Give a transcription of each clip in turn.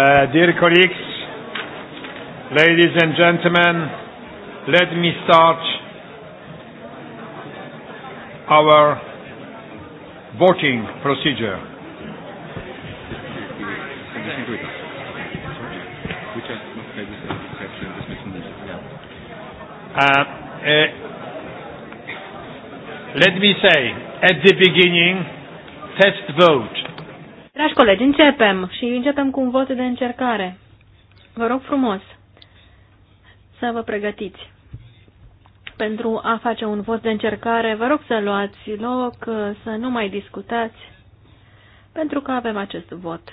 Uh, dear colleagues, ladies and gentlemen, let me start our voting procedure. Uh, uh, let me say, at the beginning, test vote Dragi colegi, începem și începem cu un vot de încercare. Vă rog frumos să vă pregătiți pentru a face un vot de încercare. Vă rog să luați loc, să nu mai discutați, pentru că avem acest vot.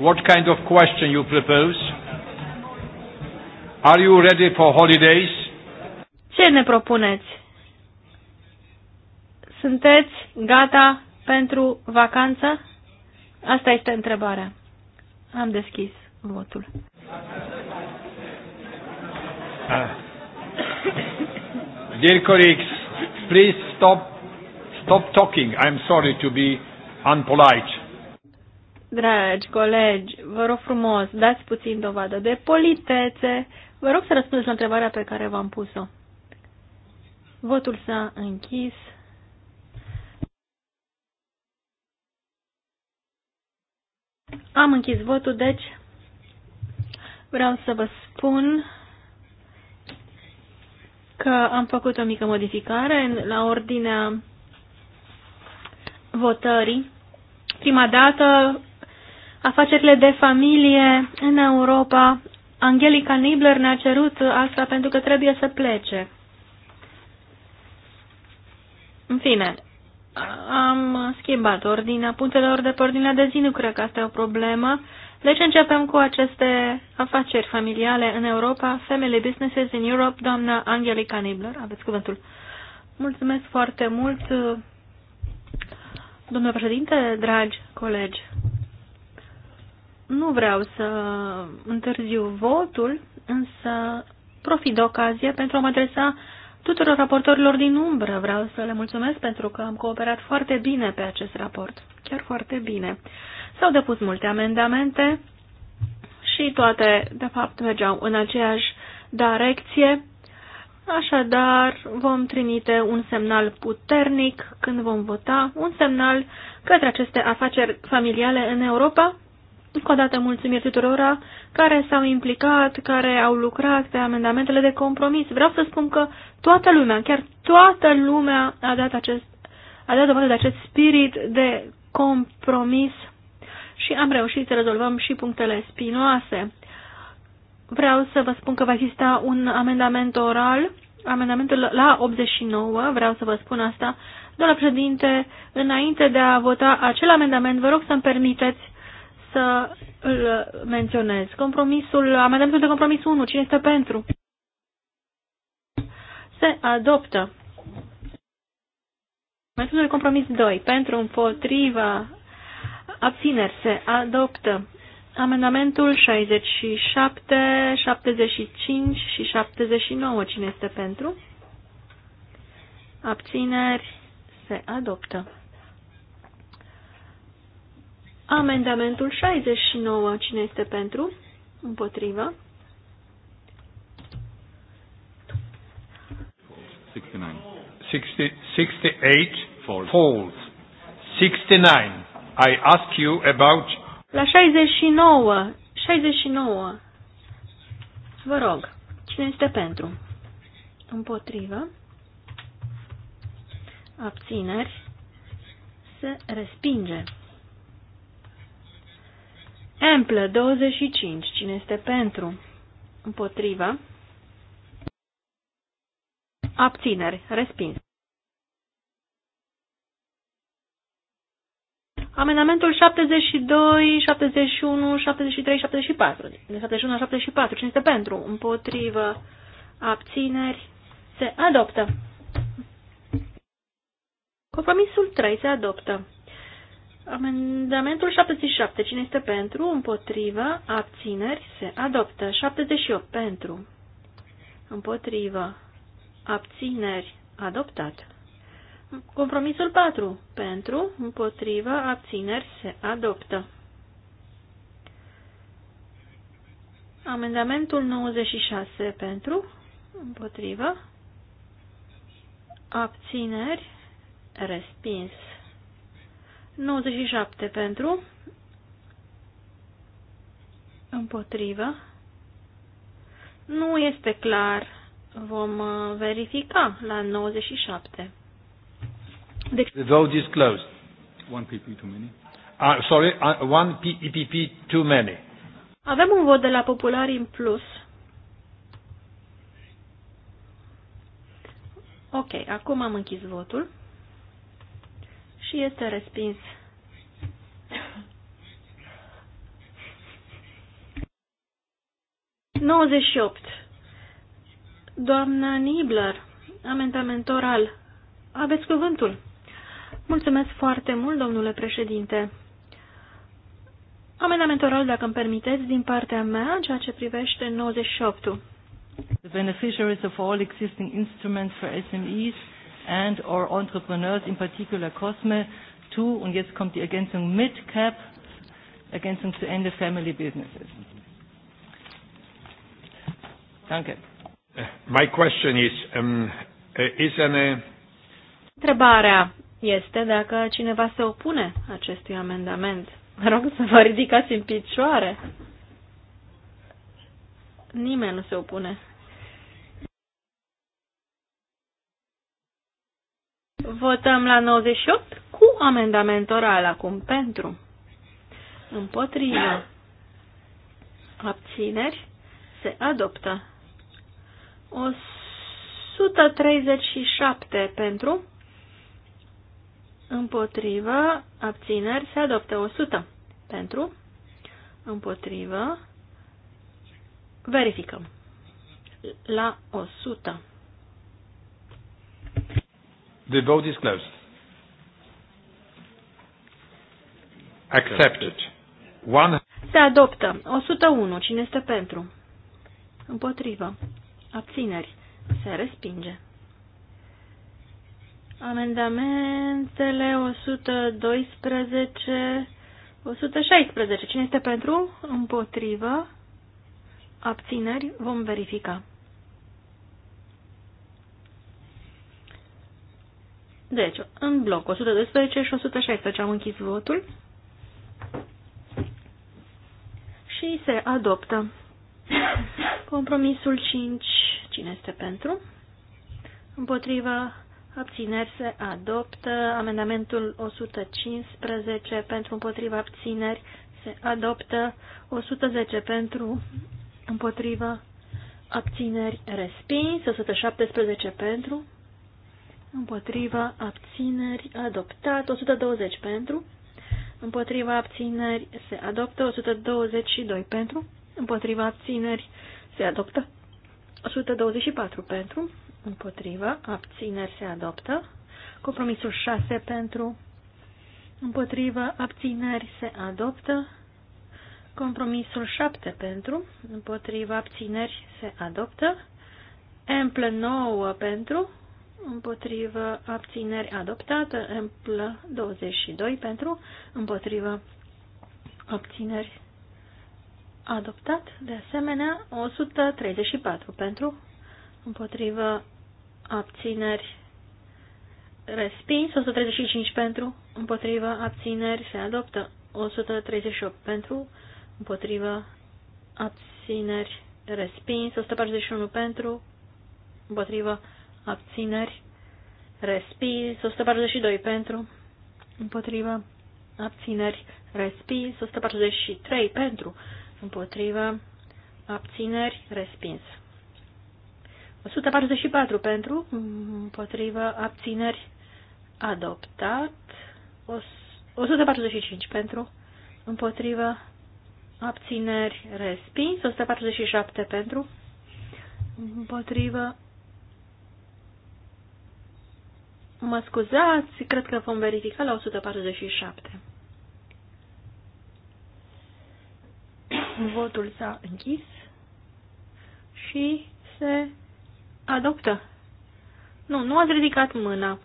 What kind of question you propose? Are you ready for holidays? Ce ne propuneți? Sunteți gata pentru vacanță? Asta este întrebarea. Am deschis votul. Uh, Dear colleagues, please stop, stop talking. I'm sorry to be unpolite. Dragi colegi, vă rog frumos, dați puțin dovadă de politețe. Vă rog să răspundeți la întrebarea pe care v-am pus-o. Votul s-a închis. Am închis votul, deci vreau să vă spun că am făcut o mică modificare la ordinea votării. Prima dată, afacerile de familie în Europa. Angelica Nibler ne-a cerut asta pentru că trebuie să plece. În fine, am schimbat ordinea punctelor de pe ordinea de zi, nu cred că asta e o problemă. Deci începem cu aceste afaceri familiale în Europa, Family Businesses in Europe, doamna Angelica Nibler, aveți cuvântul. Mulțumesc foarte mult, domnule președinte, dragi colegi. Nu vreau să întârziu votul, însă profit de ocazie pentru a mă adresa tuturor raportorilor din umbră. Vreau să le mulțumesc pentru că am cooperat foarte bine pe acest raport, chiar foarte bine. S-au depus multe amendamente și toate, de fapt, mergeau în aceeași direcție. Așadar, vom trimite un semnal puternic când vom vota, un semnal către aceste afaceri familiale în Europa, încă o dată mulțumim tuturor care s-au implicat, care au lucrat pe amendamentele de compromis. Vreau să spun că toată lumea, chiar toată lumea a dat, acest, a dat dovadă de acest spirit de compromis și am reușit să rezolvăm și punctele spinoase. Vreau să vă spun că va exista un amendament oral, amendamentul la 89, vreau să vă spun asta. Doamna președinte, înainte de a vota acel amendament, vă rog să-mi permiteți să îl menționez. Compromisul, amendamentul de compromis 1, cine este pentru? Se adoptă. Amendamentul de compromis 2, pentru, împotriva, abțineri, se adoptă. Amendamentul 67, 75 și 79, cine este pentru? Abțineri, se adoptă. Amendamentul 69. Cine este pentru? Împotrivă. 69. 68 falls. 69. I ask you about La 69. 69. Vă rog, cine este pentru? Împotrivă. Abțineri. Se respinge. Amplă 25. Cine este pentru? Împotrivă. Abțineri. Respins. Amendamentul 72, 71, 73, 74. De 71 la 74. Cine este pentru? Împotrivă. Abțineri. Se adoptă. Compromisul 3 se adoptă. Amendamentul 77. Cine este pentru? Împotrivă. Abțineri. Se adoptă. 78. Pentru. Împotrivă. Abțineri. Adoptat. Compromisul 4. Pentru. Împotrivă. Abțineri. Se adoptă. Amendamentul 96. Pentru. Împotrivă. Abțineri. Respins. 97 pentru, împotrivă. Nu este clar. Vom uh, verifica la 97. Deci... The vote is closed. One PP too many. Uh, sorry, uh, one PPP too many. Avem un vot de la populari în plus. Ok, acum am închis votul și este respins. Nouăzeci Doamna Nibler, amendament oral. Aveți cuvântul. Mulțumesc foarte mult, domnule președinte. Amendament oral, dacă îmi permiteți, din partea mea, în ceea ce privește 98 -ul. The beneficiaries of all existing instruments for SMEs and or entrepreneurs, in particular COSME, to, und jetzt kommt die Ergänzung Mid-Cap, Ergänzung zu Ende Family Businesses. Danke. Uh, my question is, um, uh, is an, uh... Întrebarea este dacă cineva se opune acestui amendament. Vă rog să vă ridicați în picioare. Nimeni nu se opune. Votăm la 98 cu amendament oral acum pentru. Împotrivă. Abțineri. Se adoptă. 137 pentru. Împotrivă. Abțineri. Se adoptă. 100 pentru. Împotrivă. Verificăm. La 100. The vote is closed. Accepted. One... Se adoptă. 101. Cine este pentru? Împotrivă. Abțineri. Se respinge. Amendamentele 112, 116. Cine este pentru? Împotrivă. Abțineri. Vom verifica. Deci, în bloc 112 și 116 am închis votul și se adoptă. Compromisul 5. Cine este pentru? Împotrivă. Abțineri se adoptă. Amendamentul 115 pentru împotriva abțineri se adoptă. 110 pentru împotriva abțineri respins. 117 pentru Împotriva abțineri adoptat 120 pentru. Împotriva abțineri se adoptă 122 pentru. Împotriva abțineri se adoptă 124 pentru. Împotriva abțineri se adoptă. Compromisul 6 pentru. Împotriva abțineri se adoptă. Compromisul 7 pentru. Împotriva abțineri se adoptă. Emplă 9 pentru împotrivă, abțineri adoptată, amplă 22 pentru, împotrivă, abțineri adoptat, de asemenea 134 pentru, împotrivă, abțineri respins, 135 pentru, împotrivă, abțineri se adoptă, 138 pentru, împotrivă, abțineri respins, 141 pentru, împotrivă, abțineri, abțineri, respins, 142 pentru, împotrivă, abțineri, respins, 143 pentru, împotrivă, abțineri, respins. 144 pentru, împotrivă, abțineri, adoptat, 145 pentru, împotrivă, abțineri, respins, 147 pentru, împotrivă, Mă scuzați, cred că vom verifica la 147. Votul s-a închis și se adoptă. Nu, nu ați ridicat mâna.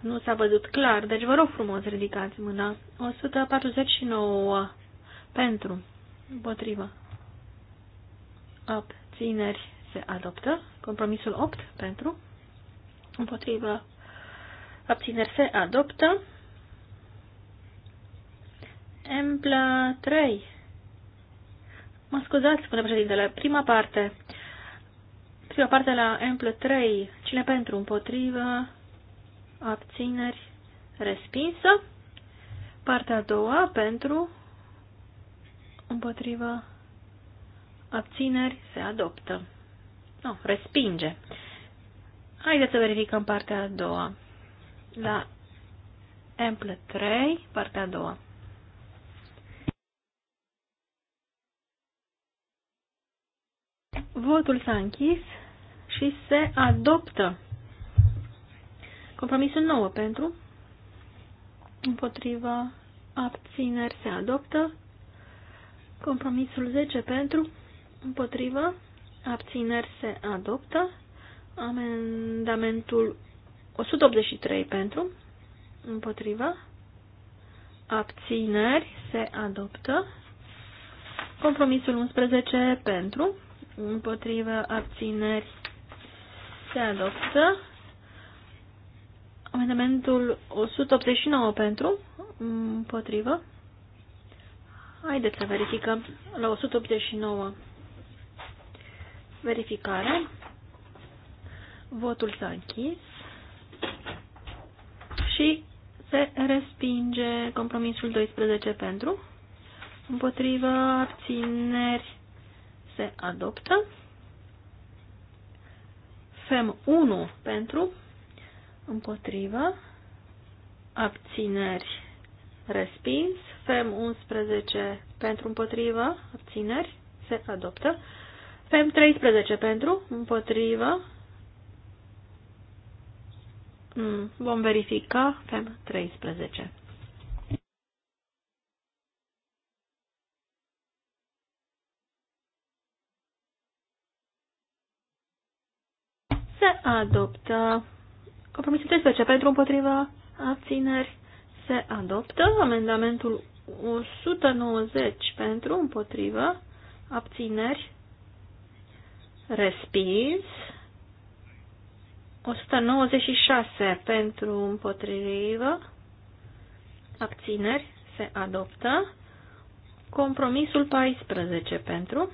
Nu s-a văzut clar, deci vă rog frumos ridicați mâna. 149 pentru, împotrivă, abțineri se adoptă. Compromisul 8 pentru, împotrivă, Abținer se adoptă. Empla 3. Mă scuzați, spune președintele, prima parte. Prima parte la Empla 3. Cine pentru, împotrivă, abțineri, respinsă. Partea a doua, pentru, împotrivă, abțineri, se adoptă. Nu, no, respinge. Haideți să verificăm partea a doua la Ample 3, partea a doua. Votul s-a închis și se adoptă. Compromisul 9 pentru. Împotriva abțineri se adoptă. Compromisul 10 pentru. Împotriva abțineri se adoptă. Amendamentul 183 pentru, împotriva, abțineri, se adoptă. Compromisul 11 pentru, împotriva, abțineri, se adoptă. Amendamentul 189 pentru, împotrivă. Haideți să verificăm la 189. Verificare. Votul s-a închis și se respinge compromisul 12 pentru, împotrivă abțineri se adoptă, FEM 1 pentru, împotrivă, abțineri respins, FEM 11 pentru împotrivă, abțineri se adoptă, FEM 13 pentru împotrivă, Mm, vom verifica FEM 13. Se adoptă compromisul 13 pentru împotriva abțineri. Se adoptă amendamentul 190 pentru împotriva abțineri. Respins. 196 pentru împotrivă, abțineri, se adoptă. Compromisul 14 pentru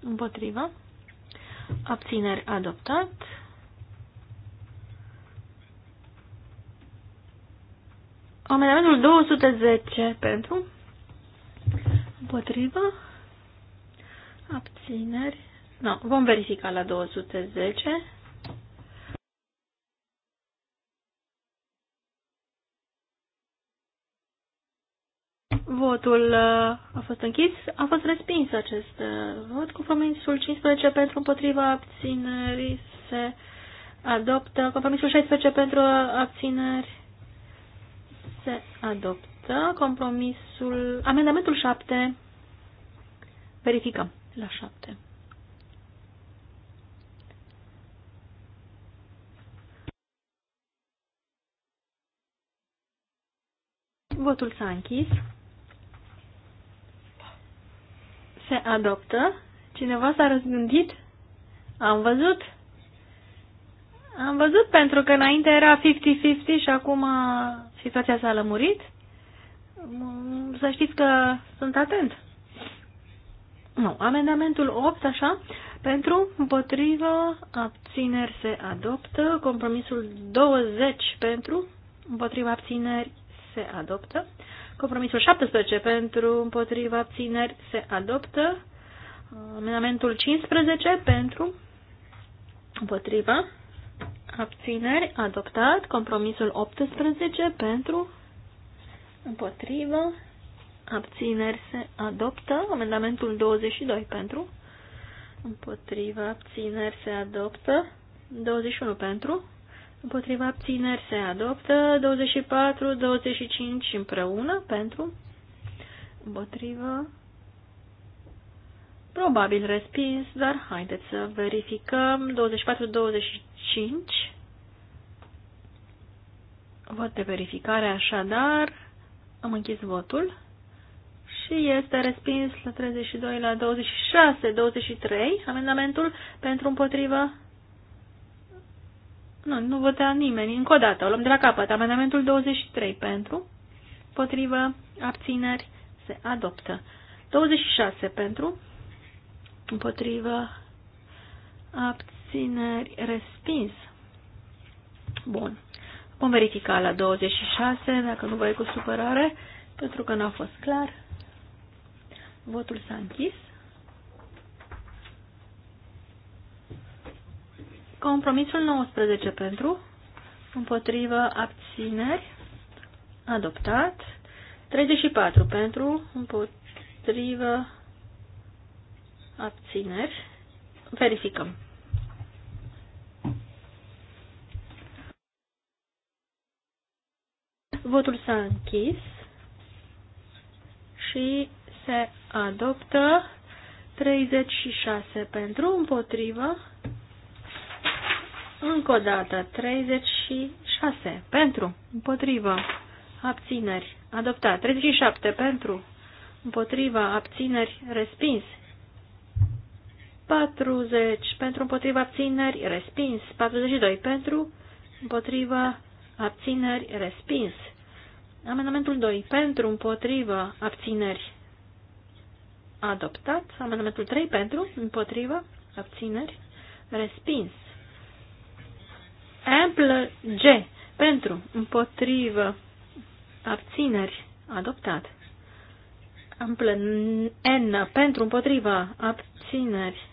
împotrivă, abțineri, adoptat. Amendamentul 210 pentru împotrivă, abțineri, nu, vom verifica la 210. Votul uh, a fost închis. A fost respins acest uh, vot. Compromisul 15 pentru împotriva abținerii se adoptă. Compromisul 16 pentru abțineri se adoptă. Compromisul... Amendamentul 7. Verificăm la 7. Votul s-a închis. se adoptă. Cineva s-a răzgândit? Am văzut. Am văzut pentru că înainte era 50-50 și acum situația s-a lămurit. Mm, să știți că sunt atent. Nu, amendamentul 8, așa, pentru, împotrivă, abțineri se adoptă, compromisul 20 pentru, împotriva abțineri se adoptă, Compromisul 17 pentru împotriva abțineri se adoptă. Amendamentul 15 pentru împotriva abțineri adoptat. Compromisul 18 pentru împotriva abțineri se adoptă. Amendamentul 22 pentru împotriva abțineri se adoptă. 21 pentru Împotriva abțineri se adoptă 24, 25 împreună pentru. Împotriva. Probabil respins, dar haideți să verificăm. 24, 25. Vot de verificare, așadar. Am închis votul. Și este respins la 32 la 26, 23. Amendamentul pentru împotriva nu, nu votea nimeni. Încă o dată, o luăm de la capăt. Amendamentul 23 pentru, potrivă, abțineri, se adoptă. 26 pentru, împotrivă, abțineri, respins. Bun. Vom verifica la 26, dacă nu vă e cu supărare, pentru că n-a fost clar. Votul s-a închis. Compromisul 19 pentru, împotrivă, abțineri, adoptat. 34 pentru, împotrivă, abțineri. Verificăm. Votul s-a închis și se adoptă 36 pentru, împotrivă, încă o dată, 36 pentru, împotrivă, abțineri, adoptat. 37 pentru, împotrivă, abțineri, respins. 40 pentru, împotriva, abțineri, respins. 42 pentru, împotriva, abțineri, respins. Amendamentul 2 pentru, împotriva, abțineri, adoptat. Amendamentul 3 pentru, împotriva, abțineri, respins amplă G pentru, împotrivă, abțineri, adoptat. Amplă N pentru, împotriva, abțineri,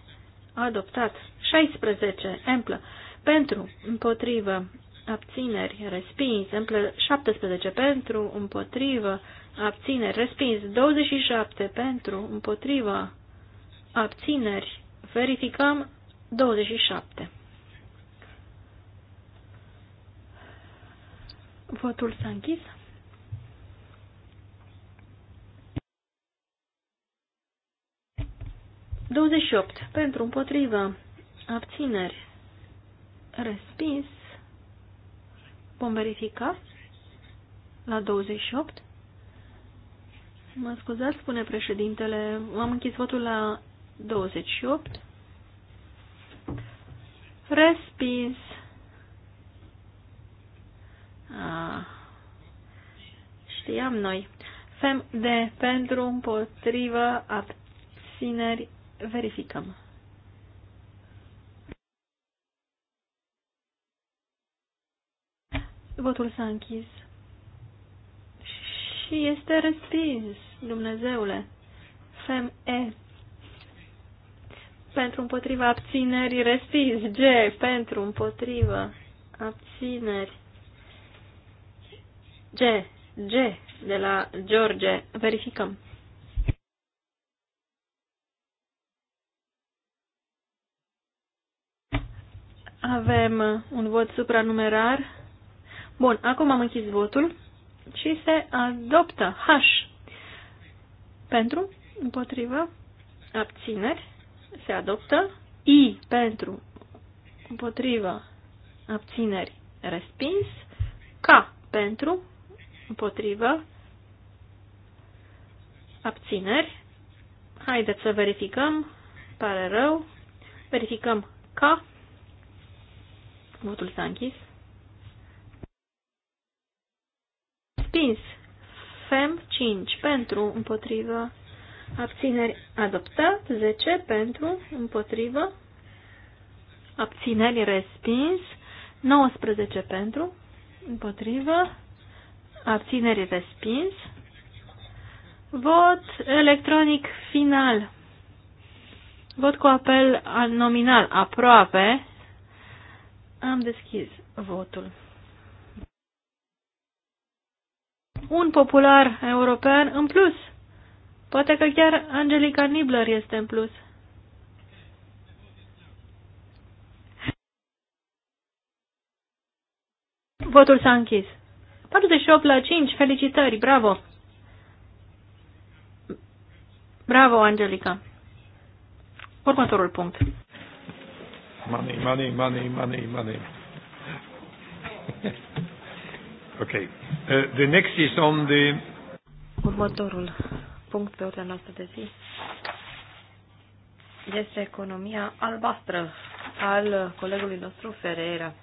adoptat. 16, amplă, pentru, împotrivă, abțineri, respins. Amplă 17, pentru, împotrivă, abțineri, respins. 27, pentru, împotriva, abțineri, verificăm 27. Votul s-a închis. opt. Pentru împotrivă. Abțineri. Respins. Vom verifica. La 28. Mă scuzați, spune președintele. Am închis votul la 28. Respins. Ah. știam noi. Fem de pentru, împotrivă, abțineri, verificăm. Votul s-a închis. Și este respins, Dumnezeule. Fem E. Pentru împotriva abținerii, respins. G. Pentru împotriva abțineri. G, G de la George. Verificăm. Avem un vot supranumerar. Bun, acum am închis votul și se adoptă H. Pentru, împotrivă, abțineri, se adoptă I pentru, împotrivă, abțineri, respins, K pentru, Împotrivă. Abțineri. Haideți să verificăm. Pare rău. Verificăm ca. Votul s-a închis. Spins. FEM 5 pentru împotrivă. Abțineri adoptat. 10 pentru împotrivă. Abțineri respins. 19 pentru împotrivă abțineri respins. Vot electronic final. Vot cu apel nominal aproape. Am deschis votul. Un popular european în plus. Poate că chiar Angelica Nibler este în plus. Votul s-a închis. 48 la 5, felicitări, bravo! Bravo, Angelica! Următorul punct. Money, money, money, money, money. ok. Uh, the next is on the... Următorul punct pe ordinea noastră de zi este economia albastră al colegului nostru Ferreira.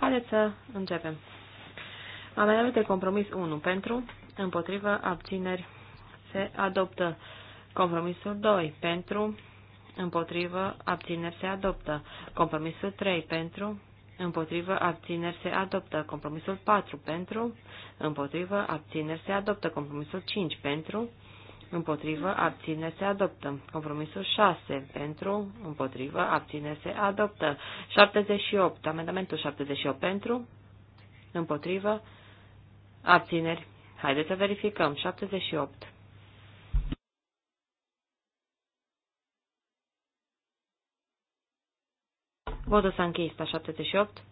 Haideți să începem. Amendament de compromis 1 pentru, împotrivă, abțineri, se adoptă. Compromisul 2 pentru, împotrivă, abțineri, se adoptă. Compromisul 3 pentru, împotrivă, abțineri, se adoptă. Compromisul 4 pentru, împotrivă, abțineri, se adoptă. Compromisul 5 pentru, împotrivă, abține, se adoptă. Compromisul 6, pentru, împotrivă, abține, se adoptă. 78, amendamentul 78, pentru, împotrivă, abțineri. Haideți să verificăm. 78. Votul s-a închis la 78.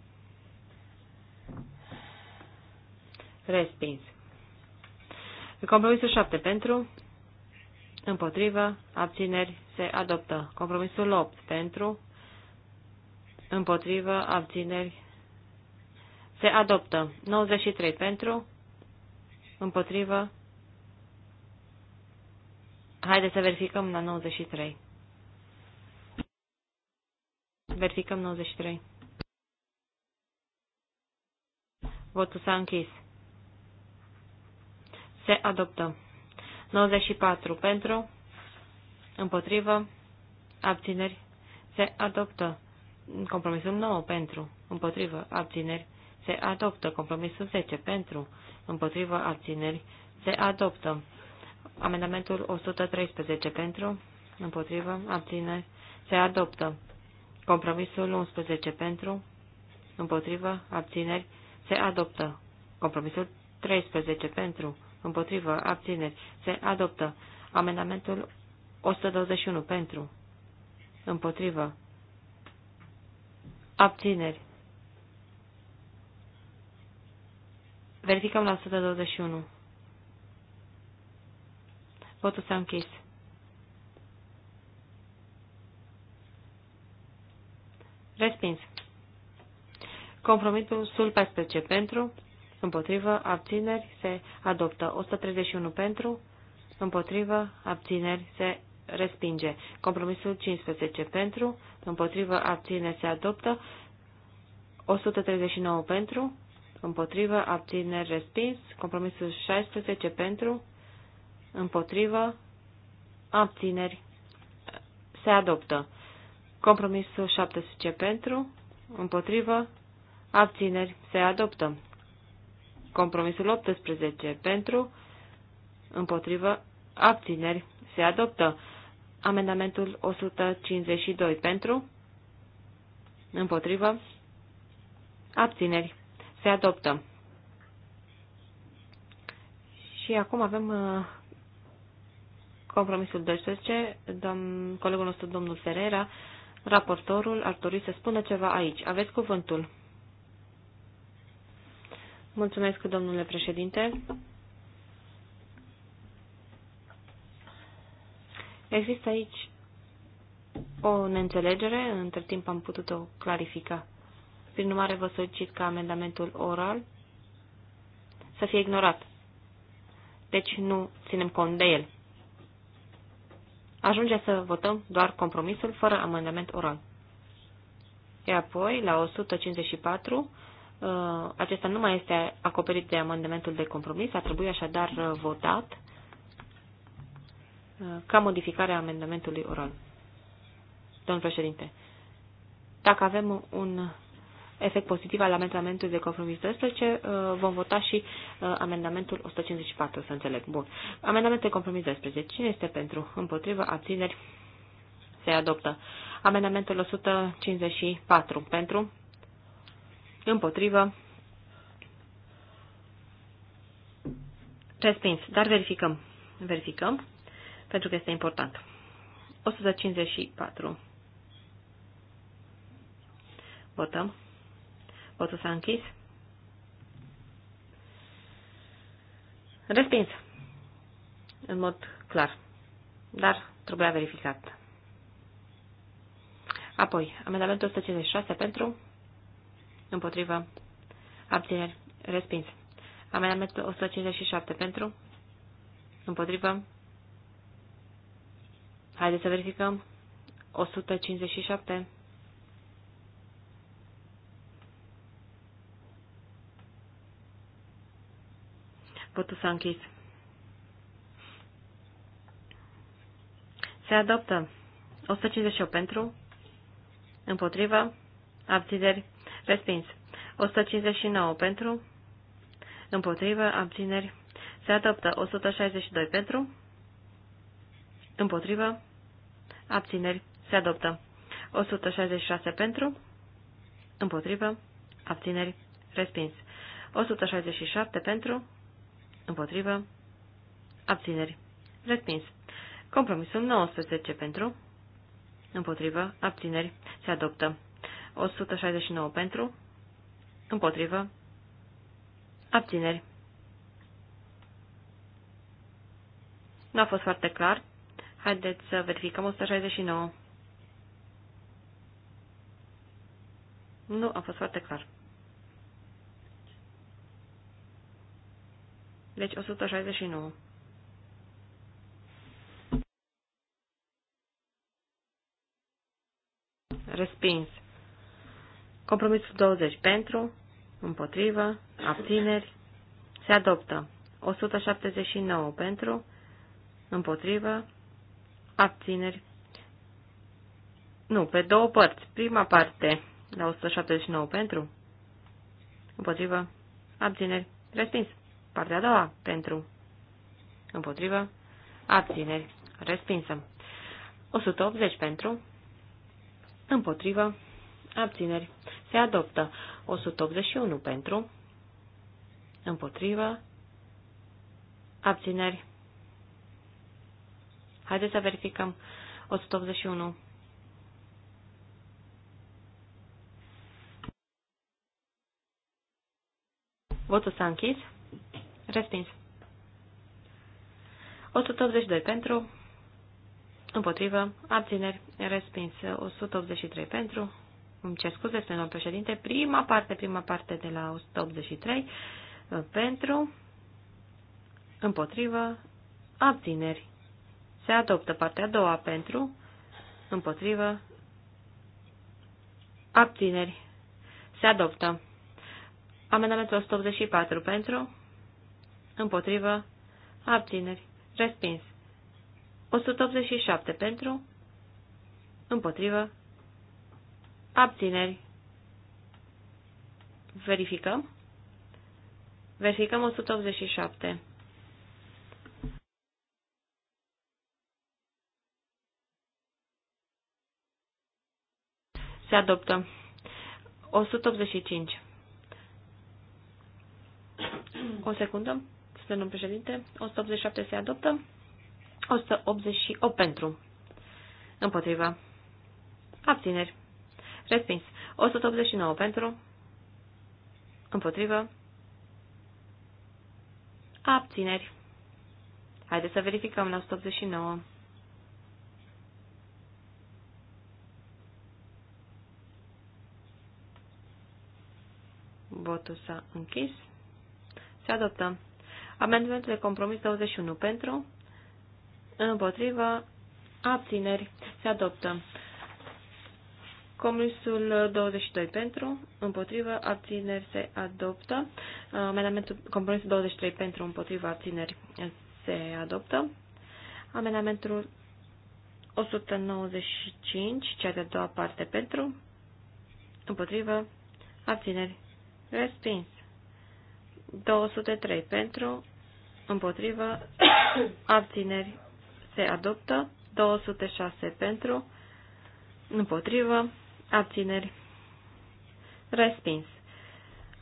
Respins. Compromisul 7 pentru, Împotrivă. Abțineri. Se adoptă. Compromisul 8. Pentru. Împotrivă. Abțineri. Se adoptă. 93. Pentru. Împotrivă. Haideți să verificăm la 93. Verificăm 93. Votul s-a închis. Se adoptă. 94 pentru, împotrivă, abțineri, se adoptă. Compromisul 9 pentru, împotrivă, abțineri, se adoptă. Compromisul 10 pentru, împotrivă, abțineri, se adoptă. Amendamentul 113 pentru, împotrivă, abțineri, se adoptă. Compromisul 11 pentru, împotrivă, abțineri, se adoptă. Compromisul 13 pentru, împotrivă, abțineri, se adoptă. Amendamentul 121 pentru, împotrivă, abțineri. Verificăm la 121. Votul s-a închis. Respins. Compromisul 14 pentru, împotrivă, abțineri, se adoptă. 131 pentru, împotrivă, abțineri, se respinge. Compromisul 15 pentru, împotrivă, abțineri, se adoptă. 139 pentru, împotrivă, abțineri, respins. Compromisul 16 pentru, împotrivă, abțineri, se adoptă. Compromisul 17 pentru, împotrivă, abțineri, se adoptă. Compromisul 18 pentru, împotrivă, abțineri, se adoptă. Amendamentul 152 pentru, împotrivă, abțineri, se adoptă. Și acum avem uh, compromisul 12. Domn, colegul nostru, domnul Ferreira, raportorul, ar dori să spună ceva aici. Aveți cuvântul. Mulțumesc, domnule președinte. Există aici o neînțelegere, între timp am putut-o clarifica. Prin urmare, vă solicit ca amendamentul oral să fie ignorat. Deci nu ținem cont de el. Ajunge să votăm doar compromisul fără amendament oral. E apoi, la 154, Uh, acesta nu mai este acoperit de amendamentul de compromis, a trebuit așadar uh, votat uh, ca modificare a amendamentului oral. Domnul președinte, dacă avem un efect pozitiv al amendamentului de compromis 12, vom vota și amendamentul 154, să înțeleg. Bun. Amendamentul de compromis 12. Cine este pentru? Împotrivă? Abțineri? Se adoptă. Amendamentul 154. Pentru? Împotrivă. Respins. Dar verificăm. Verificăm. Pentru că este important. 154. Votăm. Votul s-a închis. Respins. În mod clar. Dar trebuia verificat. Apoi, amendamentul 156 pentru Împotrivă. Abțineri. Respins. Amendamentul 157 pentru. Împotrivă. Haideți să verificăm. 157. Votul s-a închis. Se adoptă 158 pentru, împotrivă, abțineri, Respins. 159 pentru. Împotrivă. Abțineri. Se adoptă. 162 pentru. Împotrivă. Abțineri. Se adoptă. 166 pentru. Împotrivă. Abțineri. Respins. 167 pentru. Împotrivă. Abțineri. Respins. Compromisul 19 pentru. Împotrivă. Abțineri. Se adoptă. 169 pentru, împotrivă, abțineri. Nu a fost foarte clar. Haideți să verificăm 169. Nu a fost foarte clar. Deci 169. Respins. Compromisul 20 pentru, împotrivă, abțineri, se adoptă. 179 pentru, împotrivă, abțineri. Nu, pe două părți. Prima parte, la 179 pentru, împotrivă, abțineri, respins. Partea a doua, pentru, împotrivă, abțineri, respinsă. 180 pentru, împotrivă, abțineri, se adoptă. 181 pentru. Împotrivă. Abțineri. Haideți să verificăm. 181. Votul s-a închis. Respins. 182 pentru. Împotrivă. Abțineri. Respins. 183 pentru îmi cer scuze, spune domnul președinte, prima parte, prima parte de la 183, uh, pentru, împotrivă, abțineri. Se adoptă partea a doua pentru, împotrivă, abțineri. Se adoptă. Amendamentul 184 pentru, împotrivă, abțineri. Respins. 187 pentru, împotrivă, Abțineri. Verificăm. Verificăm 187. Se adoptă. 185. O secundă, spune domnul președinte. 187 se adoptă. 188 pentru. Împotriva. Abțineri. Respins. 189 pentru. Împotrivă. Abțineri. Haideți să verificăm la 189. Votul s-a închis. Se adoptă. Amendamentul de compromis 21 pentru. Împotrivă. Abțineri. Se adoptă. Comisul 22 pentru, împotrivă, abțineri se adoptă. Amendamentul, compromisul 23 pentru, împotrivă, abțineri se adoptă. Amendamentul 195, cea de-a doua parte pentru, împotrivă, abțineri, respins. 203 pentru, împotrivă, abțineri, se adoptă. 206 pentru, împotrivă, Abțineri. Respins.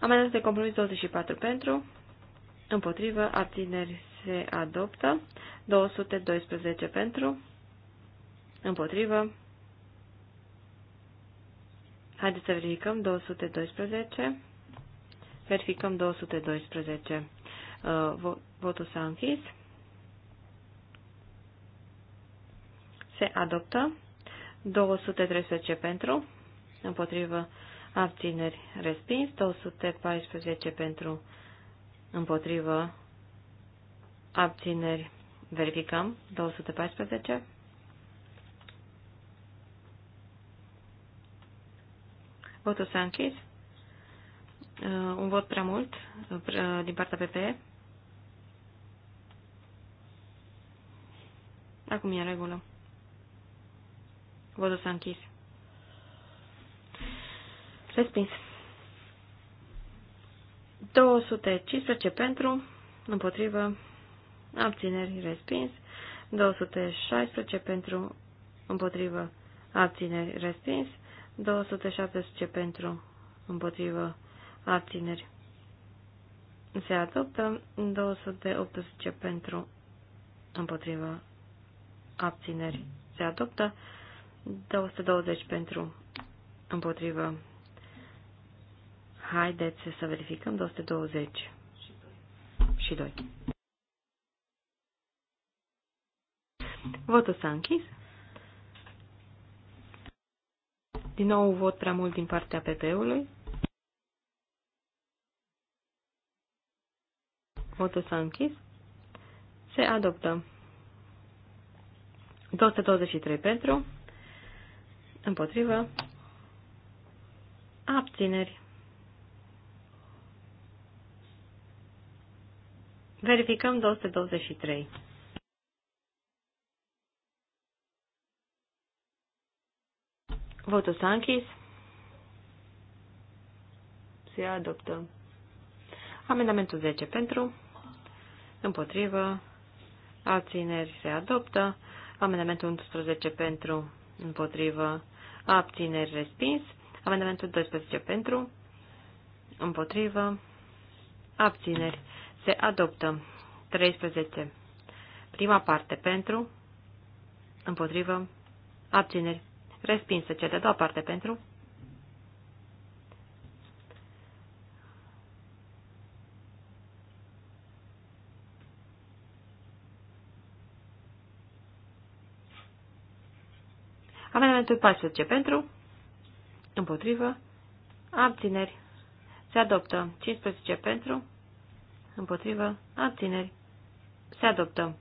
Amendament de compromis 24 pentru. Împotrivă. Abțineri se adoptă. 212 pentru. Împotrivă. Haideți să verificăm 212. Verificăm 212. Uh, votul s-a închis. Se adoptă. 213 pentru împotrivă, abțineri, respins, 214 pentru, împotrivă, abțineri, verificăm, 214. Votul s-a închis. Uh, un vot prea mult uh, uh, din partea PPE. Acum e în regulă. Votul s-a închis. Respins. 215 pentru, împotrivă, abțineri, respins. 216 pentru, împotrivă, abțineri, respins. 217 pentru, împotrivă, abțineri. Se adoptă 218 pentru, împotrivă, abțineri. Se adoptă 220 pentru, împotrivă, Haideți să verificăm 220 și 2. Votul s-a închis. Din nou vot prea mult din partea PP-ului. Votul s-a închis. Se adoptă 223 pentru, împotrivă, abțineri. Verificăm 223. Votul s-a închis. Se adoptă. Amendamentul 10 pentru. Împotrivă. Abțineri se adoptă. Amendamentul 11 pentru. Împotrivă. Abțineri respins. Amendamentul 12 pentru. Împotrivă. Abțineri. Se adoptă. 13. Prima parte. Pentru. Împotrivă. Abțineri. Respinsă. Cea de-a doua parte. Pentru. Amendamentul 14 pentru, împotrivă, abțineri, se adoptă 15 pentru, împotrivă, abțineri, se adoptă.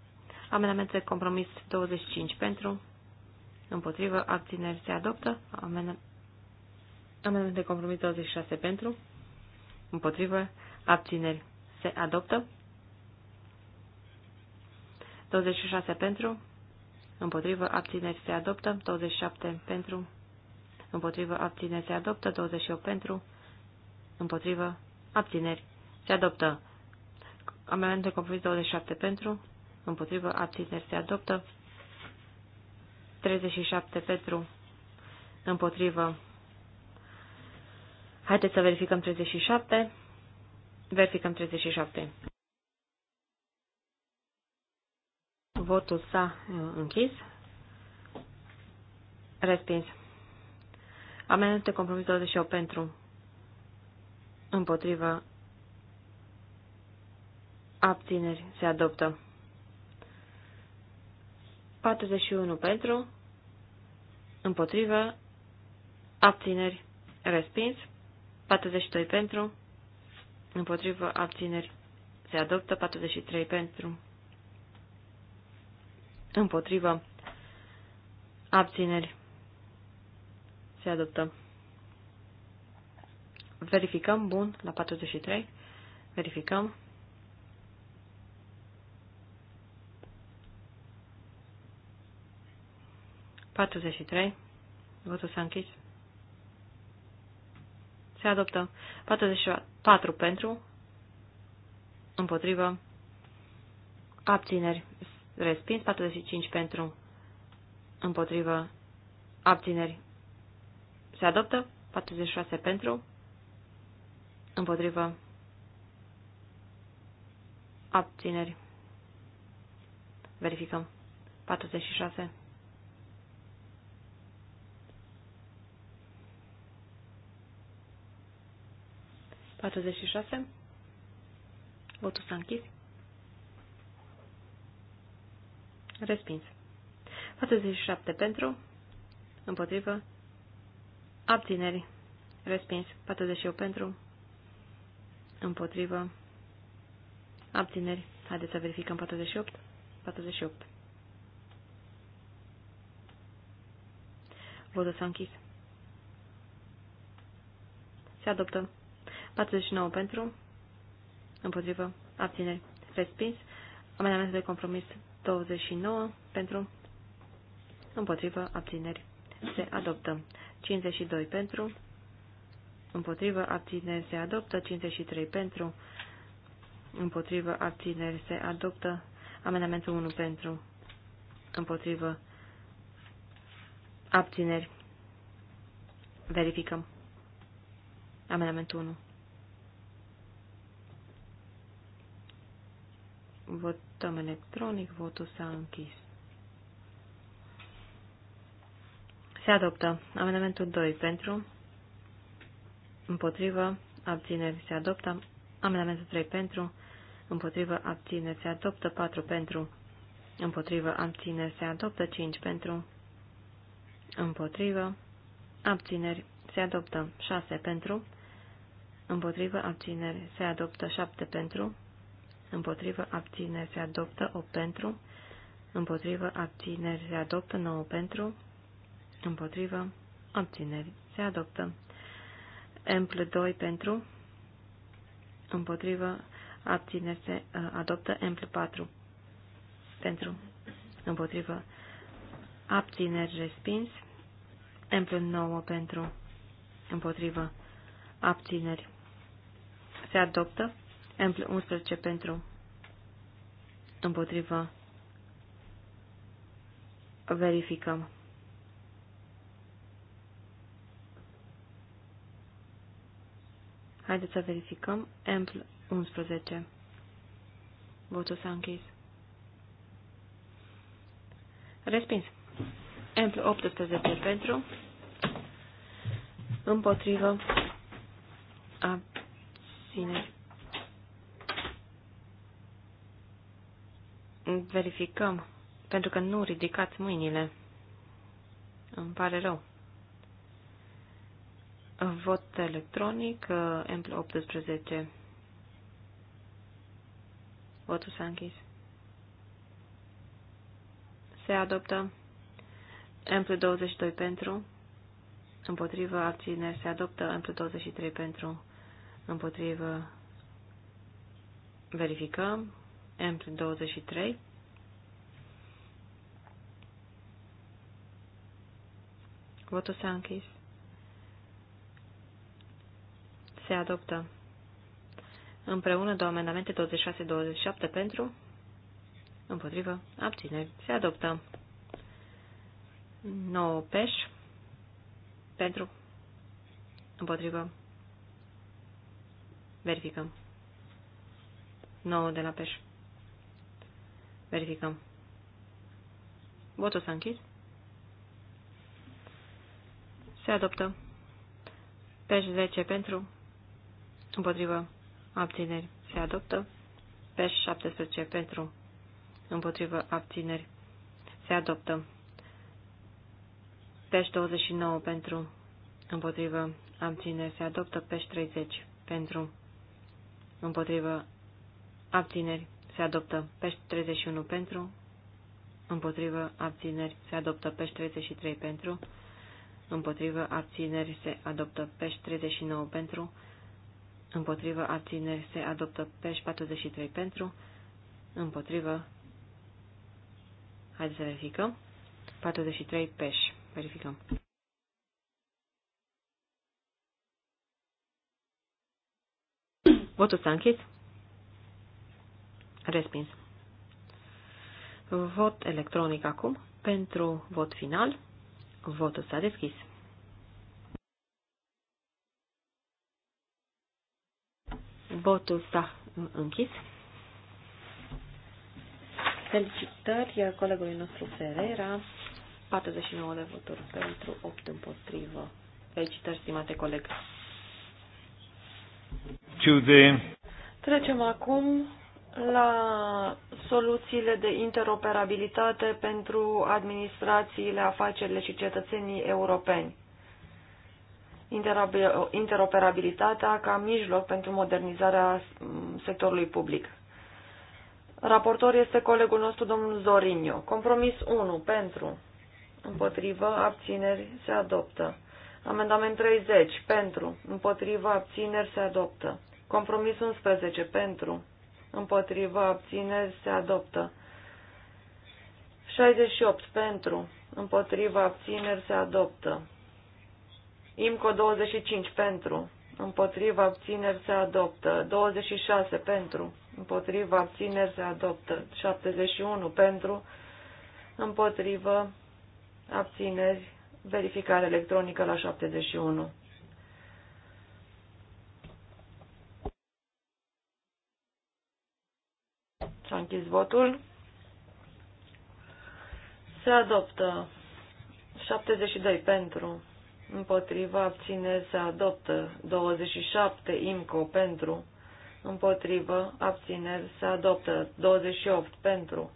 Amendament de compromis 25 pentru, împotrivă, abțineri, se adoptă. Amendament de compromis 26 pentru, împotrivă, abțineri, se adoptă. 26 pentru, împotrivă, abțineri, se adoptă. 27 pentru, împotrivă, abțineri, se adoptă. 28 pentru, împotrivă, abțineri, se adoptă. Amendamentul compromis 27 pentru, împotrivă, abțineri se adoptă. 37 pentru, împotrivă. Haideți să verificăm 37. Verificăm 37. Votul s-a uh, închis. Respins. Amendamentul compromis 28 pentru, împotrivă, abțineri se adoptă. 41 pentru, împotrivă, abțineri respins. 42 pentru, împotrivă, abțineri se adoptă. 43 pentru, împotrivă, abțineri se adoptă. Verificăm, bun, la 43. Verificăm. 43. Votul s-a închis. Se adoptă 44 pentru, împotrivă, abțineri, respins, 45 pentru, împotrivă, abțineri, se adoptă, 46 pentru, împotrivă, abțineri, verificăm, 46 46. Votul s-a închis. Respins. 47 pentru. Împotrivă. Abțineri. Respins. 48 pentru. Împotrivă. Abțineri. Haideți să verificăm 48. 48. Votul s-a închis. Se adoptă. 49 pentru, împotrivă, abțineri, respins. Amendamentul de compromis 29 pentru, împotrivă, abțineri, se adoptă. 52 pentru, împotrivă, abțineri, se adoptă. 53 pentru, împotrivă, abțineri, se adoptă. Amendamentul 1 pentru, împotrivă, abțineri. Verificăm. Amendamentul 1. Votăm electronic, votul s-a închis. Se adoptă amendamentul 2 pentru, împotrivă, abțineri, se adoptă amendamentul 3 pentru, împotrivă, abțineri, se adoptă 4 pentru, împotrivă, abțineri, se adoptă 5 pentru, împotrivă, abțineri, se adoptă 6 pentru, împotrivă, abțineri, se adoptă 7 pentru, împotrivă abțineri se adoptă o pentru, împotrivă abțineri se adoptă nouă pentru, împotrivă abțineri se adoptă. Empl 2 uh, pentru, împotrivă abțineri se adoptă Empl 4 pentru, împotrivă abțineri respins, Empl 9 pentru, împotrivă abțineri se adoptă Ampl 11 pentru împotrivă. Verificăm. Haideți să verificăm. Ampl 11. Votul s-a închis. Respins. Ampl 18 pentru. Împotrivă. Abțineri. Verificăm, pentru că nu ridicați mâinile. Îmi pare rău. Vot electronic, Ample 18. Votul s-a închis. Se adoptă Ample 22 pentru, împotrivă abține. Se adoptă Ample 23 pentru, împotrivă verificăm. M23. Votul s-a închis. Se adoptă împreună două amendamente 26-27 pentru, împotrivă, abțineri. Se adoptă 9 peș pentru, împotrivă, verificăm. 9 de la peș. Verificăm. Votul s-a închis. Se adoptă. Peș 10 pentru. Împotrivă. Abțineri. Se adoptă. Peș 17 pentru. Împotrivă. Abțineri. Se adoptă. Peș 29 pentru. Împotrivă. Abțineri. Se adoptă. Peș 30 pentru. Împotrivă. Abțineri se adoptă. Pești 31 pentru, împotrivă abțineri se adoptă. Pești 33 pentru, împotrivă abțineri se adoptă. Pești 39 pentru, împotrivă abțineri se adoptă. Pești 43 pentru, împotrivă. Haideți să verificăm. 43 pești Verificăm. Votul s-a închis. Respins. Vot electronic acum pentru vot final. Votul s-a deschis. Votul s-a închis. Felicitări colegului nostru Ferreira. 49 de voturi pentru, 8 împotrivă. Felicitări, stimate coleg. Trecem acum la soluțiile de interoperabilitate pentru administrațiile, afacerile și cetățenii europeni. Interoperabilitatea ca mijloc pentru modernizarea sectorului public. Raportor este colegul nostru, domnul Zorinio. Compromis 1. Pentru. Împotrivă. Abțineri. Se adoptă. Amendament 30. Pentru. Împotrivă. Abțineri. Se adoptă. Compromis 11. Pentru împotriva abțineri se adoptă. 68 pentru, împotriva abțineri se adoptă. IMCO 25 pentru, împotriva abțineri se adoptă. 26 pentru, împotriva abțineri se adoptă. 71 pentru, împotriva abțineri, verificare electronică la 71. S-a închis votul. Se adoptă 72 pentru, împotriva abține, se adoptă 27 IMCO pentru, împotrivă abțineri se adoptă 28 pentru,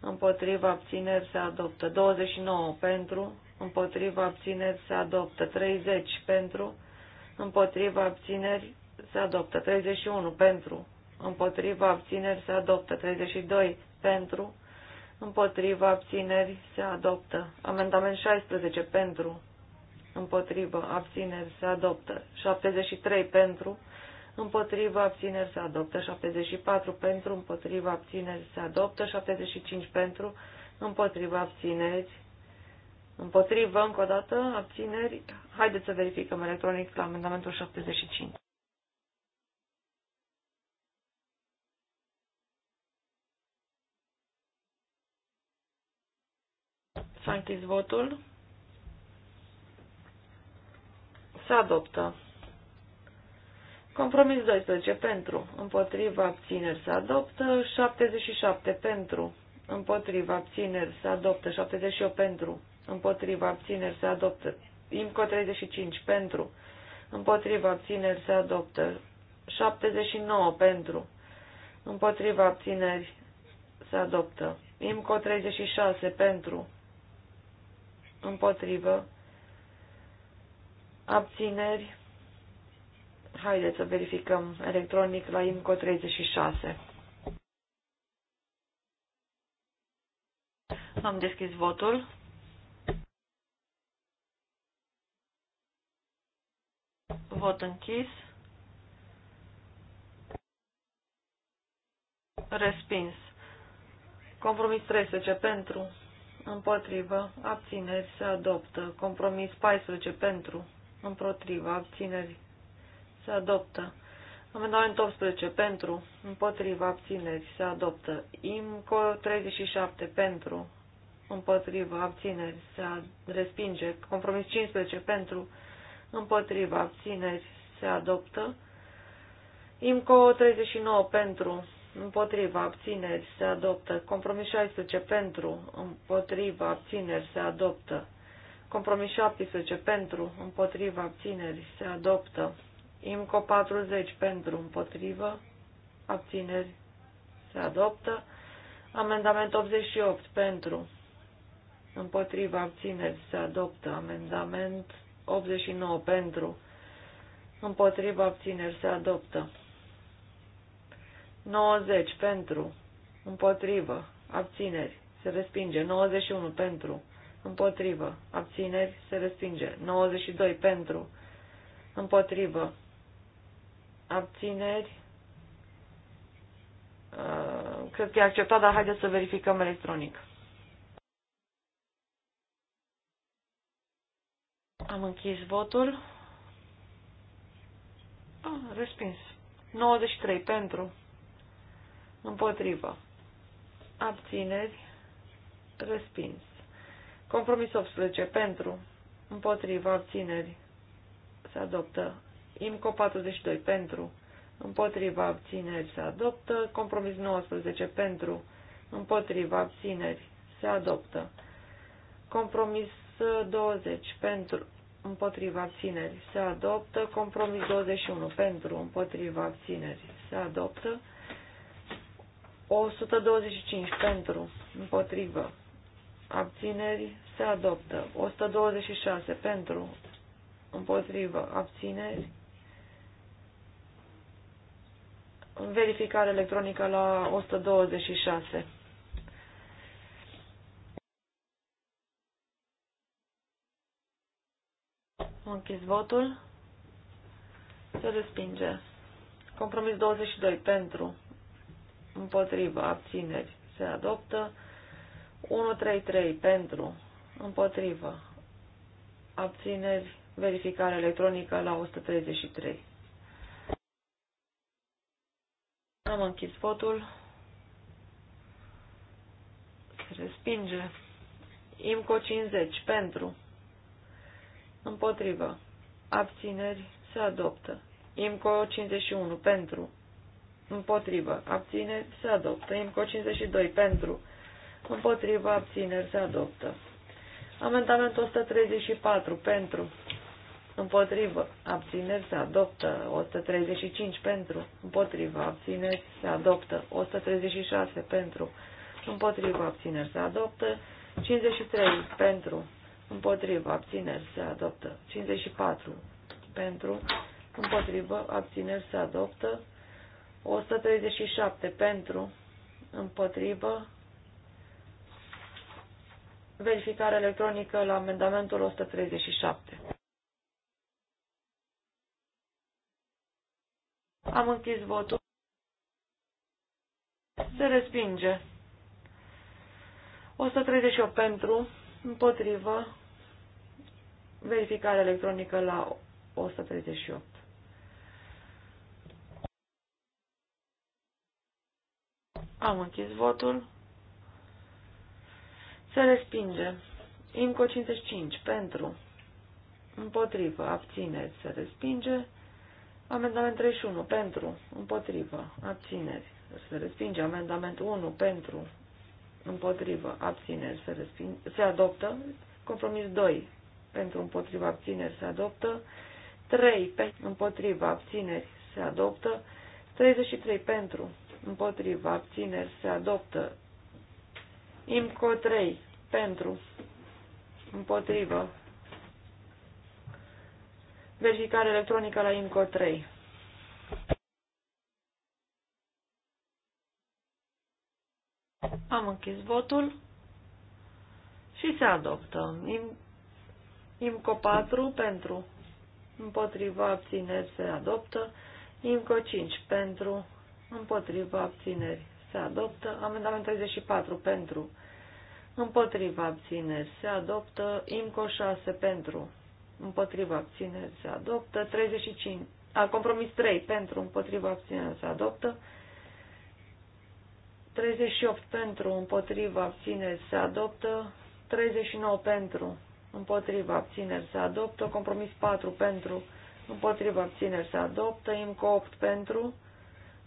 împotriva abțineri se adoptă 29 pentru, împotriva abțineri se adoptă 30 pentru, împotriva abțineri se adoptă 31 pentru, împotriva abțineri se adoptă. 32 pentru, împotriva abțineri se adoptă. Amendament 16 pentru, împotriva abțineri se adoptă. 73 pentru, împotriva abțineri se adoptă. 74 pentru, împotriva abțineri se adoptă. 75 pentru, împotriva abțineri Împotriva, încă o dată, abțineri. Haideți să verificăm electronic la amendamentul 75. S-a închis votul. Se adoptă. Compromis 12 pentru, împotriva abțineri se adoptă, 77 pentru, împotriva abțineri se adoptă, 78 pentru, împotriva abțineri se adoptă, IMCO 35 pentru, împotriva abțineri se adoptă, 79 pentru, împotriva abțineri se adoptă, IMCO 36 pentru, împotrivă, abțineri. Haideți să verificăm electronic la IMCO 36. Am deschis votul. Vot închis. Respins. Compromis 13 pentru împotrivă, abțineri, se adoptă. Compromis 14 pentru, împotrivă, abțineri, se adoptă. Amendament 18 pentru, împotrivă, abțineri, se adoptă. IMCO 37 pentru, împotrivă, abțineri, se respinge. Compromis 15 pentru, împotrivă, abțineri, se adoptă. IMCO 39 pentru, împotriva, abțineri, se adoptă. Compromis 16 pentru, împotriva, abțineri, se adoptă. Compromis 17 pentru, împotriva, abțineri, se adoptă. IMCO 40 pentru, împotriva, abțineri, se adoptă. Amendament 88 pentru, împotriva, abțineri, se adoptă. Amendament 89 pentru, împotriva, abțineri, se adoptă. 90 pentru, împotrivă, abțineri, se respinge. 91 pentru, împotrivă, abțineri, se respinge. 92 pentru, împotrivă, abțineri, uh, cred că e acceptat, dar haideți să verificăm electronic. Am închis votul. Ah, respins. 93 pentru. Împotrivă. Abțineri. Respins. Compromis 18. Pentru. Împotrivă. Abțineri. Se adoptă. IMCO 42. Pentru. împotrivă, abțineri se adoptă. Compromis 19 pentru. împotrivă, abțineri se adoptă. Compromis 20 pentru. Împotriva abțineri se adoptă. Compromis 21 pentru. Împotriva abțineri se adoptă. 125 pentru, împotrivă, abțineri, se adoptă. 126 pentru, împotrivă, abțineri. Verificare electronică la 126. închis votul. Se respinge. Compromis 22 pentru, împotrivă, abțineri, se adoptă. 133 pentru, împotrivă, abțineri, verificare electronică la 133. Am închis votul. Se respinge. IMCO 50 pentru. Împotrivă. Abțineri se adoptă. IMCO 51 pentru împotrivă, abțineri, se adoptă. IMCO 52, pentru, împotrivă, abțineri, se adoptă. Amendamentul 134, pentru, împotrivă, abțineri, se adoptă. 135, pentru, împotrivă, abțineri, se adoptă. 136, pentru, împotrivă, abțineri, se adoptă. 53, pentru, împotrivă, abțineri, se adoptă. 54, pentru, împotrivă, abțineri, se adoptă. 137 pentru, împotrivă, verificare electronică la amendamentul 137. Am închis votul. Se respinge. 138 pentru, împotrivă, verificare electronică la 138. Am închis votul. Se respinge. IMCO 55 pentru. Împotrivă. Abțineți. Se respinge. Amendament 31 pentru. Împotrivă. Abțineți. Se respinge. Amendament 1 pentru. Împotrivă. Abțineri. Se, respinge. se adoptă. Compromis 2 pentru. Împotrivă. Abțineri. Se adoptă. 3 pentru. Împotrivă. Abțineri. Se adoptă. 33 pentru împotriva, abțineri, se adoptă. IMCO 3, pentru, împotrivă. Verificare electronică la IMCO 3. Am închis votul și se adoptă. IMCO 4 pentru împotriva abțineri se adoptă. IMCO 5 pentru împotriva abțineri se adoptă. Amendament 34 pentru, împotriva abțineri se adoptă. IMCO 6 pentru, împotriva abțineri se adoptă. 35, a, compromis 3 pentru, împotriva abțineri se adoptă. 38 pentru, împotriva abțineri se adoptă. 39 pentru, împotriva abțineri se adoptă. Compromis 4 pentru, împotriva abțineri se adoptă. IMCO 8 pentru,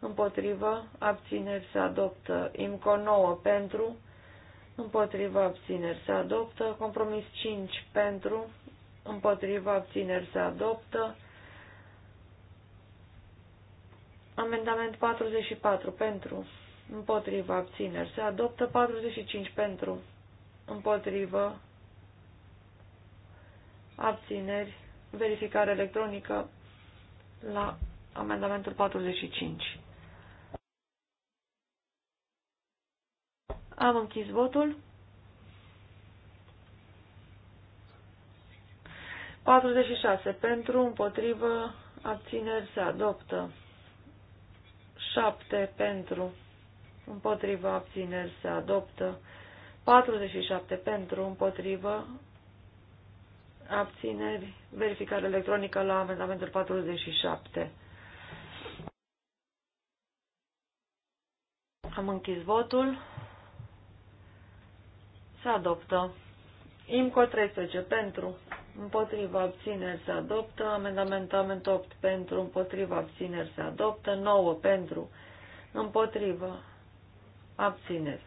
împotrivă, abțineri se adoptă. IMCO 9 pentru, împotrivă, abțineri se adoptă. Compromis 5 pentru, împotrivă, abțineri se adoptă. Amendament 44 pentru, împotrivă, abțineri se adoptă. 45 pentru, împotrivă, abțineri, verificare electronică la amendamentul 45. Am închis votul. 46. Pentru, împotrivă, abțineri se adoptă. 7. Pentru, împotrivă, abțineri se adoptă. 47. Pentru, împotrivă, abțineri, verificare electronică la amendamentul 47. Am închis votul se adoptă. IMCO 13 pentru, împotriva abțineri se adoptă, amendamentul 8 pentru, împotriva abțineri se adoptă, 9 pentru, împotriva abțineri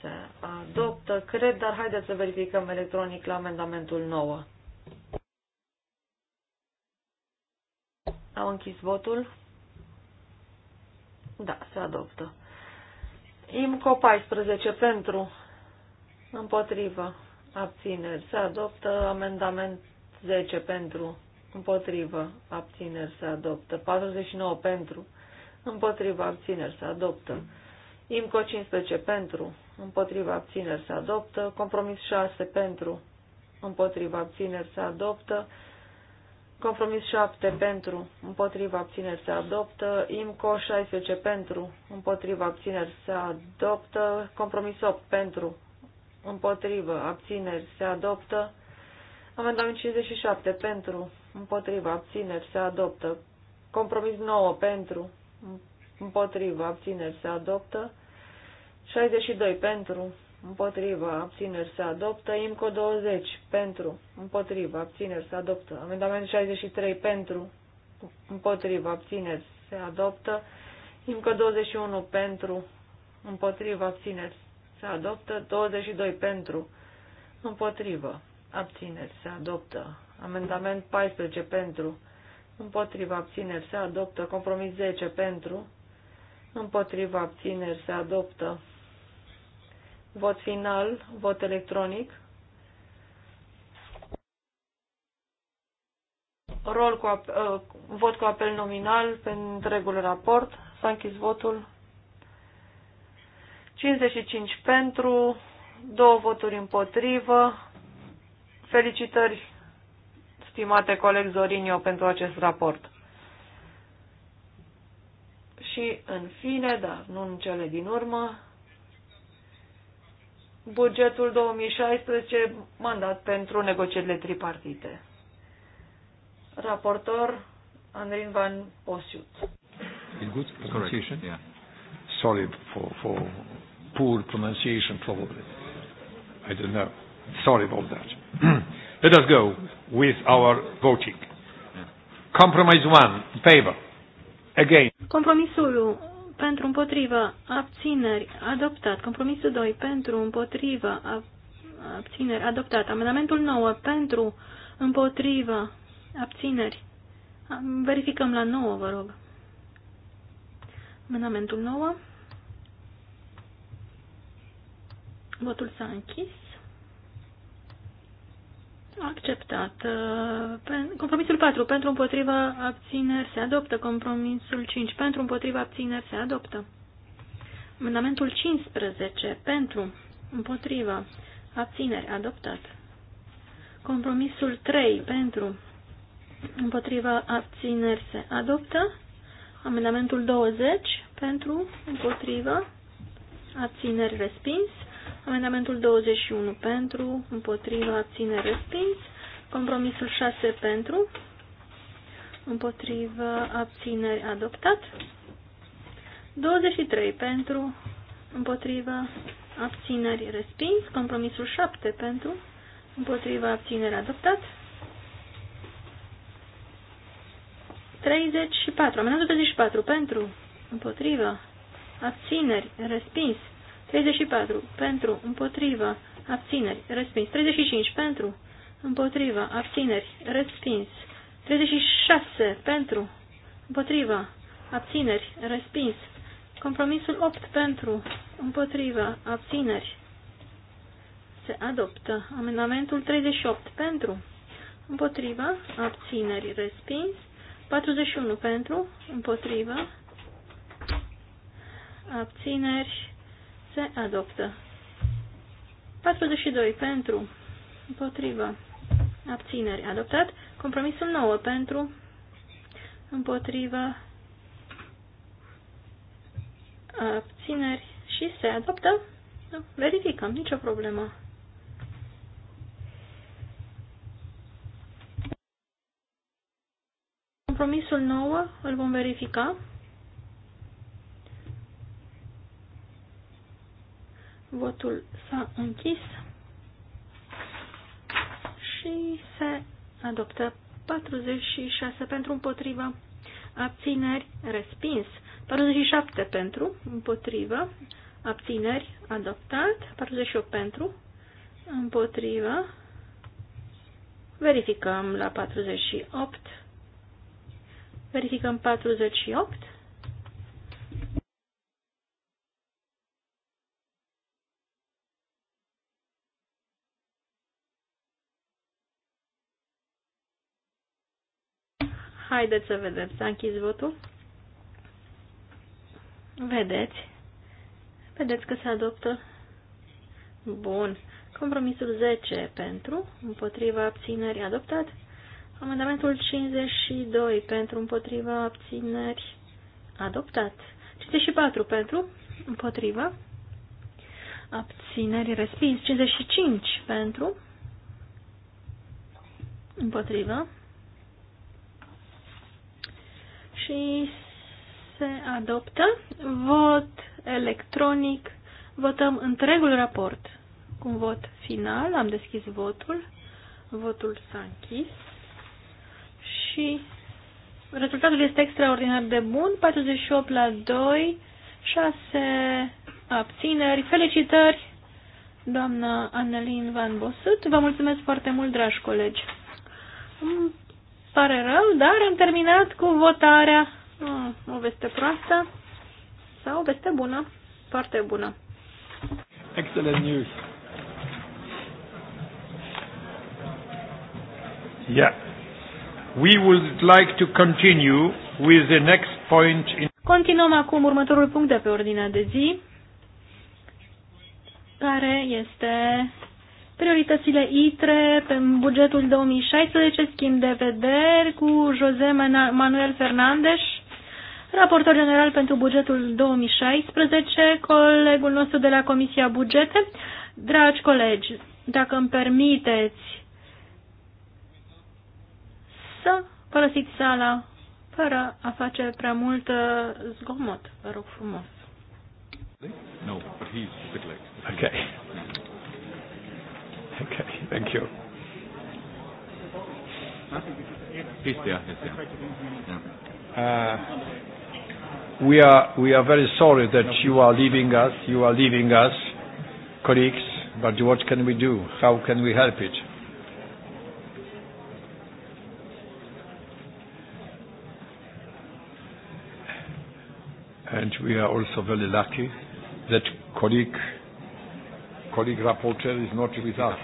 se adoptă, cred, dar haideți să verificăm electronic la amendamentul 9. Au închis votul? Da, se adoptă. IMCO 14 pentru, Împotrivă. Abțineri. Se adoptă amendament 10 pentru. Împotrivă. Abțineri. Se adoptă. 49 pentru. Împotrivă. Abțineri. Se adoptă. IMCO 15 pentru. Împotrivă. Abțineri. Se adoptă. Compromis 6 pentru. Împotrivă. Abțineri. Se adoptă. Compromis 7 pentru, împotriva abțineri se adoptă. IMCO 16 pentru, împotriva abțineri se adoptă. Compromis 8 pentru, împotrivă, abțineri, se adoptă. Amendament 57, pentru, împotrivă, abțineri, se adoptă. Compromis 9, pentru, împotrivă, abțineri, se adoptă. 62, pentru, împotrivă, abțineri, se adoptă. IMCO 20, pentru, împotrivă, abțineri, se adoptă. Amendament 63, pentru, împotrivă, abțineri, se adoptă. IMCO 21, pentru, împotrivă, abțineri, se adoptă. 22 pentru, împotrivă, abțineri, se adoptă. Amendament 14 pentru, împotrivă, abțineri, se adoptă. Compromis 10 pentru, împotrivă, abțineri, se adoptă. Vot final, vot electronic. Rol cu, uh, vot cu apel nominal pentru întregul raport. S-a închis votul. 55 pentru, două voturi împotrivă. Felicitări, stimate coleg Zorinio, pentru acest raport. Și, în fine, dar nu în cele din urmă, bugetul 2016, mandat pentru negocierile tripartite. Raportor Andrin Van Osiut. Good pronunciation? Yeah. Sorry for, for poor pronunciation probably. I don't know. Sorry about that. Let us go with our voting. Compromise one, in favor. Again. Compromisul pentru împotrivă, abțineri, adoptat. Compromisul 2, pentru împotrivă, abțineri, adoptat. Amendamentul 9, pentru împotrivă, abțineri. Verificăm la 9, vă rog. Amendamentul 9. Votul s-a închis. Acceptat. Compromisul 4. Pentru împotriva abțineri se adoptă. Compromisul 5. Pentru împotriva abțineri se adoptă. Amendamentul 15. Pentru împotriva abțineri adoptat. Compromisul 3. Pentru împotriva abțineri se adoptă. Amendamentul 20. Pentru împotriva abțineri respins. Amendamentul 21 pentru, împotriva, abține, respins. Compromisul 6 pentru, împotriva, abțineri, adoptat. 23 pentru, împotriva, abțineri, respins. Compromisul 7 pentru, împotriva, abțineri, adoptat. 34, amendamentul 34 pentru, împotriva, abțineri, respins. 34. Pentru, împotrivă, abțineri, respins. 35. Pentru, împotrivă, abțineri, respins. 36. Pentru, împotrivă, abțineri, respins. Compromisul 8. Pentru, împotrivă, abțineri, se adoptă. Amendamentul 38. Pentru, împotrivă, abțineri, respins. 41. Pentru, împotrivă, abțineri, se adoptă. 42 pentru, împotrivă, abțineri, adoptat. Compromisul 9 pentru, împotrivă, abțineri și se adoptă. Da, verificăm, nicio problemă. Compromisul 9 îl vom verifica. Votul s-a închis și se adoptă 46 pentru împotriva, abțineri respins, 47 pentru împotriva, abțineri adoptat, 48 pentru împotriva, verificăm la 48, verificăm 48, Haideți să vedem. S-a închis votul. Vedeți. Vedeți că se adoptă. Bun. Compromisul 10 pentru, împotriva abțineri adoptat. Amendamentul 52 pentru, împotriva abțineri adoptat. 54 pentru, împotriva abțineri respins. 55 pentru, împotriva și se adoptă. Vot electronic. Votăm întregul raport cu un vot final. Am deschis votul. Votul s-a închis. Și rezultatul este extraordinar de bun. 48 la 2, 6 abțineri. Felicitări, doamna Annelin Van Bosut. Vă mulțumesc foarte mult, dragi colegi pare rău, dar am terminat cu votarea. Mm, o veste proastă sau o veste bună, foarte bună. Excellent news. Yeah. We would like to continue with the next point in Continuăm acum următorul punct de pe ordinea de zi, care este prioritățile ITRE pe bugetul 2016, schimb de vederi cu José Manuel Fernandez raportor general pentru bugetul 2016, colegul nostru de la Comisia Bugete. Dragi colegi, dacă îmi permiteți să părăsiți sala fără a face prea mult uh, zgomot, vă rog frumos. No, but he's a bit late. Okay. Okay, thank you. Uh, we are we are very sorry that you are leaving us. You are leaving us, colleagues. But what can we do? How can we help it? And we are also very lucky that colleague colleague rapporteur is not with us.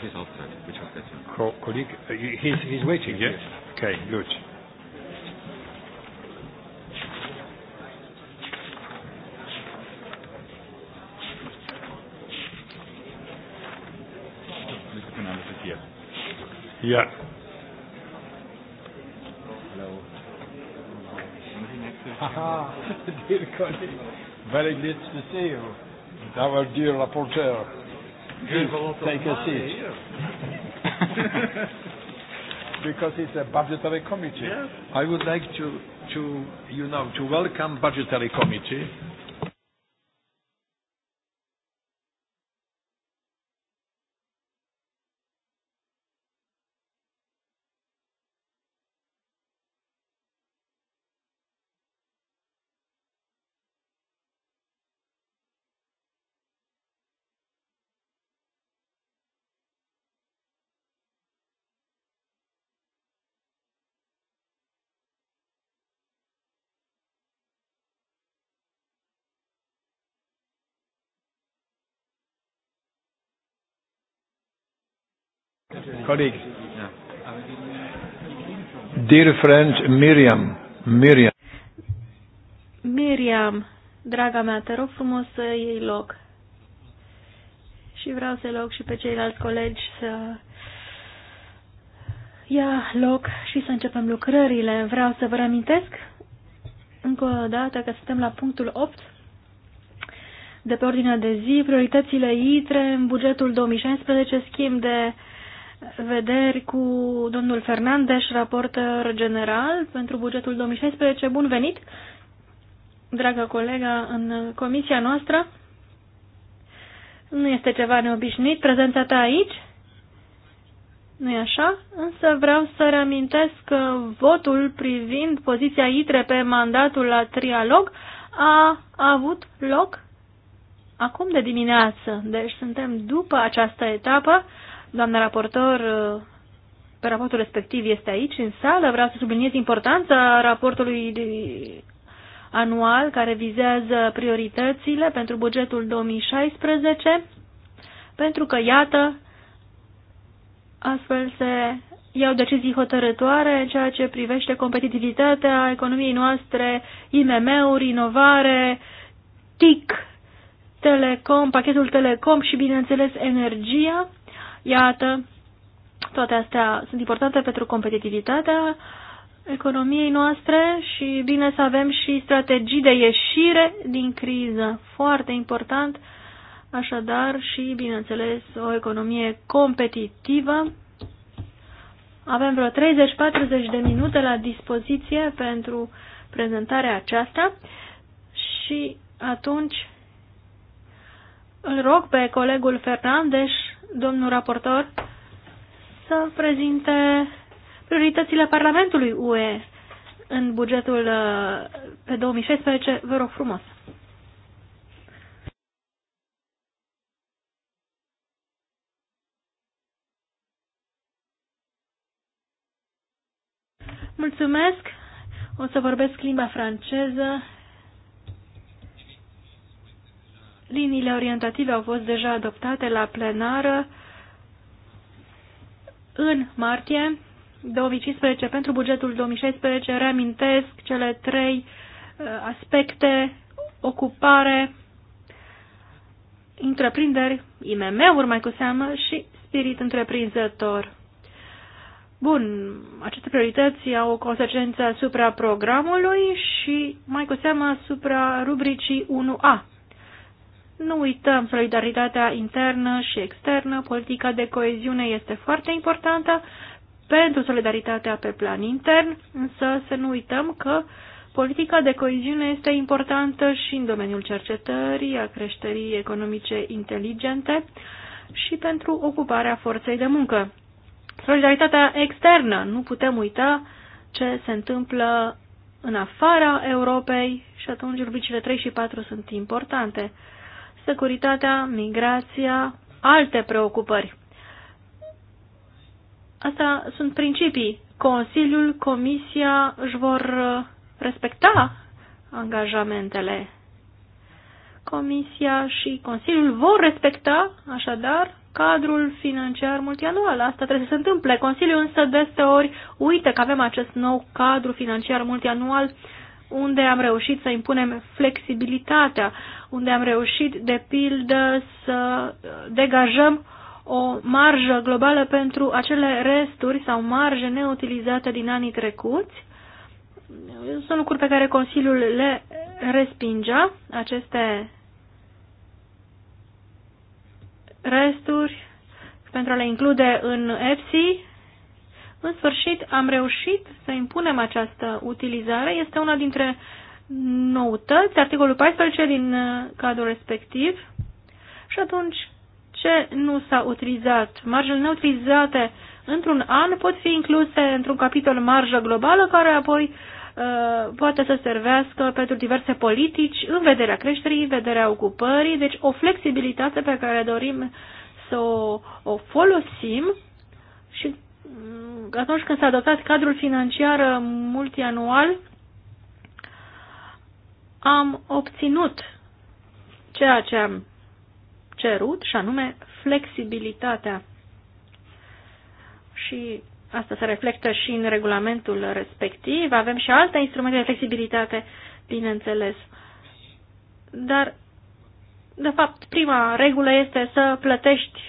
Co- colleague, uh, he's, he's waiting. Yes. yes. Okay. Good. Yeah. Hello. Dear colleague, very glad to see you. Our dear rapporteur take a seat. because it's a budgetary committee. Yes. I would like to, to, you know, to welcome budgetary committee colleagues. Dear friend Miriam, Miriam. Miriam, draga mea, te rog frumos să iei loc. Și vreau să loc și pe ceilalți colegi să ia loc și să începem lucrările. Vreau să vă reamintesc încă o dată că suntem la punctul 8 de pe ordinea de zi, prioritățile ITRE în bugetul 2016, schimb de vederi cu domnul Fernandes, raportor general pentru bugetul 2016. Bun venit, dragă colega, în comisia noastră. Nu este ceva neobișnuit prezența ta aici, nu-i așa? Însă vreau să reamintesc că votul privind poziția ITRE pe mandatul la trialog a avut loc acum de dimineață. Deci suntem după această etapă Doamna raportor, pe raportul respectiv este aici, în sală. Vreau să subliniez importanța raportului anual care vizează prioritățile pentru bugetul 2016, pentru că, iată, astfel se iau decizii hotărătoare în ceea ce privește competitivitatea economiei noastre, IMM-uri, inovare, TIC, telecom, pachetul telecom și, bineînțeles, energia. Iată, toate astea sunt importante pentru competitivitatea economiei noastre și bine să avem și strategii de ieșire din criză. Foarte important, așadar, și, bineînțeles, o economie competitivă. Avem vreo 30-40 de minute la dispoziție pentru prezentarea aceasta și atunci îl rog pe colegul Fernandes domnul raportor să prezinte prioritățile Parlamentului UE în bugetul uh, pe 2016. Vă rog frumos! Mulțumesc! O să vorbesc limba franceză Liniile orientative au fost deja adoptate la plenară în martie 2015 pentru bugetul 2016. Reamintesc cele trei uh, aspecte, ocupare, întreprinderi, IMM-uri mai cu seamă și spirit întreprinzător. Bun, aceste priorități au o consecință asupra programului și mai cu seamă asupra rubricii 1A. Nu uităm, solidaritatea internă și externă, politica de coeziune este foarte importantă pentru solidaritatea pe plan intern, însă să nu uităm că politica de coeziune este importantă și în domeniul cercetării, a creșterii economice inteligente și pentru ocuparea forței de muncă. Solidaritatea externă, nu putem uita ce se întâmplă în afara Europei și atunci rubricile 3 și 4 sunt importante securitatea, migrația, alte preocupări. Asta sunt principii. Consiliul, Comisia își vor uh, respecta angajamentele. Comisia și Consiliul vor respecta, așadar, cadrul financiar multianual. Asta trebuie să se întâmple. Consiliul însă deseori uite că avem acest nou cadru financiar multianual unde am reușit să impunem flexibilitatea, unde am reușit, de pildă, să degajăm o marjă globală pentru acele resturi sau marje neutilizate din anii trecuți. Sunt lucruri pe care Consiliul le respingea, aceste resturi, pentru a le include în EPSI, în sfârșit, am reușit să impunem această utilizare. Este una dintre noutăți, articolul 14 din uh, cadrul respectiv. Și atunci, ce nu s-a utilizat? Marjele neutilizate într-un an pot fi incluse într-un capitol marjă globală, care apoi uh, poate să servească pentru diverse politici în vederea creșterii, în vederea ocupării, deci o flexibilitate pe care dorim să o, o folosim și atunci când s-a adoptat cadrul financiar uh, multianual, am obținut ceea ce am cerut, și anume flexibilitatea. Și asta se reflectă și în regulamentul respectiv. Avem și alte instrumente de flexibilitate, bineînțeles. Dar, de fapt, prima regulă este să plătești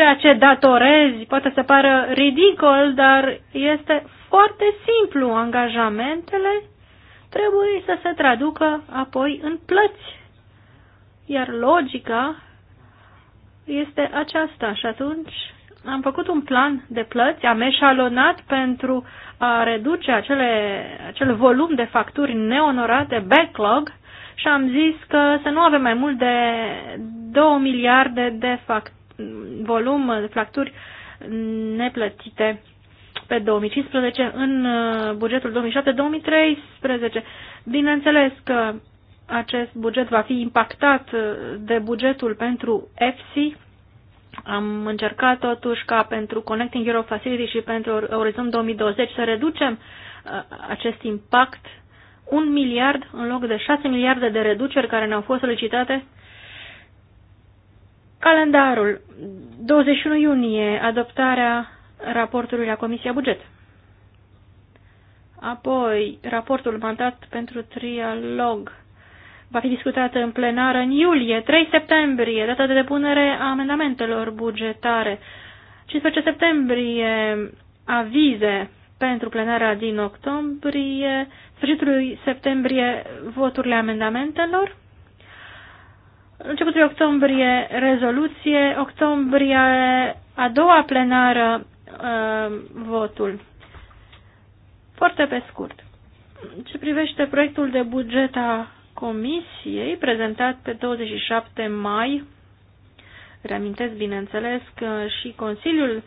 ceea ce datorezi poate să pară ridicol, dar este foarte simplu. Angajamentele trebuie să se traducă apoi în plăți. Iar logica este aceasta și atunci am făcut un plan de plăți, am eșalonat pentru a reduce acele, acel volum de facturi neonorate, backlog, și am zis că să nu avem mai mult de 2 miliarde de facturi volum, fracturi neplătite pe 2015 în uh, bugetul 2007-2013. Bineînțeles că acest buget va fi impactat uh, de bugetul pentru EFSI. Am încercat totuși ca pentru Connecting Europe Facility și pentru Orizont 2020 să reducem uh, acest impact un miliard în loc de 6 miliarde de reduceri care ne-au fost solicitate Calendarul. 21 iunie, adoptarea raportului la Comisia Buget. Apoi, raportul mandat pentru trialog va fi discutat în plenară în iulie, 3 septembrie, data de depunere a amendamentelor bugetare. 15 septembrie, avize pentru plenara din octombrie, sfârșitul septembrie, voturile amendamentelor începutul octombrie rezoluție, octombrie a doua plenară uh, votul. Foarte pe scurt. Ce privește proiectul de buget a Comisiei, prezentat pe 27 mai, reamintesc bineînțeles că și Consiliul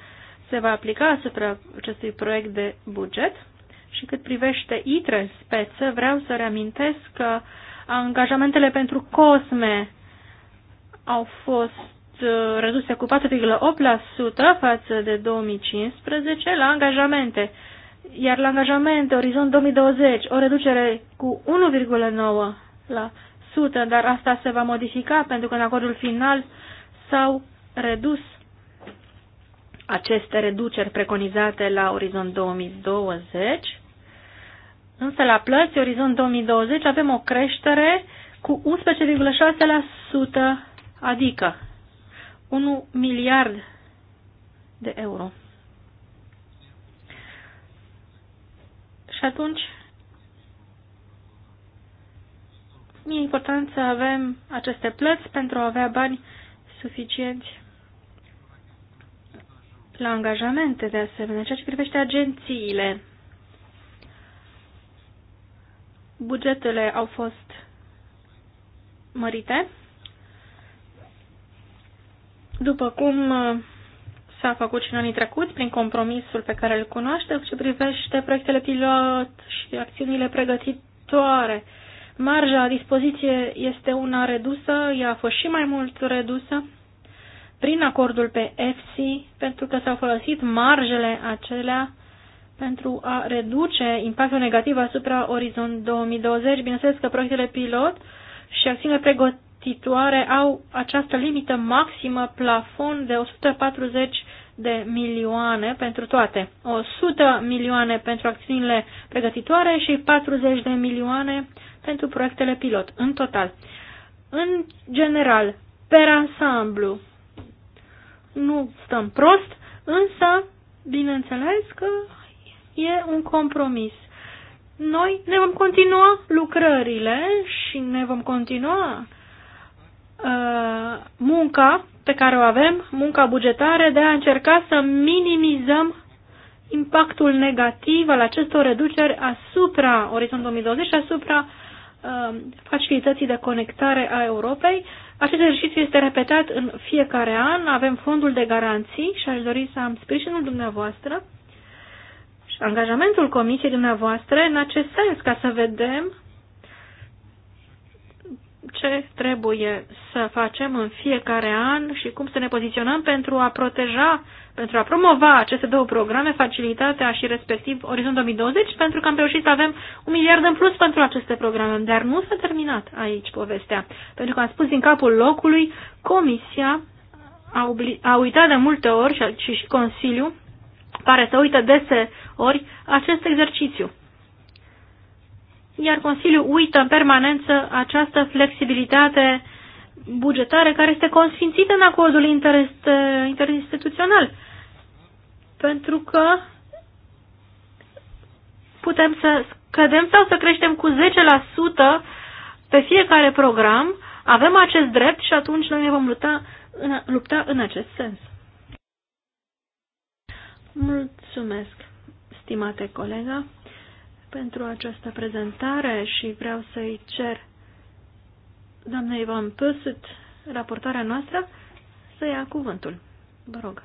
se va aplica asupra acestui proiect de buget și cât privește ITRE speță, vreau să reamintesc că angajamentele pentru COSME au fost uh, reduse cu 4,8% față de 2015 la angajamente, iar la angajamente Orizont 2020 o reducere cu 1,9%, dar asta se va modifica pentru că în acordul final s-au redus aceste reduceri preconizate la Orizont 2020. Însă la plăți, Orizont 2020, avem o creștere cu 11,6% adică 1 miliard de euro. Și atunci e important să avem aceste plăți pentru a avea bani suficienți la angajamente, de asemenea, ceea ce privește agențiile. Bugetele au fost mărite după cum uh, s-a făcut și în anii trecuți, prin compromisul pe care îl cunoaște, ce privește proiectele pilot și acțiunile pregătitoare, marja a dispoziție este una redusă, ea a fost și mai mult redusă prin acordul pe FC, pentru că s-au folosit marjele acelea pentru a reduce impactul negativ asupra Orizont 2020. Bineînțeles că proiectele pilot și acțiunile investitoare au această limită maximă, plafon de 140 de milioane pentru toate. 100 milioane pentru acțiunile pregătitoare și 40 de milioane pentru proiectele pilot, în total. În general, per ansamblu, nu stăm prost, însă, bineînțeles că e un compromis. Noi ne vom continua lucrările și ne vom continua Uh, munca pe care o avem, munca bugetară, de a încerca să minimizăm impactul negativ al acestor reduceri asupra orizontului 2020 și asupra uh, facilității de conectare a Europei. Acest exercițiu este repetat în fiecare an. Avem fondul de garanții și aș dori să am sprijinul dumneavoastră și angajamentul comisiei dumneavoastră în acest sens, ca să vedem ce trebuie să facem în fiecare an și cum să ne poziționăm pentru a proteja, pentru a promova aceste două programe, facilitatea și respectiv Orizont 2020, pentru că am reușit să avem un miliard în plus pentru aceste programe. Dar nu s-a terminat aici povestea, pentru că am spus din capul locului, Comisia a, a uitat de multe ori și, și, și Consiliul, pare să uită ori acest exercițiu iar Consiliul uită în permanență această flexibilitate bugetară care este consfințită în acordul interinstituțional. Pentru că putem să scădem sau să creștem cu 10% pe fiecare program, avem acest drept și atunci noi ne vom lupta în, lupta în acest sens. Mulțumesc, stimate colega pentru această prezentare și vreau să-i cer doamnei Ivan Păsât, raportarea noastră, să ia cuvântul. Vă rog.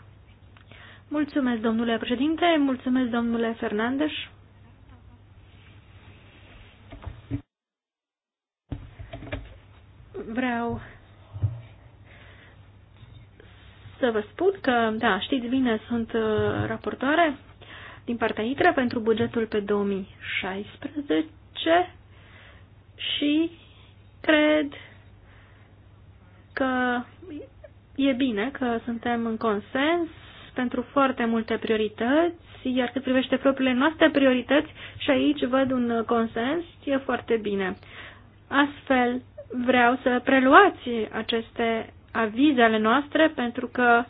Mulțumesc, domnule președinte, mulțumesc, domnule Fernandes. Vreau să vă spun că, da, știți bine, sunt uh, raportoare din partea ITRE pentru bugetul pe 2016 și cred că e bine că suntem în consens pentru foarte multe priorități, iar cât privește propriile noastre priorități, și aici văd un consens, e foarte bine. Astfel, vreau să preluați aceste avize ale noastre, pentru că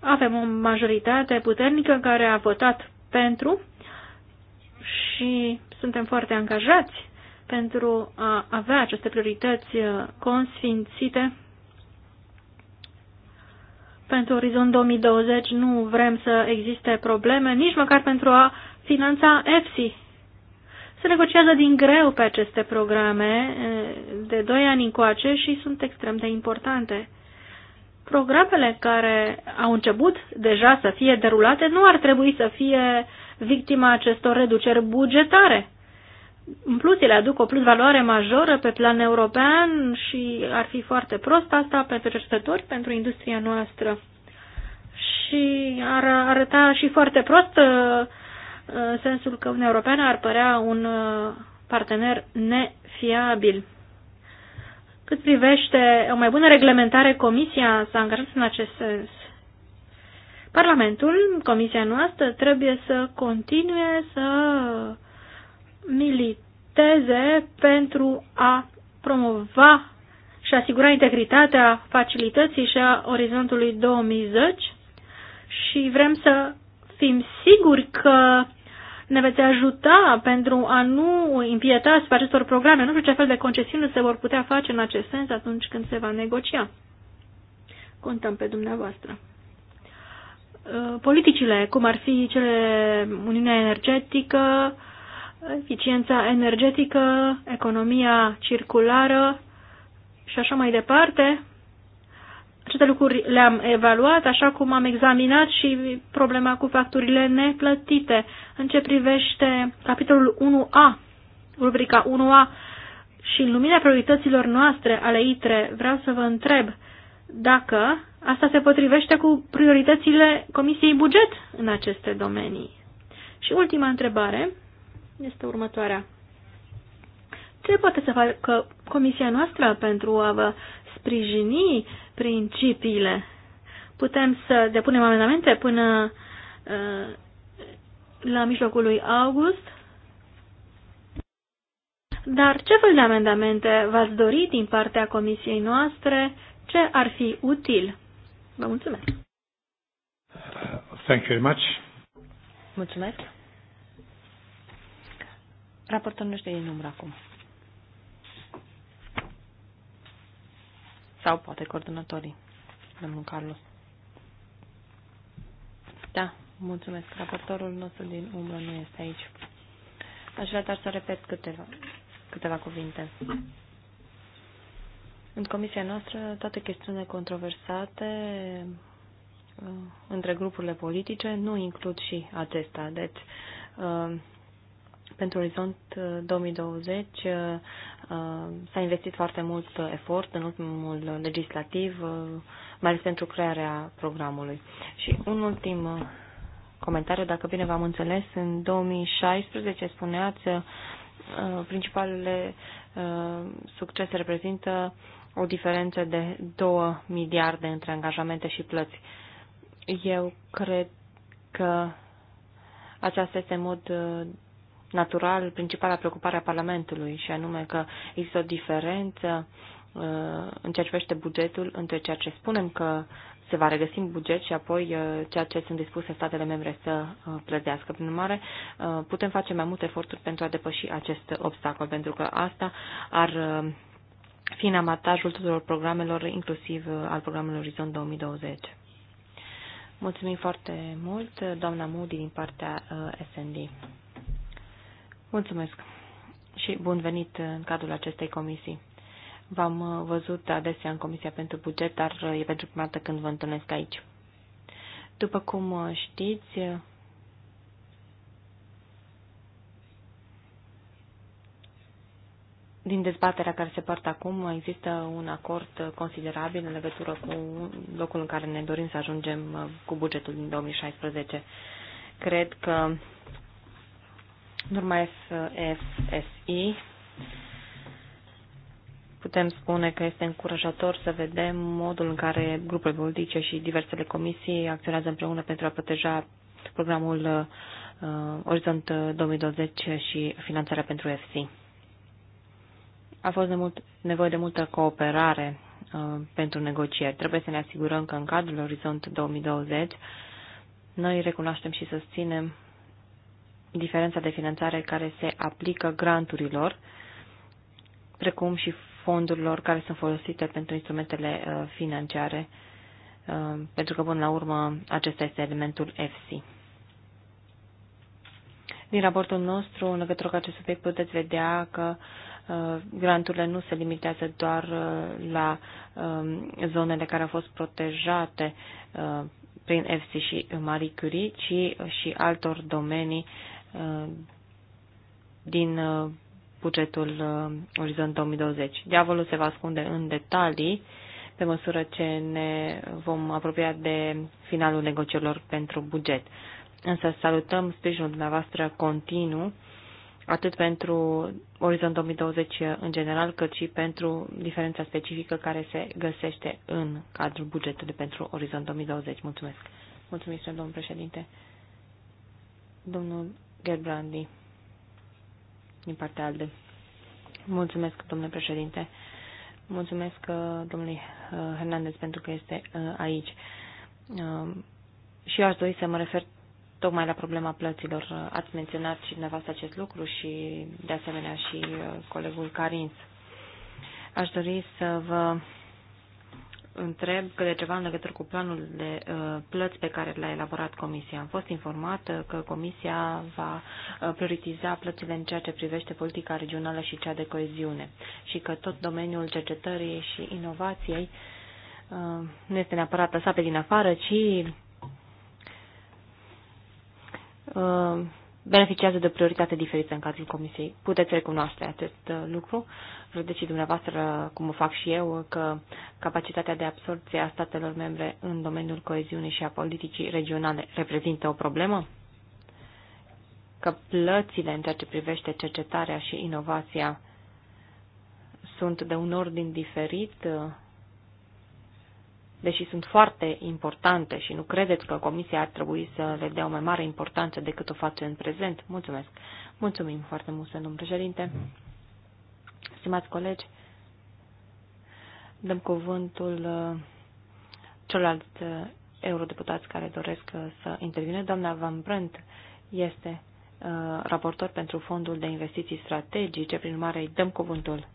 avem o majoritate puternică care a votat pentru și suntem foarte angajați pentru a avea aceste priorități uh, consfințite. Pentru Orizont 2020 nu vrem să existe probleme, nici măcar pentru a finanța EFSI. Se negociază din greu pe aceste programe uh, de 2 ani încoace și sunt extrem de importante programele care au început deja să fie derulate nu ar trebui să fie victima acestor reduceri bugetare. În plus, ele aduc o plus valoare majoră pe plan european și ar fi foarte prost asta pentru cercetători, pentru industria noastră. Și ar arăta și foarte prost în uh, uh, sensul că Uniunea Europeană ar părea un uh, partener nefiabil. Cât privește o mai bună reglementare, Comisia s-a angajat în acest sens. Parlamentul, Comisia noastră, trebuie să continue să militeze pentru a promova și asigura integritatea facilității și a orizontului 2010 și vrem să fim siguri că ne veți ajuta pentru a nu impieta asupra acestor programe. Nu știu ce fel de concesiuni se vor putea face în acest sens atunci când se va negocia. Contăm pe dumneavoastră. Uh, politicile, cum ar fi cele Uniunea Energetică, eficiența energetică, economia circulară și așa mai departe, aceste lucruri le-am evaluat, așa cum am examinat și problema cu facturile neplătite. În ce privește capitolul 1A, rubrica 1A, și în lumina priorităților noastre ale ITRE, vreau să vă întreb dacă asta se potrivește cu prioritățile Comisiei Buget în aceste domenii. Și ultima întrebare este următoarea. Ce poate să facă Comisia noastră pentru a vă sprijini principiile. Putem să depunem amendamente până uh, la mijlocul lui august. Dar ce fel de amendamente v-ați dori din partea comisiei noastre? Ce ar fi util? Vă mulțumesc! Thank you very much. Mulțumesc! Raportul nu știe din număr acum. Sau poate coordonatorii. Domnul Carlos. Da, mulțumesc. Raportorul nostru din umbră nu este aici. Aș vrea doar să repet câteva, câteva cuvinte. În comisia noastră, toate chestiunile controversate uh, între grupurile politice nu includ și acesta. Deci, uh, pentru Orizont 2020 uh, uh, uh, s-a investit foarte mult efort în ultimul legislativ, mai ales pentru crearea programului. Și un ultim comentariu, dacă bine v-am înțeles, în 2016 spuneați principalele succese reprezintă o diferență de 2 miliarde între angajamente și plăți. Eu cred că aceasta este în mod natural principala preocupare a Parlamentului, și anume că există o diferență uh, în ceea ce privește bugetul între ceea ce spunem că se va regăsi în buget și apoi uh, ceea ce sunt dispuse statele membre să uh, plătească. Prin urmare, putem face mai multe eforturi pentru a depăși acest obstacol, pentru că asta ar fi în amatajul tuturor programelor, inclusiv al programului Orizont 2020. Mulțumim foarte mult, doamna Moody, din partea SND. Mulțumesc și bun venit în cadrul acestei comisii. V-am uh, văzut adesea în Comisia pentru Buget, dar uh, e pentru prima dată când vă întâlnesc aici. După cum uh, știți, din dezbaterea care se poartă acum, există un acord considerabil în legătură cu locul în care ne dorim să ajungem cu bugetul din 2016. Cred că urma FSI, putem spune că este încurajator să vedem modul în care grupurile politice și diversele comisii acționează împreună pentru a proteja programul uh, Orizont 2020 și finanțarea pentru FC. A fost de mult, nevoie de multă cooperare uh, pentru negocieri. Trebuie să ne asigurăm că în cadrul Orizont 2020 noi recunoaștem și susținem diferența de finanțare care se aplică granturilor, precum și fondurilor care sunt folosite pentru instrumentele uh, financiare, uh, pentru că, până la urmă, acesta este elementul FC. Din raportul nostru, în legătură cu acest subiect, puteți vedea că uh, granturile nu se limitează doar la um, zonele care au fost protejate prin FC și Marie Curie, ci și altor domenii Uh, din uh, bugetul uh, Orizont 2020. Diavolul se va ascunde în detalii pe măsură ce ne vom apropia de finalul negocierilor pentru buget. Însă salutăm sprijinul dumneavoastră continuu, atât pentru Orizont 2020 în general, cât și pentru diferența specifică care se găsește în cadrul bugetului pentru Orizont 2020. Mulțumesc. Mulțumesc, domnul președinte. Domnul Gerbrandi din partea ALDE. Mulțumesc, domnule președinte. Mulțumesc uh, domnului uh, Hernandez pentru că este uh, aici. Um, și eu aș dori să mă refer tocmai la problema plăților. Ați menționat și dumneavoastră acest lucru și de asemenea și colegul Carins. Aș dori să vă întreb că de ceva în legătură cu planul de uh, plăți pe care l-a elaborat Comisia. Am fost informat uh, că Comisia va uh, prioritiza plățile în ceea ce privește politica regională și cea de coeziune și că tot domeniul cercetării și inovației nu este neapărat lăsat pe din afară, ci beneficiază de o prioritate diferită în cadrul Comisiei. Puteți recunoaște acest uh, lucru. Vedeți și dumneavoastră, cum o fac și eu, că capacitatea de absorbție a statelor membre în domeniul coeziunii și a politicii regionale reprezintă o problemă? Că plățile în ceea ce privește cercetarea și inovația sunt de un ordin diferit uh, deși sunt foarte importante și nu credeți că Comisia ar trebui să le dea o mai mare importanță decât o face în prezent? Mulțumesc. Mulțumim foarte mult, domnul președinte. Stimați colegi, dăm cuvântul uh, celorlalți uh, eurodeputați care doresc uh, să intervine. Doamna Van Brent este raportor pentru Fondul de Investiții Strategice, prin urmare îi dăm cuvântul.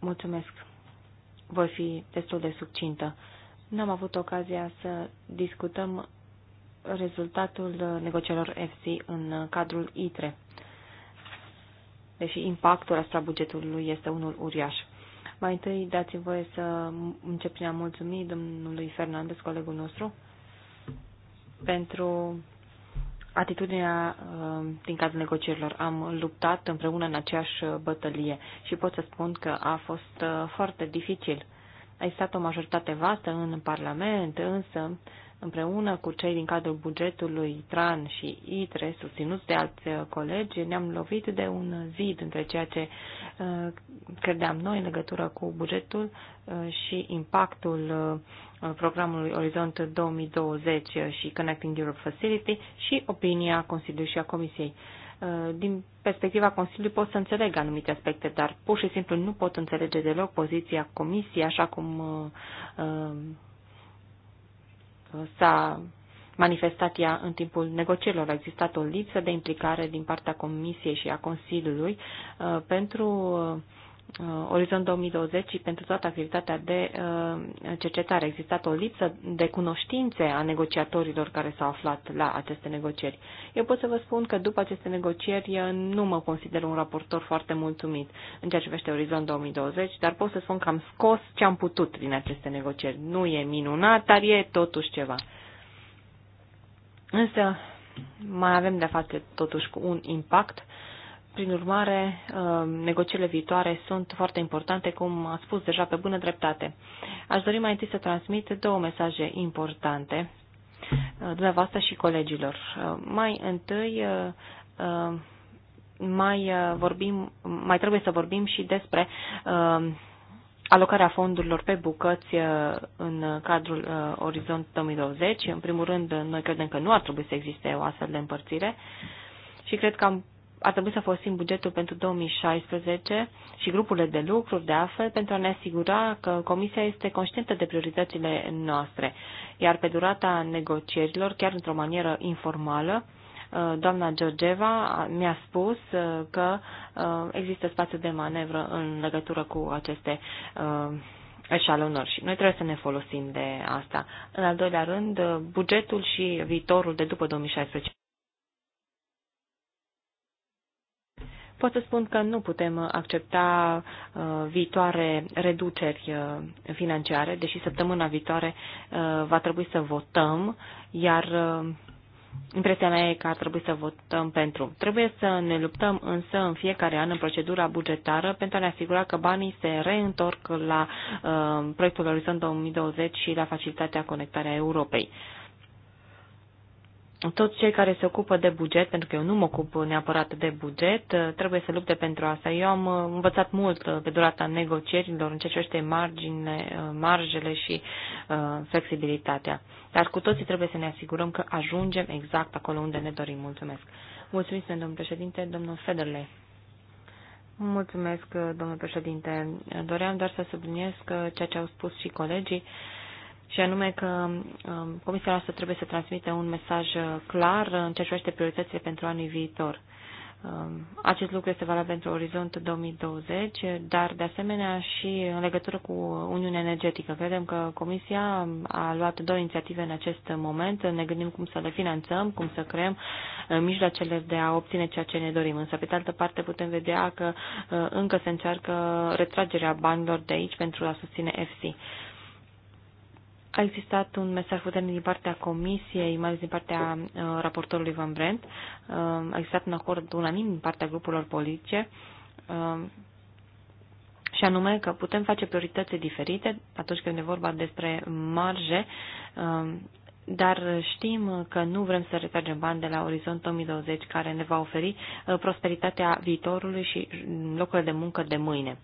Mulțumesc voi fi destul de subțintă. N-am avut ocazia să discutăm rezultatul negocierilor FC în cadrul ITRE, deși impactul asupra bugetului este unul uriaș. Mai întâi dați-mi voie să încep prin a mulțumi domnului Fernandez, colegul nostru, pentru atitudinea uh, din cadrul negocierilor. Am luptat împreună în aceeași bătălie și pot să spun că a fost uh, foarte dificil. A existat o majoritate vastă în Parlament, însă împreună cu cei din cadrul bugetului TRAN și ITRE, susținuți de alți uh, colegi, ne-am lovit de un zid între ceea ce uh, credeam noi în legătură cu bugetul uh, și impactul programului Orizont 2020 și Connecting Europe Facility și opinia Consiliului și a Comisiei din perspectiva Consiliului pot să înțeleg anumite aspecte, dar pur și simplu nu pot înțelege deloc poziția Comisiei așa cum s-a manifestat ea în timpul negocierilor. A existat o lipsă de implicare din partea Comisiei și a Consiliului uh, pentru uh, Uh, Orizont 2020 și pentru toată activitatea de uh, cercetare. A existat o lipsă de cunoștințe a negociatorilor care s-au aflat la aceste negocieri. Eu pot să vă spun că după aceste negocieri uh, nu mă consider un raportor foarte mulțumit în ceea ce vește Orizont 2020, dar pot să spun că am scos ce am putut din aceste negocieri. Nu e minunat, dar e totuși ceva. Însă mai avem de-a face totuși cu un impact uh, prin urmare, uh, negocierile viitoare sunt foarte importante, cum a spus deja pe bună dreptate. Aș dori mai întâi să transmit două mesaje importante uh, dumneavoastră și colegilor. Uh, mai întâi, mai vorbim, mai trebuie să vorbim și despre alocarea fondurilor pe bucăți în cadrul Orizont 2020. În primul rând, noi credem că nu ar trebui să existe o astfel de împărțire și cred că am ar trebui să folosim bugetul pentru 2016 și grupurile de lucruri, de afel, pentru a ne asigura că Comisia este conștientă de prioritățile noastre. Iar pe durata negocierilor, chiar într-o manieră informală, uh, doamna Georgeva mi-a spus uh, că uh, există spațiu de manevră în legătură cu aceste eșalonări și noi trebuie să ne folosim de asta. În al doilea rând, bugetul și viitorul de după 2016. pot să spun că nu putem uh, accepta uh, viitoare reduceri uh, financiare, deși săptămâna viitoare va trebui să votăm, iar Impresia mea e că ar trebui să votăm pentru. Trebuie să ne luptăm însă în fiecare an în procedura bugetară pentru a ne asigura că banii se reîntorc la uh, proiectul Orizont 2020 și la facilitatea conectarea Europei. Uh, toți cei care se ocupă de buget, pentru că eu nu mă ocup neapărat de buget, uh, trebuie să lupte pentru asta. Eu am uh, învățat mult uh, pe durata negocierilor în ce este marginile, marjele și uh, flexibilitatea. Dar cu toții trebuie să ne asigurăm că ajungem exact acolo unde ne dorim. Mulțumesc. Mulțumesc, domnul președinte, domnul Federle. Mulțumesc, domnul președinte. Doream doar să subliniez că ceea ce au spus și colegii și anume că um, Comisia noastră trebuie să transmită un mesaj uh, clar uh, în ce privește prioritățile pentru anul viitor. Um, acest lucru este valabil pentru Orizont 2020, dar de asemenea și în legătură cu Uniunea Energetică. Credem că Comisia um, a luat două inițiative în acest moment. Ne gândim cum să le finanțăm, cum să creăm uh, mijloacele de a obține ceea ce ne dorim. Însă, pe de altă parte, putem vedea că încă se încearcă retragerea banilor de aici pentru a susține FC. A existat un mesaj puternic din partea Comisiei, mai ales din partea uh, raportorului Van Brent. Uh, a existat un acord unanim din partea grupurilor politice. Uh, și anume că putem face priorități diferite atunci când e vorba despre marje, uh, dar știm că nu vrem să retragem bani de la Orizont 2020 care ne va oferi uh, prosperitatea viitorului și locurile de muncă de mâine.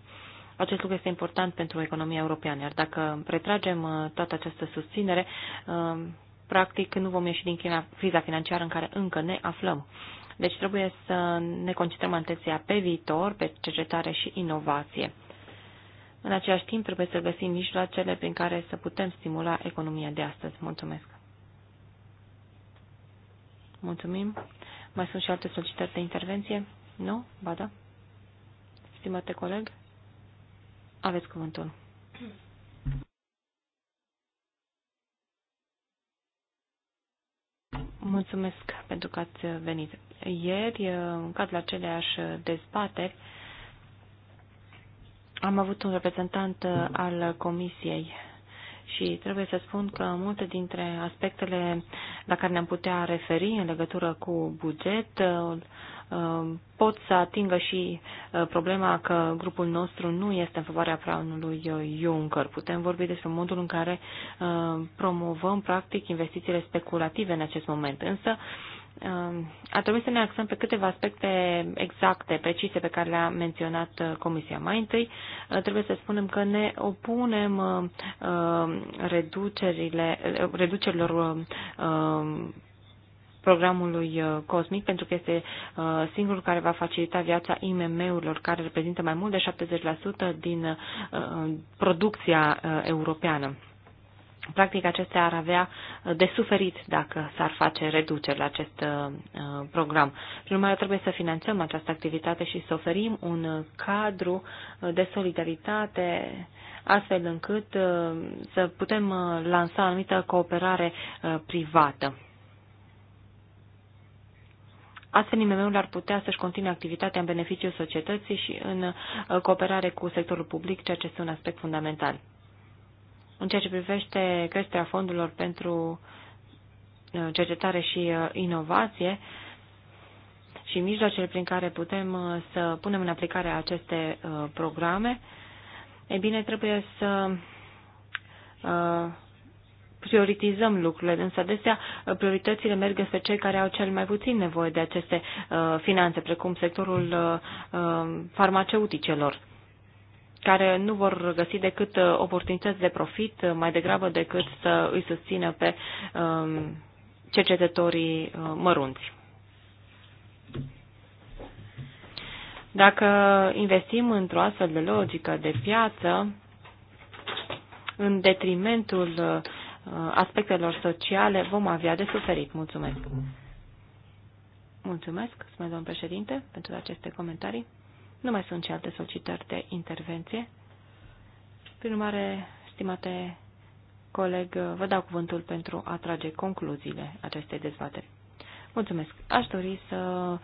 Acest lucru este important pentru economia europeană, iar dacă retragem uh, toată această susținere, uh, practic nu vom ieși din China, criza financiară în care încă ne aflăm. Deci trebuie să ne concentrăm atenția pe viitor, pe cercetare și inovație. În același timp, trebuie să găsim mijloacele prin care să putem stimula economia de astăzi. Mulțumesc! Mulțumim! Mai sunt și alte solicitări de intervenție? Nu? Ba da? Stimate coleg? Aveți cuvântul. Mulțumesc pentru că ați venit. Ieri, uh, în cadrul aceleași dezbateri, am avut un reprezentant uh, al Comisiei și trebuie să spun că multe dintre aspectele la care ne-am putea referi în legătură cu bugetul Um, pot să atingă și uh, problema că grupul nostru nu este în favoarea planului uh, Juncker. Putem vorbi despre modul în care uh, promovăm, practic, investițiile speculative în acest moment. Însă, um, a trebuit să ne axăm pe câteva aspecte exacte, precise, pe care le-a menționat Comisia. Mai întâi, trebuie să spunem că ne opunem reducerile, reducerilor programului uh, Cosmic, pentru că este uh, singurul care va facilita viața IMM-urilor, care reprezintă mai mult de 70% din uh, producția europeană. Practic, acestea ar avea de suferit dacă s-ar face reduceri la acest program. Prin urmare, trebuie să finanțăm această activitate și să oferim un cadru de solidaritate astfel încât să putem lansa anumită cooperare privată. Astfel, imm ul ar putea să-și continue activitatea în beneficiul societății și în uh, cooperare cu sectorul public, ceea ce este un aspect fundamental. În ceea ce privește creșterea fondurilor pentru uh, cercetare și uh, inovație și mijloacele prin care putem să punem în aplicare aceste programe, e bine, trebuie să prioritizăm lucrurile, însă adesea uh, prioritățile merg spre cei care au cel mai puțin nevoie de aceste uh, finanțe, precum sectorul uh, farmaceuticelor care nu vor găsi decât oportunități de profit mai degrabă decât să îi susțină pe um, cercetătorii mărunți. Dacă investim într-o astfel de logică de piață, în detrimentul Uh, aspectelor sociale vom avea de suferit. Mulțumesc! Mulțumesc, spune domnul președinte, pentru aceste comentarii. Nu mai sunt și alte solicitări de intervenție. Prin urmare, stimate coleg, vă dau cuvântul pentru a trage concluziile acestei dezbateri. Mulțumesc. Aș dori să uh,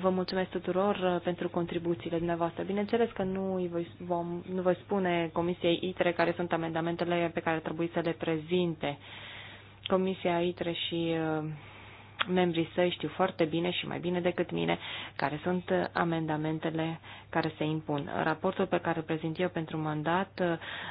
vă mulțumesc tuturor uh, pentru contribuțiile dumneavoastră. Bineînțeles că nu, îi voi, vom, nu voi spune Comisiei ITRE care sunt amendamentele pe care trebuie să le prezinte. Comisia ITRE și uh, membrii săi știu foarte bine și mai bine decât mine care sunt amendamentele care se impun. Raportul pe care îl prezint eu pentru mandat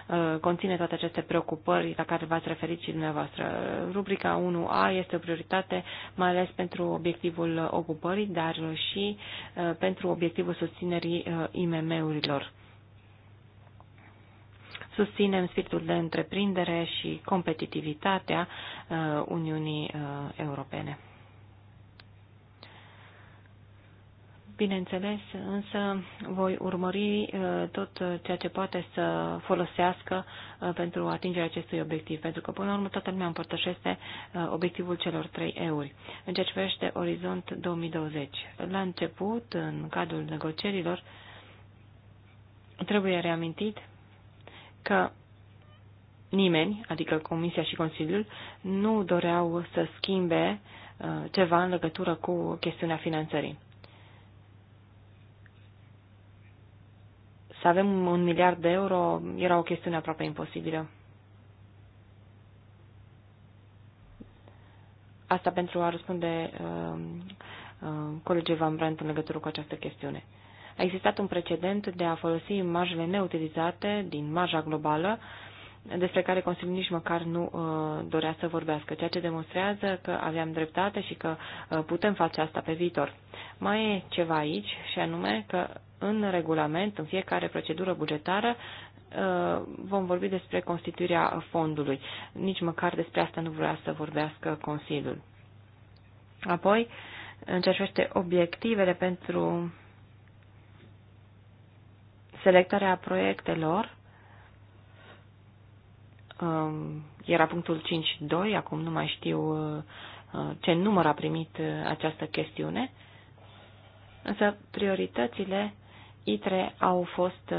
uh, conține toate aceste preocupări la care v-ați referit și dumneavoastră. Rubrica 1A este o prioritate mai ales pentru obiectivul ocupării, dar și uh, pentru obiectivul susținerii uh, IMM-urilor susținem spiritul de întreprindere și competitivitatea Uniunii Europene. Bineînțeles, însă voi urmări uh, tot ceea ce poate să folosească uh, pentru atingerea acestui obiectiv, pentru că până la urmă toată lumea împărtășește uh, obiectivul celor trei euri. În ceea ce privește Orizont 2020, la început, în cadrul negocierilor, trebuie reamintit că nimeni, adică Comisia și Consiliul, nu doreau să schimbe ceva în legătură cu chestiunea finanțării. să avem un miliard de euro era o chestiune aproape imposibilă. Asta pentru a răspunde uh, uh, colegii Van Brandt în legătură cu această chestiune. A existat un precedent de a folosi marjele neutilizate din marja globală uh, despre care Consiliul nici măcar nu uh, dorea să vorbească, ceea ce demonstrează că aveam dreptate și că uh, putem face asta pe viitor. Mai e ceva aici și anume că în regulament, în fiecare procedură bugetară, uh, vom vorbi despre constituirea fondului. Nici măcar despre asta nu vrea să vorbească Consiliul. Apoi, în obiectivele pentru selectarea proiectelor, Um, era punctul 5.2, acum nu mai știu uh, uh, ce număr a primit uh, această chestiune, însă prioritățile ITRE au fost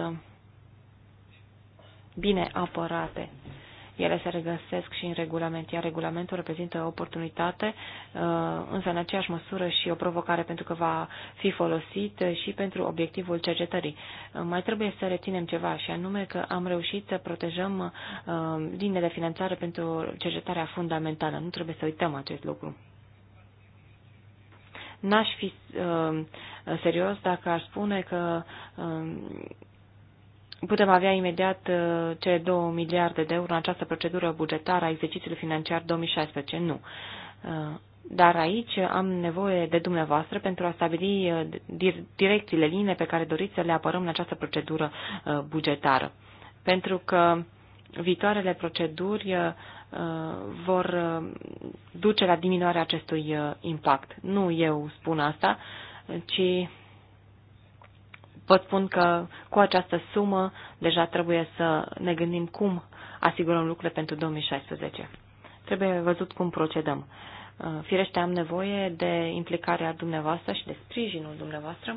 bine apărate. Ele se regăsesc și în regulament, iar regulamentul reprezintă o oportunitate, uh, însă în aceeași măsură și o provocare pentru că va fi folosit și pentru obiectivul cercetării. Uh, mai trebuie să reținem ceva și anume că am reușit să protejăm uh, linii de finanțare pentru cercetarea fundamentală. Nu trebuie să uităm acest lucru n-aș fi uh, serios dacă aș spune că uh, putem avea imediat uh, cele 2 miliarde de euro în această procedură bugetară a exercițiului financiar 2016. Nu. Uh, dar aici am nevoie de dumneavoastră pentru a stabili uh, direcțiile, linii pe care doriți să le apărăm în această procedură bugetară. Pentru că viitoarele proceduri vor duce la diminuarea acestui impact. Nu eu spun asta, ci vă spun că cu această sumă deja trebuie să ne gândim cum asigurăm lucrurile pentru 2016. Trebuie văzut cum procedăm. Uh, firește, am nevoie de implicarea dumneavoastră și de sprijinul dumneavoastră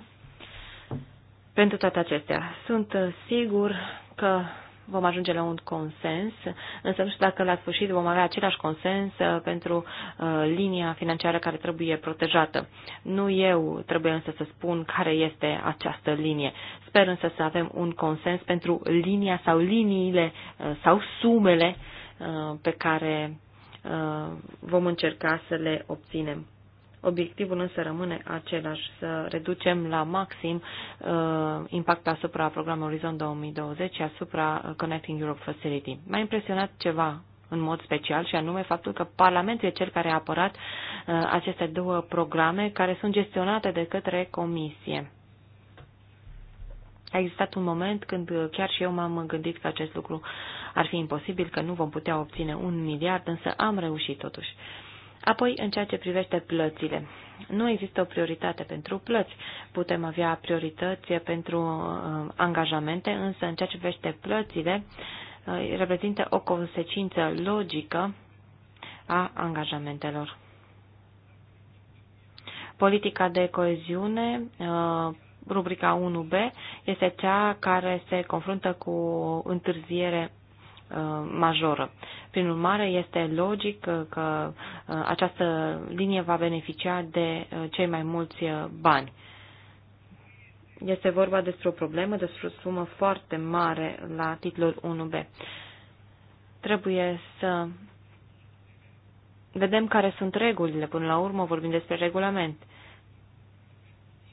pentru toate acestea. Sunt uh, sigur că vom ajunge la un consens, însă nu știu dacă la sfârșit vom avea același consens uh, pentru uh, linia financiară care trebuie protejată. Nu eu trebuie însă să spun care este această linie. Sper însă să avem un consens pentru linia sau liniile uh, sau sumele pe care vom încerca să le obținem. Obiectivul însă rămâne același, să reducem la maxim uh, impactul asupra programului Orizont 2020 și asupra uh, Connecting Europe Facility. M-a impresionat ceva în mod special și anume faptul că Parlamentul e cel care a apărat uh, aceste două programe care sunt gestionate de către Comisie. A existat un moment când uh, chiar și eu m-am gândit că acest lucru ar fi imposibil, că nu vom putea obține un miliard, însă am reușit totuși. Uh, Apoi, în ceea ce privește plățile. Nu există o prioritate pentru plăți. Putem avea priorități pentru uh, angajamente, însă în ceea ce privește plățile, uh, reprezintă o consecință logică a angajamentelor. Politica de coeziune, uh, rubrica 1b, este cea care se confruntă cu întârziere Uh, majoră. Prin urmare, este logic uh, că uh, această linie va beneficia de cei mai mulți bani. Este vorba despre o problemă, despre o sumă foarte mare la titlul 1B. Trebuie să vedem care sunt regulile. Până la urmă vorbim despre regulament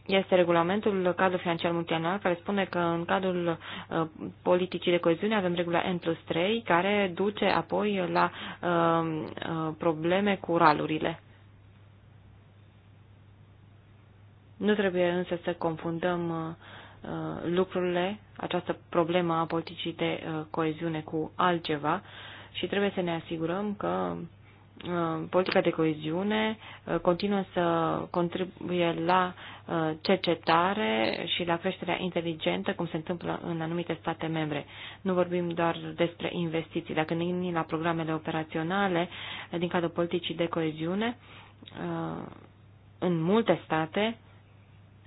este regulamentul cadrul financiar multianual care spune că în cadrul uh, politicii de coeziune avem regula N plus 3 care duce apoi la uh, uh, probleme cu ralurile. Nu trebuie însă să confundăm uh, uh, lucrurile, această problemă a politicii de uh, coeziune cu altceva și trebuie să ne asigurăm că uh, Uh, politica de coeziune uh, continuă să contribuie la uh, cercetare și la creșterea inteligentă, cum se întâmplă în anumite state membre. Nu vorbim doar despre investiții. Dacă ne gândim la programele operaționale din cadrul politicii de coeziune, în multe state,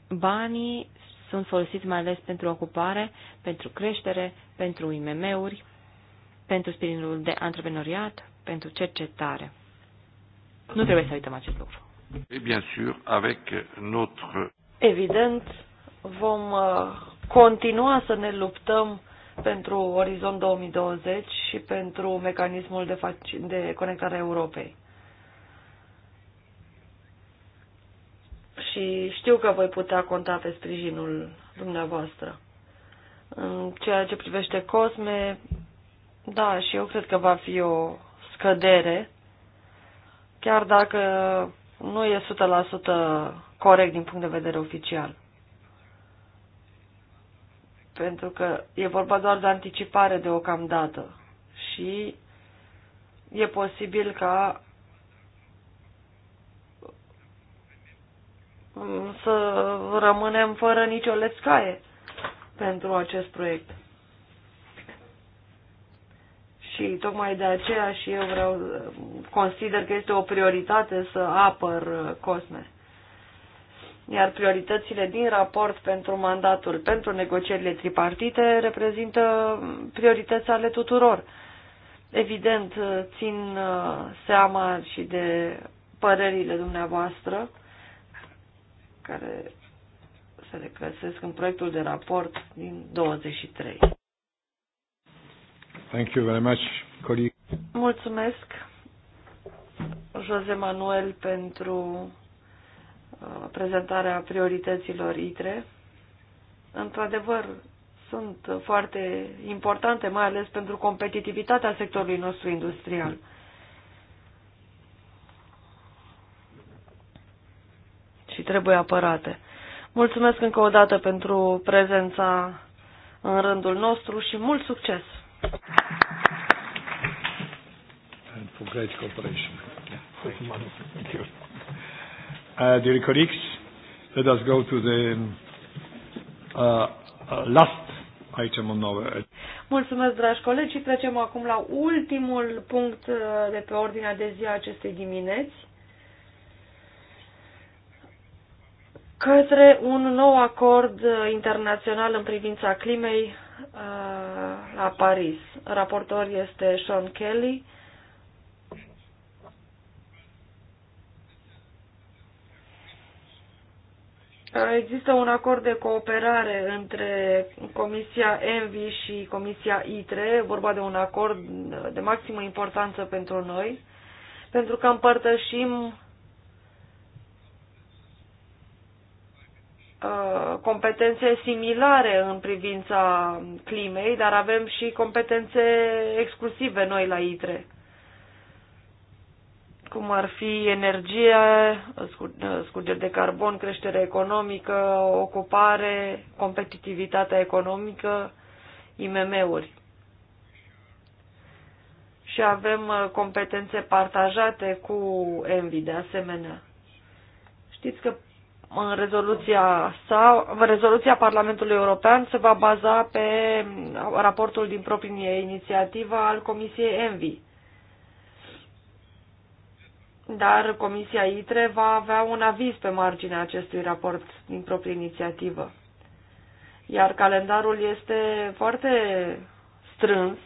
banii sunt folosiți mai ales pentru ocupare, pentru creștere, pentru IMM-uri, pentru sprijinul de antreprenoriat, pentru cercetare. Nu trebuie să uităm acest lucru. Et bien sûr, avec notre... Evident, vom uh, continua să ne luptăm pentru Orizont 2020 și pentru mecanismul de, fac- de conectare a Europei. Și știu că voi putea conta pe sprijinul dumneavoastră. În ceea ce privește Cosme, da, și eu cred că va fi o scădere, chiar dacă nu e 100% corect din punct de vedere oficial. Pentru că e vorba doar de anticipare deocamdată și e posibil ca să rămânem fără nicio lețcaie pentru acest proiect și tocmai de aceea și eu vreau, consider că este o prioritate să apăr uh, Cosme. Iar prioritățile din raport pentru mandatul, pentru negocierile tripartite, reprezintă priorități ale tuturor. Evident, uh, țin uh, seama și de părerile dumneavoastră, care se regăsesc în proiectul de raport din 23. Thank you very much, colleague. Mulțumesc, Jose Manuel, pentru uh, prezentarea priorităților ITRE. Într-adevăr, sunt foarte importante, mai ales pentru competitivitatea sectorului nostru industrial. Și trebuie apărate. Mulțumesc încă o dată pentru prezența în rândul nostru și mult succes! And for great cooperation. Yeah. Thank you. Uh, dear colleagues, let us go to the uh, uh, last item on our agenda. Mulțumesc, dragi colegi, și trecem acum la ultimul punct uh, de pe ordinea de zi a acestei dimineți. către un nou acord uh, internațional în privința climei Uh, la Paris. Raportor este Sean Kelly. Uh, există un acord de cooperare între Comisia ENVI și Comisia ITRE, vorba de un acord de maximă importanță pentru noi, pentru că împărtășim Uh, competențe similare în privința climei, dar avem și competențe exclusive noi la ITRE, cum ar fi energie, uh, scurgeri de carbon, creștere economică, ocupare, competitivitatea economică, IMM-uri. Și avem uh, competențe partajate cu ENVI de asemenea. Știți că în rezoluția sa, rezoluția Parlamentului European se va baza pe raportul din proprie inițiativă al Comisiei ENVI. Dar Comisia ITRE va avea un aviz pe marginea acestui raport din proprie inițiativă. Iar calendarul este foarte strâns.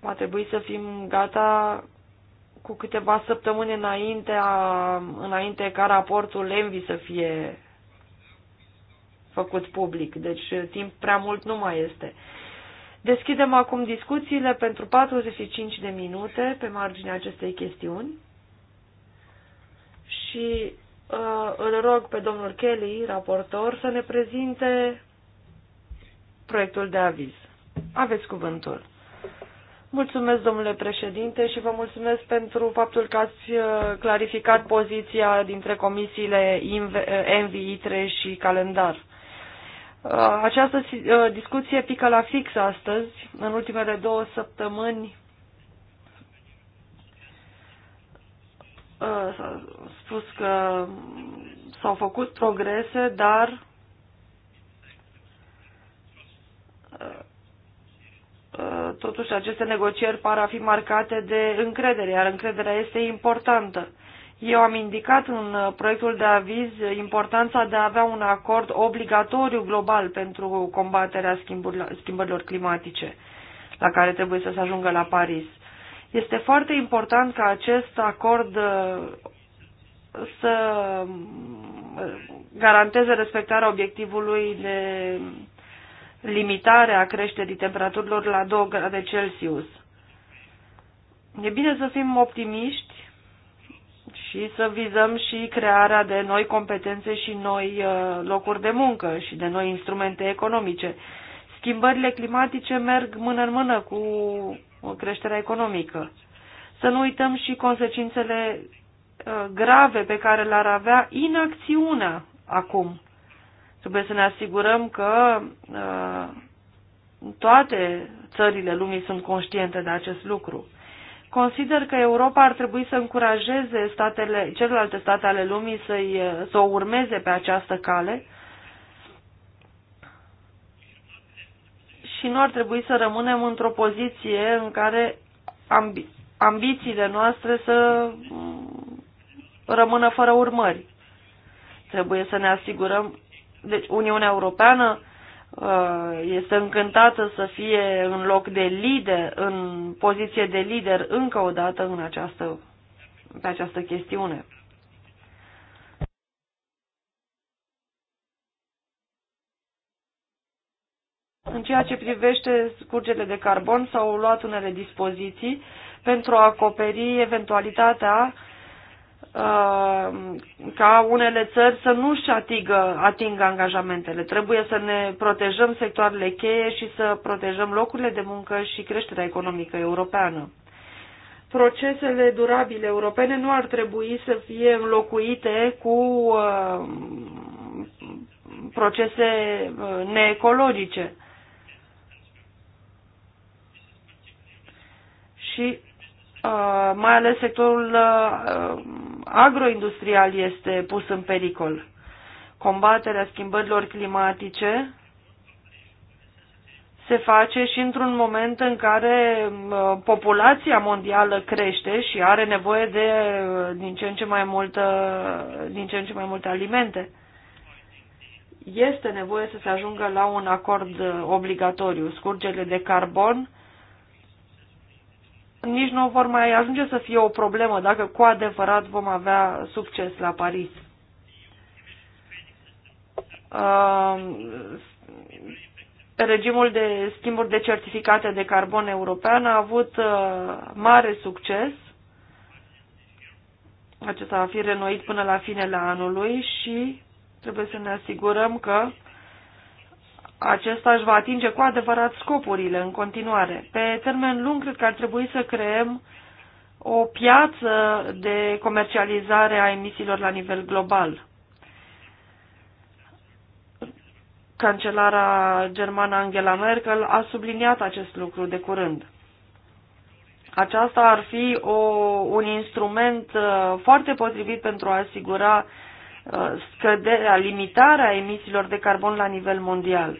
Va trebui să fim gata cu câteva săptămâni înainte, a, înainte ca raportul Envi să fie făcut public, deci timp prea mult nu mai este. Deschidem acum discuțiile pentru 45 de minute pe marginea acestei chestiuni și uh, îl rog pe domnul Kelly, raportor, să ne prezinte proiectul de aviz. Aveți cuvântul. Mulțumesc, domnule președinte, și vă mulțumesc pentru faptul că ați uh, clarificat poziția dintre comisiile MVI uh, 3 și calendar. Uh, această discuție pică la fix astăzi. În ultimele două săptămâni s-a spus că s-au făcut progrese, dar totuși aceste negocieri par a fi marcate de încredere, iar încrederea este importantă. Eu am indicat în uh, proiectul de aviz importanța de a avea un acord obligatoriu global pentru combaterea schimbărilor climatice, la care trebuie să se ajungă la Paris. Este foarte important ca acest acord uh, să uh, garanteze respectarea obiectivului de limitarea creșterii temperaturilor la 2 grade Celsius. E bine să fim optimiști și să vizăm și crearea de noi competențe și noi uh, locuri de muncă și de noi instrumente economice. Schimbările climatice merg mână în mână cu creșterea economică. Să nu uităm și consecințele uh, grave pe care le-ar avea inacțiunea acum. Trebuie să ne asigurăm că uh, toate țările lumii sunt conștiente de acest lucru. Consider că Europa ar trebui să încurajeze statele, celelalte state ale lumii să, uh, să o urmeze pe această cale și nu ar trebui să rămânem într-o poziție în care ambi, ambițiile noastre să mm, rămână fără urmări. Trebuie să ne asigurăm deci Uniunea Europeană uh, este încântată să fie în loc de lider, în poziție de lider încă o dată în această, pe această chestiune. În ceea ce privește scurgele de carbon, s-au luat unele dispoziții pentru a acoperi eventualitatea Uh, ca unele țări să nu-și atingă, atingă angajamentele. Trebuie să ne protejăm sectoarele cheie și să protejăm locurile de muncă și creșterea economică europeană. Procesele durabile europene nu ar trebui să fie înlocuite cu uh, procese uh, neecologice. Și Uh, mai ales sectorul uh, uh, agroindustrial este pus în pericol. Combaterea schimbărilor climatice se face și într-un moment în care populația mondială crește și are nevoie de din ce în ce mai, multă, din ce în ce mai multe alimente. Este nevoie să se ajungă la un acord obligatoriu. Scurgerile de carbon uh, nici nu vor mai ajunge să fie o problemă dacă cu adevărat vom avea succes la Paris. Uh, regimul de schimburi de certificate de carbon european a avut uh, mare succes. Acesta va fi renoit până la finele anului și trebuie să ne asigurăm că acesta își va atinge cu adevărat scopurile în continuare. Pe termen lung, cred că ar trebui să creăm o piață de comercializare a emisiilor la nivel global. Cancelara germană Angela Merkel a subliniat acest lucru de curând. Aceasta ar fi o, un instrument uh, foarte potrivit pentru a asigura uh, scăderea, limitarea emisiilor de carbon la nivel mondial.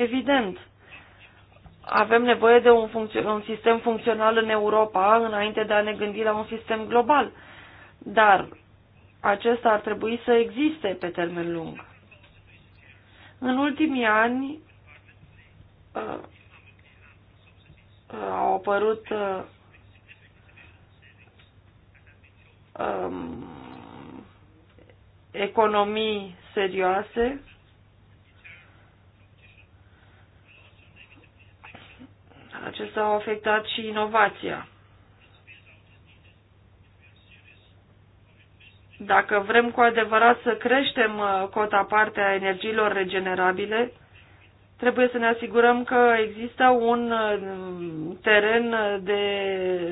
Evident, avem nevoie de un, un sistem funcțional în Europa înainte de a ne gândi la un sistem global, dar acesta ar trebui să existe pe termen lung. În ultimii ani uh, uh, au apărut uh, um, economii serioase Acestea au afectat și inovația. Dacă vrem cu adevărat să creștem uh, cota parte a energiilor regenerabile, trebuie să ne asigurăm că există un uh, teren de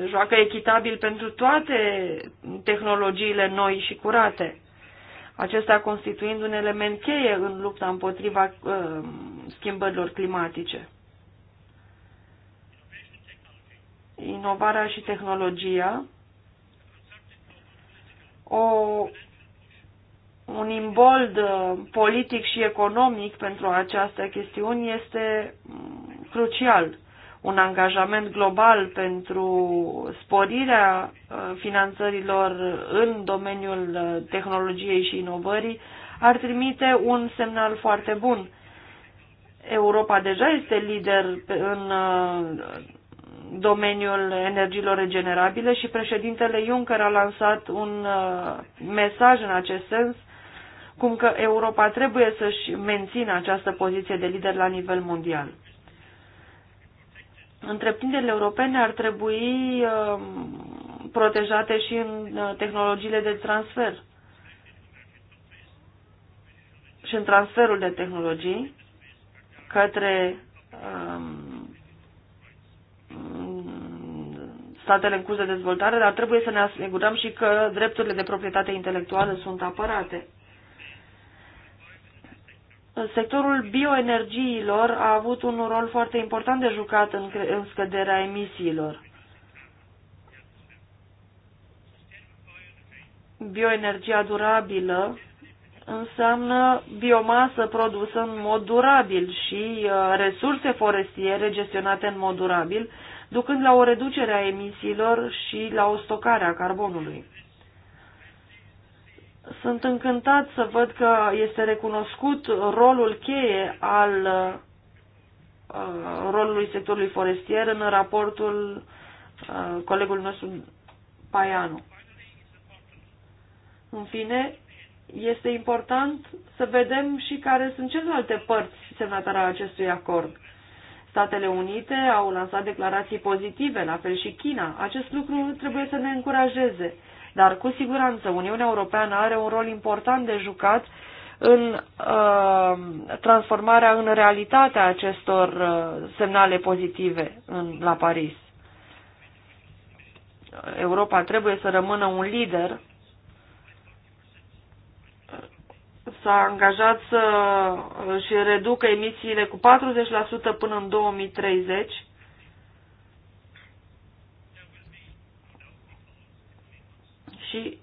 joacă echitabil pentru toate tehnologiile noi și curate. Acesta constituind un element cheie în lupta împotriva uh, schimbărilor climatice. inovarea și tehnologia, o, un imbold uh, politic și economic pentru această chestiune este mm, crucial. Un angajament global pentru sporirea uh, finanțărilor în domeniul uh, tehnologiei și inovării ar trimite un semnal foarte bun. Europa deja este lider în domeniul energiilor regenerabile și președintele Juncker a lansat un uh, mesaj în acest sens, cum că Europa trebuie să-și mențină această poziție de lider la nivel mondial. Întreprinderile europene ar trebui um, protejate și în uh, tehnologiile de transfer și în transferul de tehnologii către um, statele în curs de dezvoltare, dar trebuie să ne asigurăm și că drepturile de proprietate intelectuală sunt apărate. Sectorul bioenergiilor a avut un rol foarte important de jucat în, în scăderea emisiilor. Bioenergia durabilă înseamnă biomasă produsă în mod durabil și uh, resurse forestiere gestionate în mod durabil, ducând la o reducere a emisiilor și la o stocare a carbonului. Sunt încântat să văd că este recunoscut rolul cheie al uh, rolului sectorului forestier în raportul uh, colegului nostru Paianu. În fine, este important să vedem și care sunt celelalte părți semnatare a acestui acord. Statele Unite au lansat declarații pozitive, la fel și China. Acest lucru trebuie să ne încurajeze. Dar cu siguranță Uniunea Europeană are un rol important de jucat în uh, transformarea în realitate a acestor uh, semnale pozitive în, la Paris. Europa trebuie să rămână un lider s-a angajat să își uh, reducă emisiile cu 40% până în 2030. Și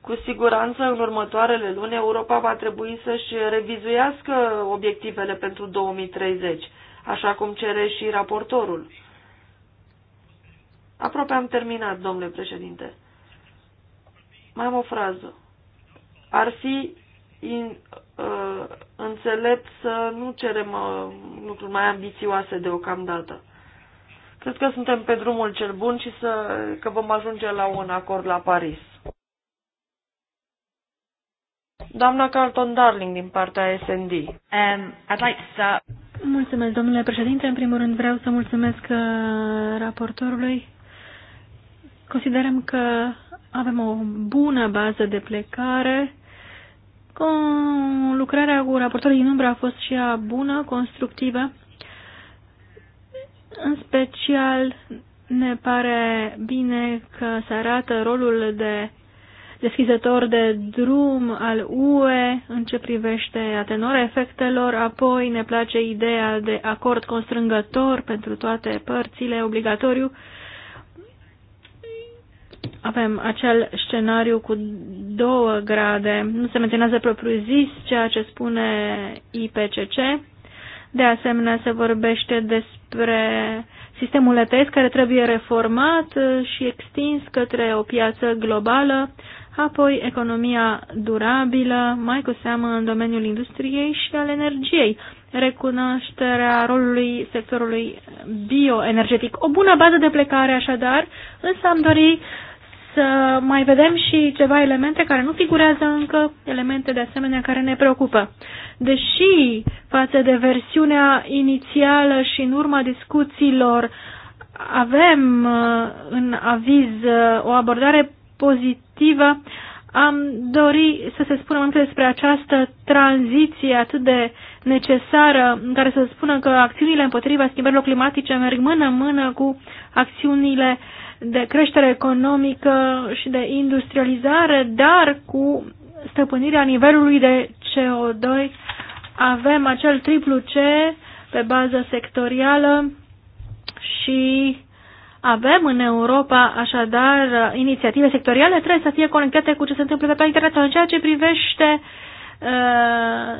cu siguranță în următoarele luni Europa va trebui să-și revizuiască obiectivele pentru 2030, așa cum cere și raportorul. Aproape am terminat, domnule președinte. Mai am o frază. Ar fi in, uh, înțelept să nu cerem uh, lucruri mai ambițioase deocamdată. Cred că suntem pe drumul cel bun și să, că vom ajunge la un acord la Paris. Doamna Carlton Darling din partea SND. Um, I'd like to start... Mulțumesc, domnule președinte. În primul rând vreau să mulțumesc uh, raportorului. Considerăm că avem o bună bază de plecare lucrarea cu raportorii din umbră a fost și ea bună, constructivă. În special ne pare bine că se arată rolul de deschizător de drum al UE în ce privește atenuarea efectelor, apoi ne place ideea de acord constrângător pentru toate părțile, obligatoriu, avem acel scenariu cu două grade. Nu se menționează propriu-zis ceea ce spune IPCC. De asemenea, se vorbește despre sistemul ETS care trebuie reformat și extins către o piață globală, apoi economia durabilă, mai cu seamă în domeniul industriei și al energiei, recunoașterea rolului sectorului bioenergetic. O bună bază de plecare, așadar, însă am dorit să mai vedem și ceva elemente care nu figurează încă, elemente de asemenea care ne preocupă. Deși față de versiunea inițială și în urma discuțiilor avem uh, în aviz uh, o abordare pozitivă, am dori să se spună mai multe despre această tranziție atât de necesară, în care să se spună că acțiunile împotriva schimbărilor climatice merg mână-mână cu acțiunile uh, de creștere economică și de industrializare, dar cu stăpânirea nivelului de CO2 avem acel triplu C pe bază sectorială și avem în Europa, așadar, inițiative sectoriale trebuie să fie conectate cu ce se întâmplă pe plan internațional în ceea ce privește uh,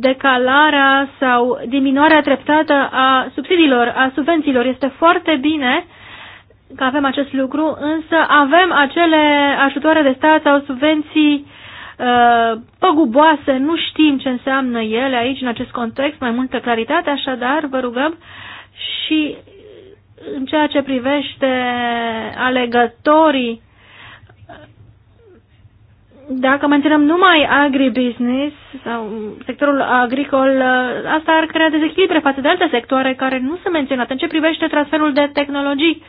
decalarea sau diminuarea treptată a subsidiilor, a subvențiilor. Este foarte bine că avem acest lucru, însă avem acele ajutoare de stat sau subvenții uh, păguboase, nu știm ce înseamnă ele aici, în acest context, mai multă claritate, așadar vă rugăm și în ceea ce privește alegătorii, dacă menținem numai agribusiness sau sectorul agricol, uh, asta ar crea dezechilibre față de alte sectoare care nu sunt menționate. În ce privește transferul de tehnologii, uh,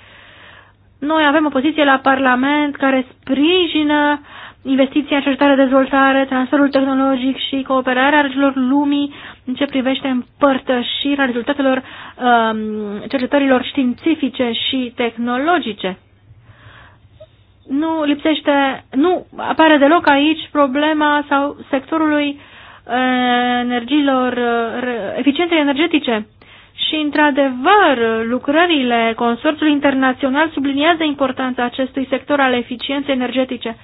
noi avem o poziție la Parlament care sprijină investiția în cercetare, dezvoltare, transferul tehnologic și cooperarea regilor lumii în ce privește împărtășirea rezultatelor um, cercetărilor științifice și tehnologice. Nu lipsește, nu apare deloc aici problema sau sectorului uh, energiilor, uh, eficienței energetice și, într-adevăr, lucrările Consorțiului Internațional subliniază importanța acestui sector al eficienței energetice,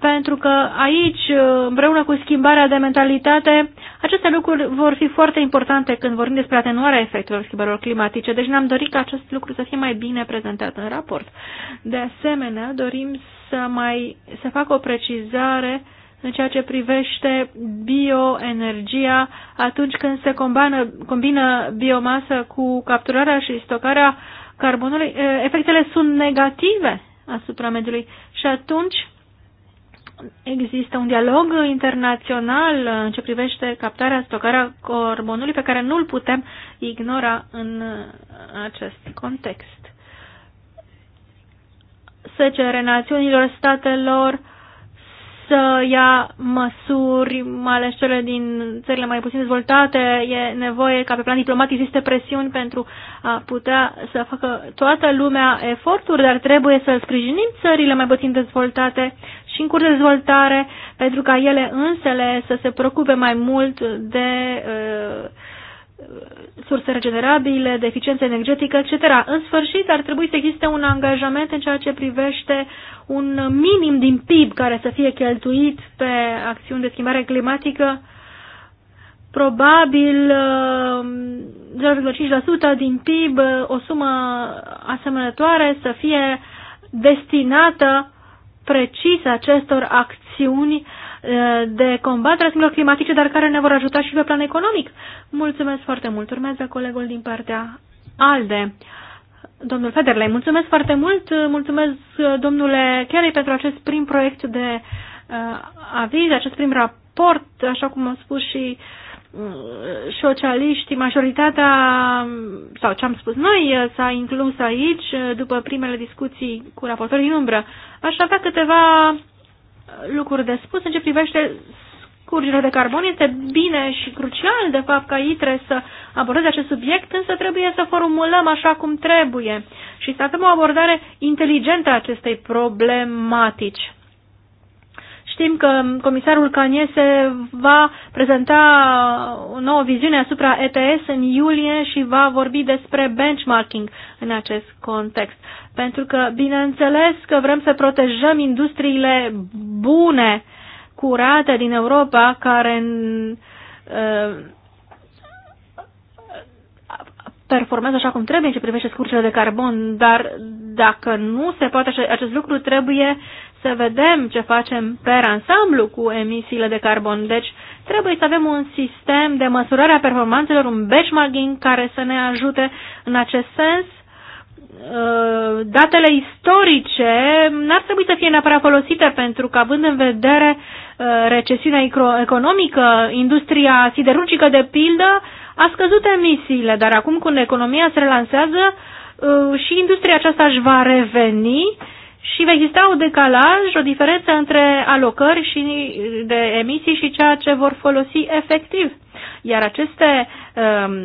pentru că aici, împreună cu schimbarea de mentalitate, aceste lucruri vor fi foarte importante când vorbim despre atenuarea efectelor schimbărilor climatice, deci ne-am dorit ca acest lucru să fie mai bine prezentat în raport. De asemenea, dorim să mai să fac o precizare uh, în ceea ce privește bioenergia atunci când se combină, combină biomasă cu capturarea și stocarea carbonului, efectele sunt negative asupra mediului și atunci există un dialog internațional în ce privește captarea, stocarea carbonului pe care nu-l putem ignora în acest context. Se cere națiunilor, statelor, uh, să ia măsuri, mai ales cele din țările mai puțin dezvoltate. E nevoie ca pe plan diplomatic există presiuni pentru a putea să facă toată lumea eforturi, dar trebuie să sprijinim țările mai puțin dezvoltate și în curs de dezvoltare pentru ca ele însele să se preocupe mai mult de uh, surse regenerabile, de eficiență energetică, etc. În sfârșit, ar trebui să existe un angajament în ceea ce privește un minim din PIB care să fie cheltuit pe acțiuni de schimbare climatică, probabil 0,5% uh, din PIB, uh, o sumă asemănătoare să fie destinată precis acestor acțiuni uh, de combatere a schimbărilor climatice, dar care ne vor ajuta și pe plan economic. Mulțumesc foarte mult. Urmează colegul din partea ALDE. Domnul Federle, mulțumesc foarte mult, mulțumesc domnule Kelly pentru acest prim proiect de uh, aviz, acest prim raport, așa cum au spus și uh, socialiștii, majoritatea, sau ce am spus noi, s-a inclus aici după primele discuții cu raportorii în umbră. Aș avea câteva lucruri de spus în ce privește curgerea de carbon. Este bine și crucial, de fapt, ca ei trebuie să abordeze acest subiect, însă trebuie să formulăm așa cum trebuie și să avem o abordare inteligentă a acestei problematici. Știm că comisarul Caniese va prezenta o nouă viziune asupra ETS în iulie și va vorbi despre benchmarking în acest context. Pentru că, bineînțeles, că vrem să protejăm industriile bune curate din Europa care uh, performează așa cum trebuie în ce privește scurgerea de carbon, dar dacă nu se poate acest lucru, trebuie să vedem ce facem per ansamblu cu emisiile de carbon. Deci trebuie să avem un sistem de măsurare a performanțelor, un benchmarking care să ne ajute în acest sens. Uh, datele istorice n-ar trebui să fie neapărat folosite pentru că având în vedere uh, Eh, recesiunea economică, industria siderurgică de pildă, a scăzut emisiile, dar acum când economia se relansează eh, și industria aceasta își va reveni și va exista un decalaj, o diferență între alocări și eh, de emisii și ceea ce vor folosi efectiv. Iar aceste um,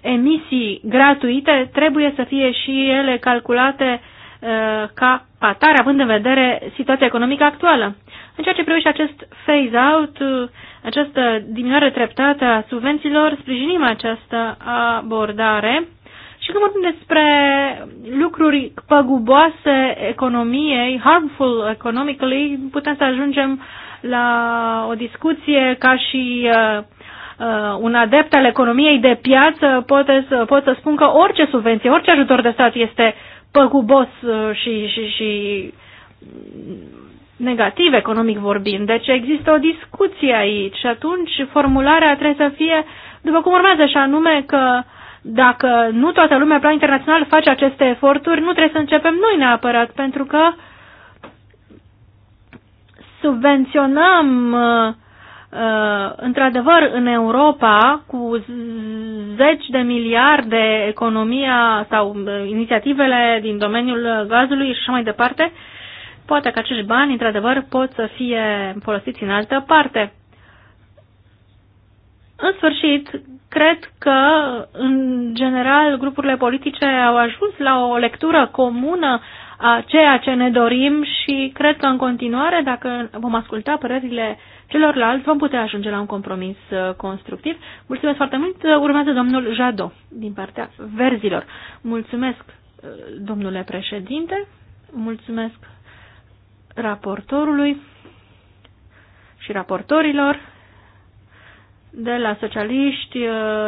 emisii gratuite trebuie să fie și ele calculate uh, Uh, ca atare, având în vedere situația economică actuală. În ceea ce privește acest phase-out, uh, această diminuare treptată a subvențiilor, sprijinim această abordare. Și când vorbim despre lucruri păguboase economiei, harmful economically, putem să ajungem la o discuție ca și uh, uh un adept al economiei de piață, pot să, pot să spun că orice subvenție, orice ajutor de stat este păgubos uh, și, și, și negativ economic vorbind. Deci există o discuție aici și atunci formularea trebuie să fie după cum urmează și anume că dacă nu toată lumea plan internațional face aceste eforturi, nu trebuie să începem noi neapărat, pentru că subvenționăm uh, Uh, într-adevăr, în Europa, cu zeci de miliarde economia sau uh, inițiativele din domeniul gazului și așa mai departe, poate că acești bani, într-adevăr, pot să fie folosiți în altă parte. În sfârșit, cred că, în general, grupurile politice au ajuns la o lectură comună a ceea ce ne dorim și cred că, în continuare, dacă vom asculta părerile uh, celorlalți vom putea ajunge la un compromis uh, constructiv. Mulțumesc foarte mult. Uh, urmează domnul Jado din partea verzilor. Mulțumesc, uh, domnule președinte. Mulțumesc raportorului și raportorilor de la socialiști,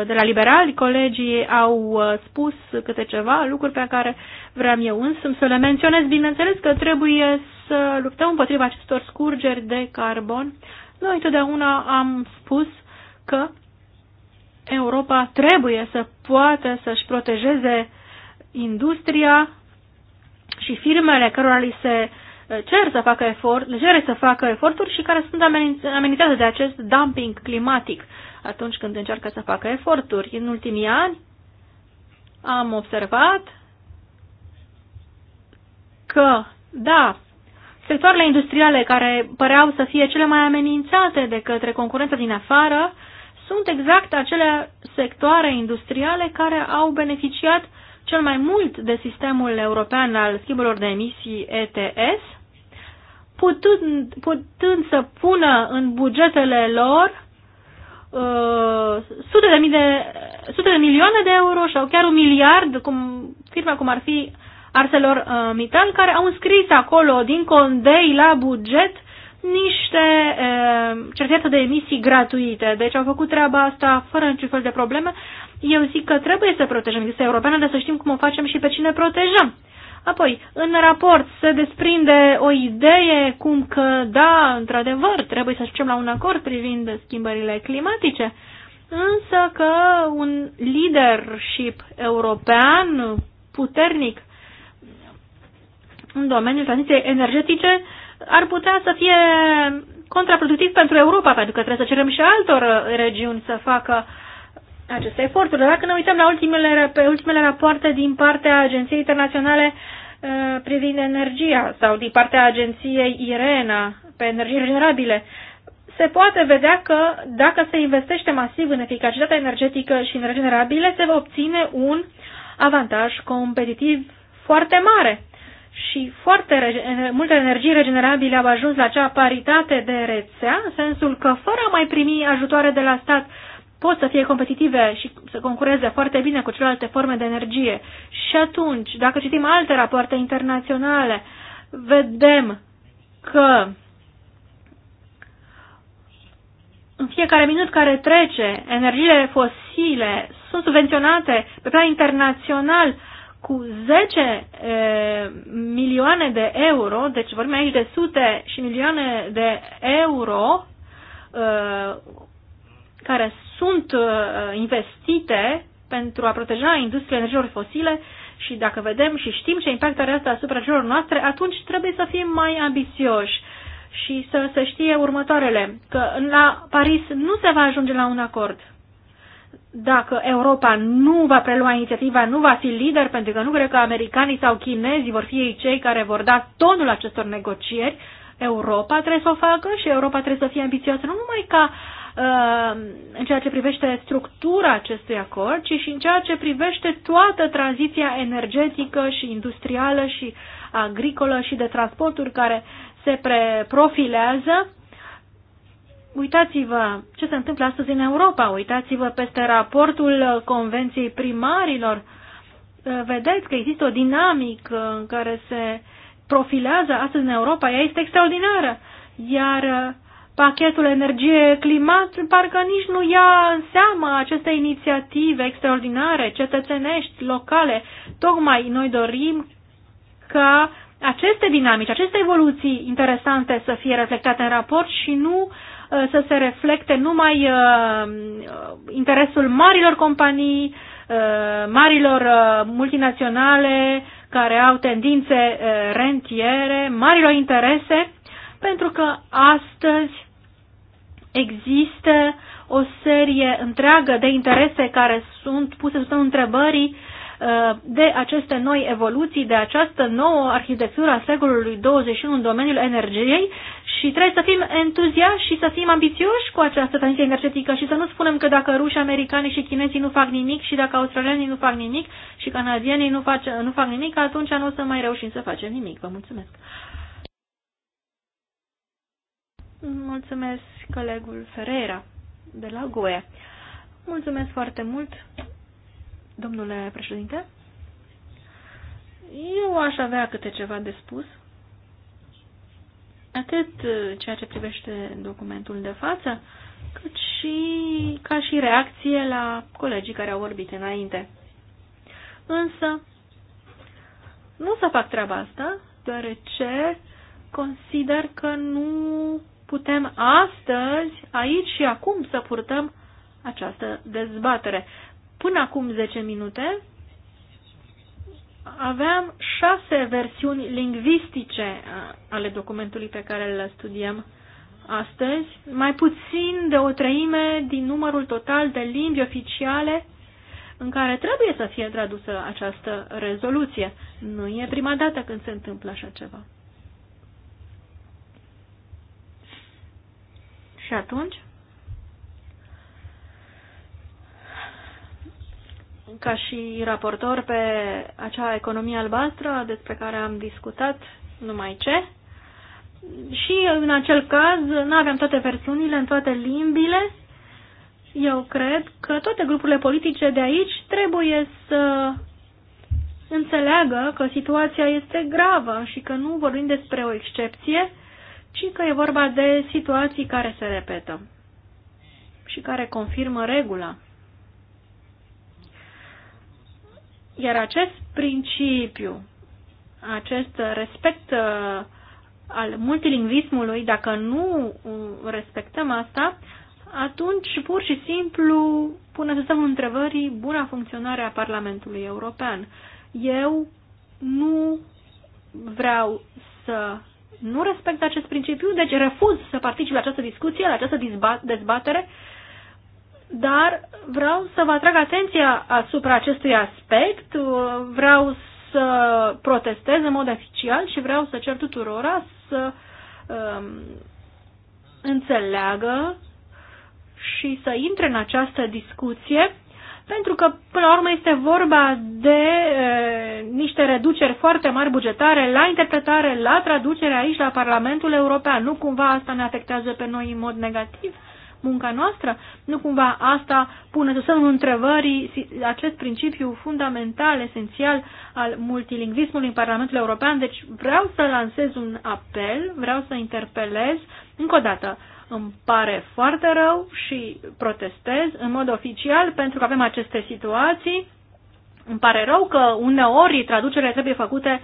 de la liberali, colegii au spus câte ceva lucruri pe care vreau eu însumi să le menționez. Bineînțeles că trebuie să luptăm împotriva acestor scurgeri de carbon noi totdeauna am spus că Europa trebuie să poată să-și protejeze industria și firmele cărora li se eh, cer să facă efort, cere să facă eforturi și care sunt amenințate de acest dumping climatic atunci când încearcă să facă eforturi. În ultimii ani am observat că, da, sectoarele industriale care păreau să fie cele mai amenințate de către concurența din afară sunt exact acele sectoare industriale care au beneficiat cel mai mult de sistemul european al schimburilor de emisii ETS, putând, putând să pună în bugetele lor uh, sute, de mii de, sute de milioane de euro sau chiar un miliard, cum, firme cum ar fi ArcelorMittal, uh, care au înscris acolo, din condei la buget, niște uh, certificate de emisii gratuite. Deci au făcut treaba asta fără niciun fel de probleme. Eu zic că trebuie să protejăm industria europeană, dar să știm cum o facem și pe cine protejăm. Apoi, în raport se desprinde o idee cum că, da, într-adevăr, trebuie să ajungem la un acord privind schimbările climatice, însă că un leadership european puternic în domeniul tranziției energetice ar putea să fie contraproductiv pentru Europa, pentru că trebuie să cerem și altor uh, regiuni să facă aceste eforturi. Dacă ne uităm la ultimele, pe ultimele rapoarte din partea Agenției Internaționale uh, privind energia sau din partea Agenției IRENA pe energii regenerabile, se poate vedea că dacă se investește masiv în eficacitatea energetică și în regenerabile, se va obține un avantaj competitiv foarte mare și foarte multă energie regenerabilă au ajuns la acea paritate de rețea, în sensul că fără a mai primi ajutoare de la stat pot să fie competitive și să concureze foarte bine cu celelalte forme de energie. Și atunci, dacă citim alte rapoarte internaționale, vedem că în fiecare minut care trece, energiile fosile sunt subvenționate pe plan internațional uh, cu 10 e, milioane de euro, deci vorbim aici de sute și milioane de euro e, care sunt e, investite pentru a proteja industria energiilor fosile și dacă vedem și știm ce impact are asta asupra celor noastre, atunci trebuie să fim mai ambițioși și să se știe următoarele, că la Paris nu se va ajunge la un acord dacă Europa nu va prelua inițiativa, nu va fi lider, pentru că nu cred că americanii sau chinezii vor fi ei cei care vor da tonul acestor negocieri, Europa trebuie să o facă și Europa trebuie să fie ambițioasă, nu numai ca uh, în ceea ce privește structura acestui acord, ci și în ceea ce privește toată tranziția energetică și industrială și agricolă și de transporturi care se preprofilează Uitați-vă ce se întâmplă astăzi în Europa, uitați-vă peste raportul Convenției Primarilor. Vedeți că există o dinamică în care se profilează astăzi în Europa, ea este extraordinară. Iar uh, pachetul energie climat parcă nici nu ia în seamă aceste inițiative extraordinare, cetățenești, locale. Tocmai noi dorim ca aceste dinamici, aceste evoluții interesante să fie reflectate în raport și nu uh, Uh, să se reflecte numai uh, uh, interesul marilor companii, marilor multinaționale care au tendințe rentiere, marilor interese, pentru că astăzi există o serie întreagă de interese care sunt puse sub întrebării Uh, de aceste noi evoluții, de această nouă arhitectură a secolului 21 în domeniul energiei și trebuie să fim entuziași și să fim ambițioși cu această tranziție energetică și să nu spunem că dacă ruși, americani și chinezii nu fac nimic și dacă australienii nu fac nimic și canadienii nu, face, nu fac nimic, atunci nu o să mai reușim să facem nimic. Vă mulțumesc! Mulțumesc colegul Ferreira de la GUE. Mulțumesc foarte mult! Domnule președinte, eu aș avea câte ceva de spus. Atât ceea ce privește documentul de față, cât și ca și reacție la colegii care au vorbit înainte. Însă, nu să fac treaba asta, deoarece consider că nu putem astăzi, aici și acum, să purtăm această dezbatere. Până acum 10 minute aveam șase versiuni lingvistice uh, ale documentului pe care le studiem astăzi, mai puțin de o treime din numărul total de limbi oficiale în care trebuie să fie tradusă această rezoluție. Nu e prima dată când se întâmplă așa ceva. Și atunci, ca și raportor pe acea economie albastră despre care am discutat numai ce. Și în acel caz nu aveam toate versiunile în toate limbile. Eu cred că toate grupurile politice de aici trebuie să înțeleagă că situația este gravă și că nu vorbim despre o excepție, ci că e vorba de situații care se repetă și care confirmă regula. Iar acest principiu, acest respect uh, al multilingvismului, dacă nu uh, respectăm asta, atunci pur și simplu pune să semnul întrebării buna funcționare a Parlamentului European. Eu nu vreau să nu respect acest principiu, deci refuz să particip la această discuție, la această dezbatere dar vreau să vă atrag atenția asupra acestui aspect, vreau să protestez în mod oficial și vreau să cer tuturora să um, înțeleagă și să intre în această discuție, pentru că, până la urmă, este vorba de e, niște reduceri foarte mari bugetare la interpretare, la traducere aici, la Parlamentul European. Nu cumva asta ne afectează pe noi în mod negativ? munca noastră? Nu cumva asta pune sub semnul întrebării acest principiu fundamental, esențial al multilingvismului în Parlamentul European? Deci vreau să lansez un apel, vreau să interpelez încă o dată îmi pare foarte rău și protestez în mod oficial pentru că avem aceste situații. Îmi pare rău că uneori traducerile trebuie făcute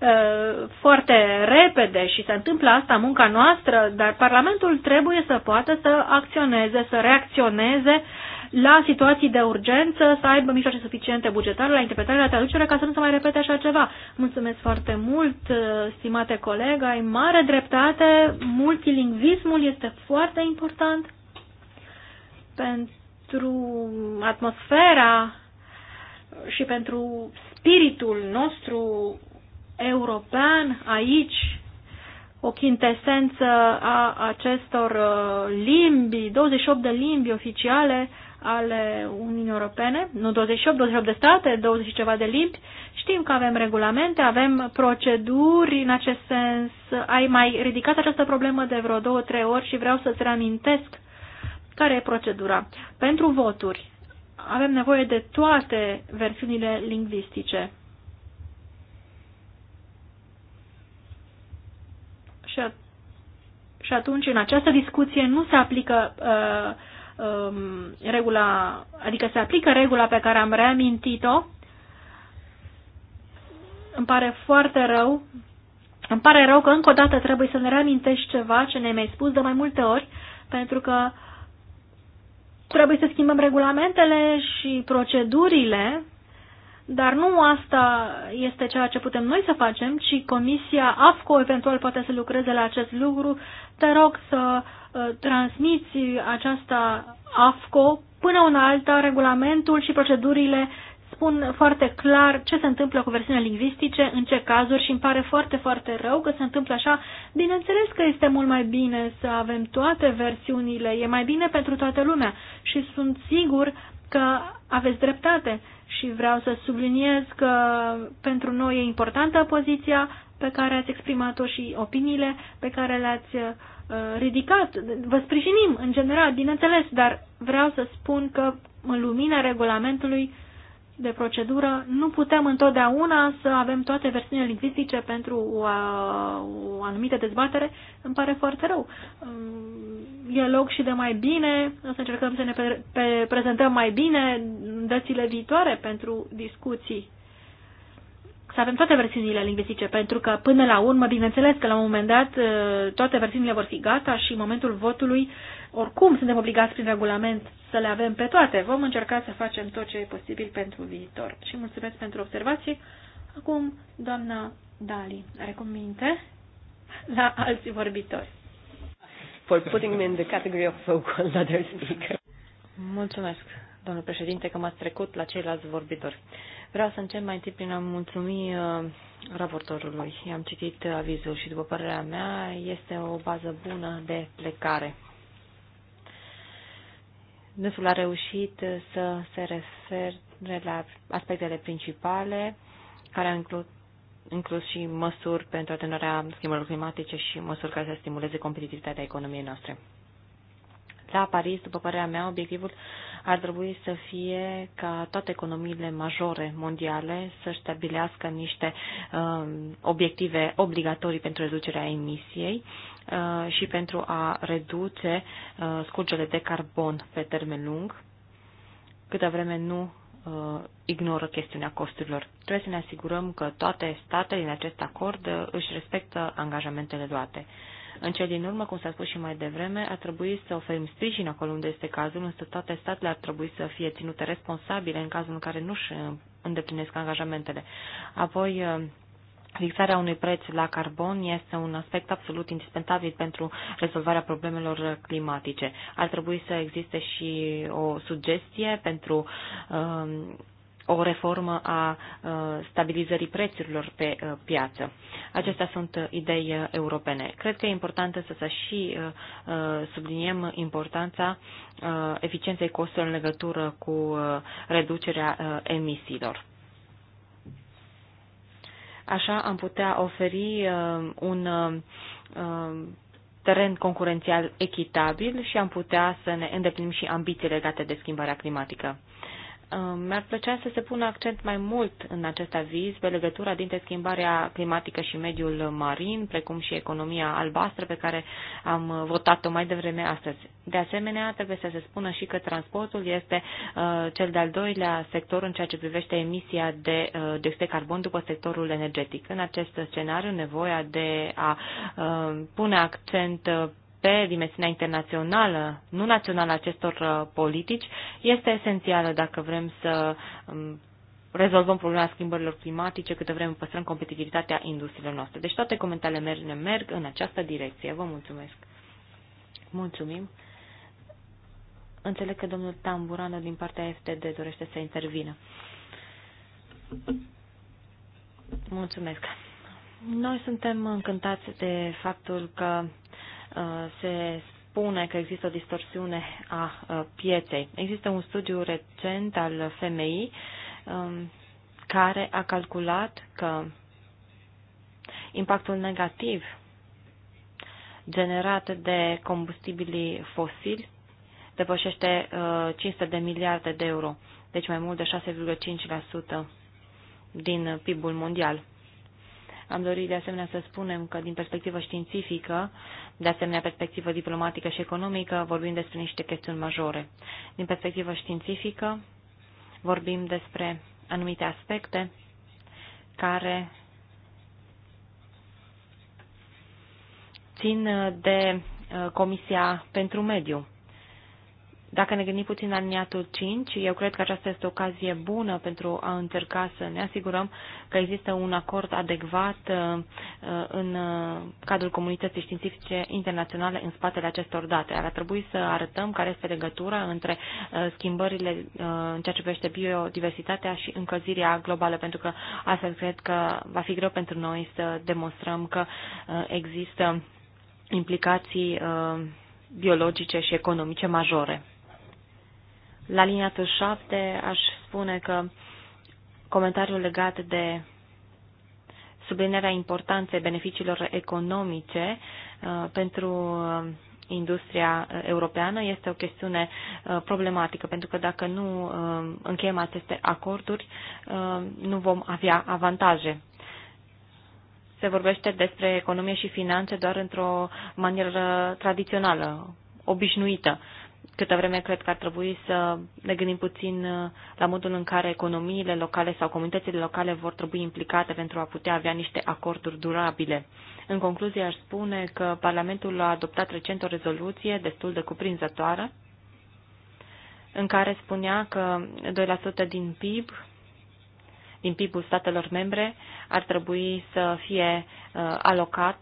Uh, foarte repede și se întâmplă asta munca noastră, dar Parlamentul trebuie să poată să acționeze, să reacționeze la situații de urgență, să aibă mijloace suficiente bugetare, la interpretare, la traducere, ca să nu se mai repete așa ceva. Mulțumesc foarte mult, uh, stimate colegi, ai mare dreptate, multilingvismul este foarte important pentru atmosfera și pentru spiritul nostru european aici, o quintesență a acestor uh, limbi, 28 de limbi oficiale ale Uniunii Europene, nu 28, 28 de state, 20 ceva de limbi. Știm că avem regulamente, avem proceduri în acest sens. Ai mai ridicat această problemă de vreo două, trei ori și vreau să-ți reamintesc care e procedura. Pentru voturi avem nevoie de toate versiunile lingvistice Și, și atunci, în această discuție, nu se aplică uh, um, regula, adică se aplică regula pe care am reamintit-o. Îmi pare foarte rău. Îmi pare rău că încă o dată trebuie să ne reamintești ceva ce ne-ai mai spus de mai multe ori, pentru că trebuie să schimbăm regulamentele și procedurile dar nu asta este ceea ce putem noi să facem, ci Comisia AFCO eventual poate să lucreze la acest lucru. Te rog să uh, transmiți aceasta AFCO până una alta, regulamentul și procedurile spun foarte clar ce se întâmplă cu versiunile lingvistice, în ce cazuri și îmi pare foarte, foarte rău că se întâmplă așa. Bineînțeles că este mult mai bine să avem toate versiunile, e mai bine pentru toată lumea și sunt sigur că aveți dreptate și vreau să subliniez că pentru noi e importantă poziția pe care ați exprimat-o și opiniile pe care le-ați uh, ridicat. Vă sprijinim în general, bineînțeles, dar vreau să spun că în lumina regulamentului de procedură, nu putem întotdeauna să avem toate versiunile lingvistice pentru o, uh, o anumită dezbatere. Îmi pare foarte rău. Um, e loc și de mai bine, o să încercăm să ne pre prezentăm mai bine dățile viitoare pentru discuții să avem toate versiunile lingvistice, pentru că până la urmă, bineînțeles că la un moment dat uh, toate versiunile vor fi gata și în momentul votului, oricum suntem obligați prin regulament să le avem pe toate. Vom încerca să facem tot ce e posibil pentru viitor. Și mulțumesc pentru observații. Acum, doamna Dali, are minte la alți vorbitori. For putting me in the category of so called other speaker. Mulțumesc domnule președinte, că m-ați trecut la ceilalți vorbitori. Vreau să încep mai întâi prin a mulțumi uh, raportorului. I-am citit avizul și, după părerea mea, este o bază bună de plecare. Dânsul a reușit să se refere la aspectele principale, care au inclus, inclus și măsuri pentru atenuarea schimbărilor climatice și măsuri care să stimuleze competitivitatea economiei noastre. La Paris, după părerea mea, obiectivul ar trebui să fie ca toate economiile majore mondiale să stabilească niște um, obiective obligatorii pentru reducerea emisiei uh, și pentru a reduce uh, scurgele de carbon pe termen lung, câtă vreme nu uh, ignoră chestiunea costurilor. Trebuie să ne asigurăm că toate statele din acest acord își respectă angajamentele luate. În cel din urmă, cum s-a spus și mai devreme, ar trebui să oferim sprijin acolo unde este cazul, însă toate statele ar trebui să fie ținute responsabile în cazul în care nu își uh, îndeplinesc angajamentele. Apoi, uh, Fixarea unui preț la carbon este un aspect absolut indispensabil pentru rezolvarea problemelor climatice. Ar trebui să existe și o sugestie pentru uh, o reformă a uh, stabilizării prețurilor pe uh, piață. Acestea sunt uh, idei europene. Cred că e important să, să și subliniem importanța eficienței costurilor în legătură cu reducerea emisiilor. Așa am putea oferi un teren concurențial echitabil și am putea să ne îndeplinim și ambiții legate de schimbarea climatică. Um, mi-ar plăcea să se pună accent mai mult în acest aviz pe legătura dintre schimbarea climatică și mediul marin, precum și economia albastră pe care am votat-o mai devreme astăzi. De asemenea, trebuie să se spună și că transportul este uh, cel de-al doilea sector în ceea ce privește emisia de uh, dioxid de carbon după sectorul energetic. În acest scenariu, nevoia de a uh, pune accent pe dimensiunea internațională, nu națională, acestor uh, politici, este esențială dacă vrem să um, rezolvăm problema schimbărilor climatice câte vrem păstrăm competitivitatea industriilor noastre. Deci toate comentariile merg, merg în această direcție. Vă mulțumesc. Mulțumim. Înțeleg că domnul Tamburano din partea FTD dorește să intervină. Mulțumesc. Noi suntem încântați de faptul că Uh, se spune că există o distorsiune a uh, pieței. Există un studiu recent al FMI um, care a calculat că impactul negativ generat de combustibilii fosili depășește 500 uh, de miliarde de euro, deci mai mult de 6,5% din PIB-ul mondial. Am dorit de asemenea să spunem că din perspectivă științifică, de asemenea perspectivă diplomatică și economică, vorbim despre niște chestiuni majore. Din perspectivă științifică, vorbim despre anumite aspecte care țin de uh, Comisia pentru Mediu. Dacă ne gândim puțin la liniatul 5, eu cred că aceasta este o ocazie bună pentru a încerca să ne asigurăm că există un acord adecvat uh, uh, în uh, cadrul comunității științifice internaționale în spatele acestor date. Ar trebui să arătăm care este legătura între schimbările în ceea ce privește biodiversitatea și încălzirea globală, pentru că astfel cred că va fi greu pentru noi să demonstrăm că există implicații biologice și economice majore. La linia 7 aș spune că comentariul legat de sublinierea importanței beneficiilor economice uh, pentru uh, industria uh, europeană este o chestiune problematică, pentru că dacă nu încheiem aceste acorduri, nu vom avea avantaje. Se vorbește despre economie și finanțe doar într-o manieră tradițională, obișnuită câtă vreme cred că ar trebui să ne gândim puțin uh, la modul în care economiile locale sau comunitățile locale vor trebui implicate pentru a putea avea niște acorduri durabile. În concluzie, aș spune că Parlamentul a adoptat recent o rezoluție destul de cuprinzătoare în care spunea că 2% din PIB din PIB-ul statelor membre ar trebui să fie uh, alocat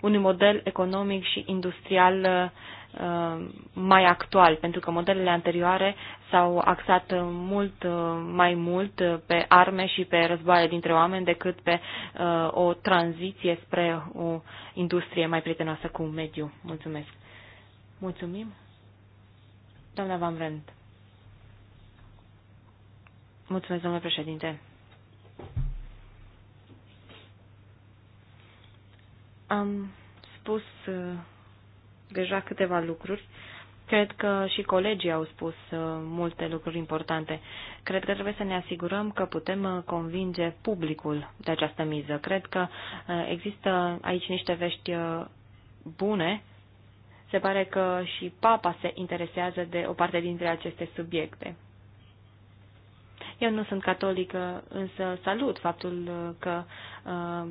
unui model economic și industrial uh, mai actual, pentru că modelele anterioare s-au axat mult uh, mai mult pe arme și pe războaie dintre oameni decât pe uh, o tranziție spre o industrie mai prietenoasă cu mediul. Mulțumesc. Mulțumim. Doamna Van Vrent. Mulțumesc, domnule președinte. Am spus uh, deja câteva lucruri. Cred că și colegii au spus uh, multe lucruri importante. Cred că trebuie să ne asigurăm că putem uh, convinge publicul de această miză. Cred că există aici niște vești bune. Se pare că și papa se interesează de o parte dintre aceste subiecte. Eu nu sunt catolică, însă salut faptul că uh,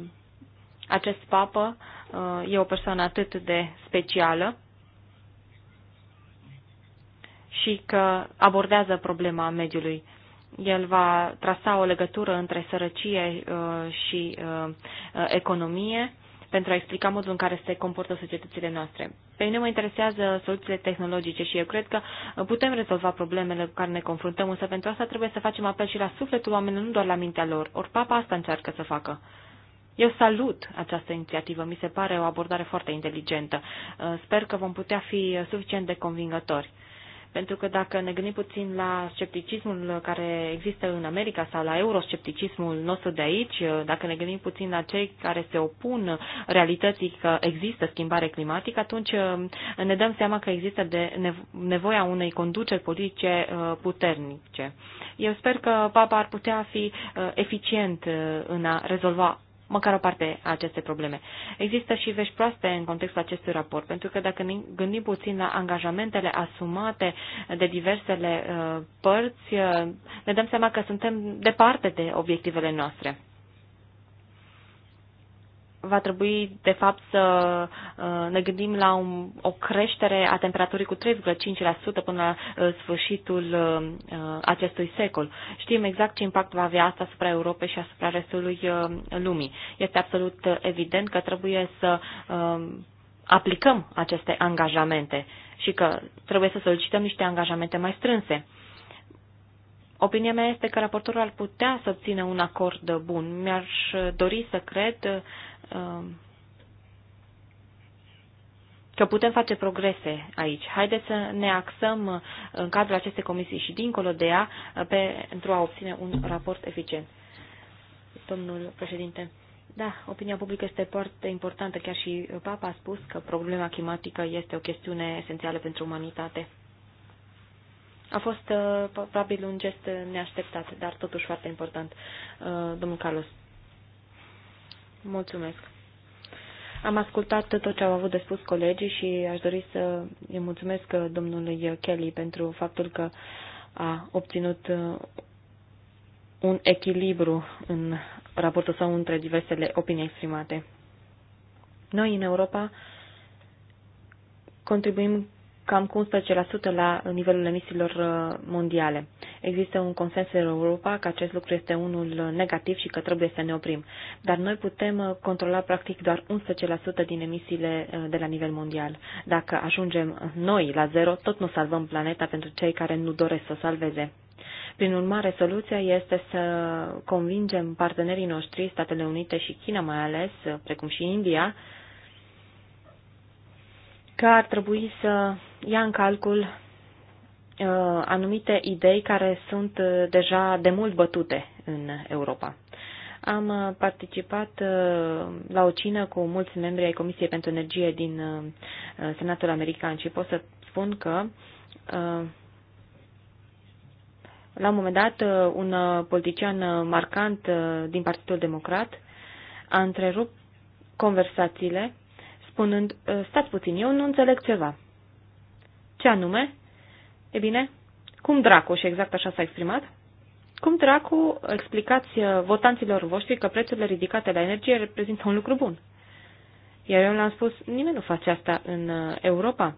acest papă uh, e o persoană atât de specială și că abordează problema mediului. El va trasa o legătură între sărăcie uh, și uh, economie pentru a explica modul în care se comportă societățile noastre. Pe mine mă interesează soluțiile tehnologice și eu cred că putem rezolva problemele cu care ne confruntăm, însă pentru asta trebuie să facem apel și la sufletul oamenilor, nu doar la mintea lor. Ori papa asta încearcă să facă. Eu salut această inițiativă, mi se pare o abordare foarte inteligentă. Uh, sper că vom putea fi suficient de convingători. Pentru că dacă ne gândim puțin la scepticismul care există în America sau la euroscepticismul nostru de aici, uh, dacă ne gândim puțin la cei care se opun realității că există schimbare climatică, atunci uh, ne dăm seama că există de nevoia unei conduceri politice puternice. Eu sper că Papa ar putea fi eficient în a rezolva măcar o parte a acestei probleme. Există și vești proaste în contextul acestui raport, pentru că dacă ne gândim puțin la angajamentele asumate de diversele uh, părți, uh, ne dăm seama că suntem departe de obiectivele noastre va trebui, de fapt, să uh, ne gândim la un, o creștere a temperaturii cu 3,5% până la uh, sfârșitul uh, acestui secol. Știm exact ce impact va avea asta asupra Europei și asupra restului lumii. Este absolut evident că trebuie să aplicăm aceste angajamente și că trebuie să solicităm niște angajamente mai strânse. Opinia mea este că raportorul ar putea să obțină un acord bun. Mi-aș dori să cred Um, că putem face progrese aici. Haideți să ne axăm uh, în cadrul acestei comisii și dincolo de ea uh, pentru a obține un raport eficient. Domnul președinte. Da, opinia publică este foarte importantă. Chiar și Papa a spus că problema climatică este o chestiune esențială pentru umanitate. A fost uh, probabil un gest neașteptat, dar totuși foarte important. Domnul Carlos. Mulțumesc. Am ascultat tot ce au avut de spus colegii și aș dori să îi mulțumesc domnului Kelly pentru faptul că a obținut uh, un echilibru în raportul său între diversele opinii exprimate. Noi, în Europa, contribuim cam cu 11% la nivelul emisiilor uh, mondiale. Există un consens în Europa că acest lucru este unul negativ și că trebuie să ne oprim. Dar noi putem uh, controla practic doar 11% din emisiile uh, de la nivel mondial. Dacă ajungem noi la zero, tot nu salvăm planeta pentru cei care nu doresc să o salveze. Prin urmare, soluția este să convingem partenerii noștri, Statele Unite și China mai ales, precum și India, că ar trebui să ia în calcul uh, anumite idei care sunt uh, deja de mult bătute în Europa. Am uh, participat la o cină cu mulți membri ai Comisiei pentru Energie din Senatul American și pot să spun că la un moment dat un politician marcant din Partidul Democrat a întrerupt conversațiile spunând, ă, stați puțin, eu nu înțeleg ceva. Ce anume? E bine, cum Dracu, și exact așa s-a exprimat, cum Dracu explicați ă, votanților voștri că prețurile ridicate la energie reprezintă un lucru bun? Iar eu l am spus, nimeni nu face asta în ă, Europa.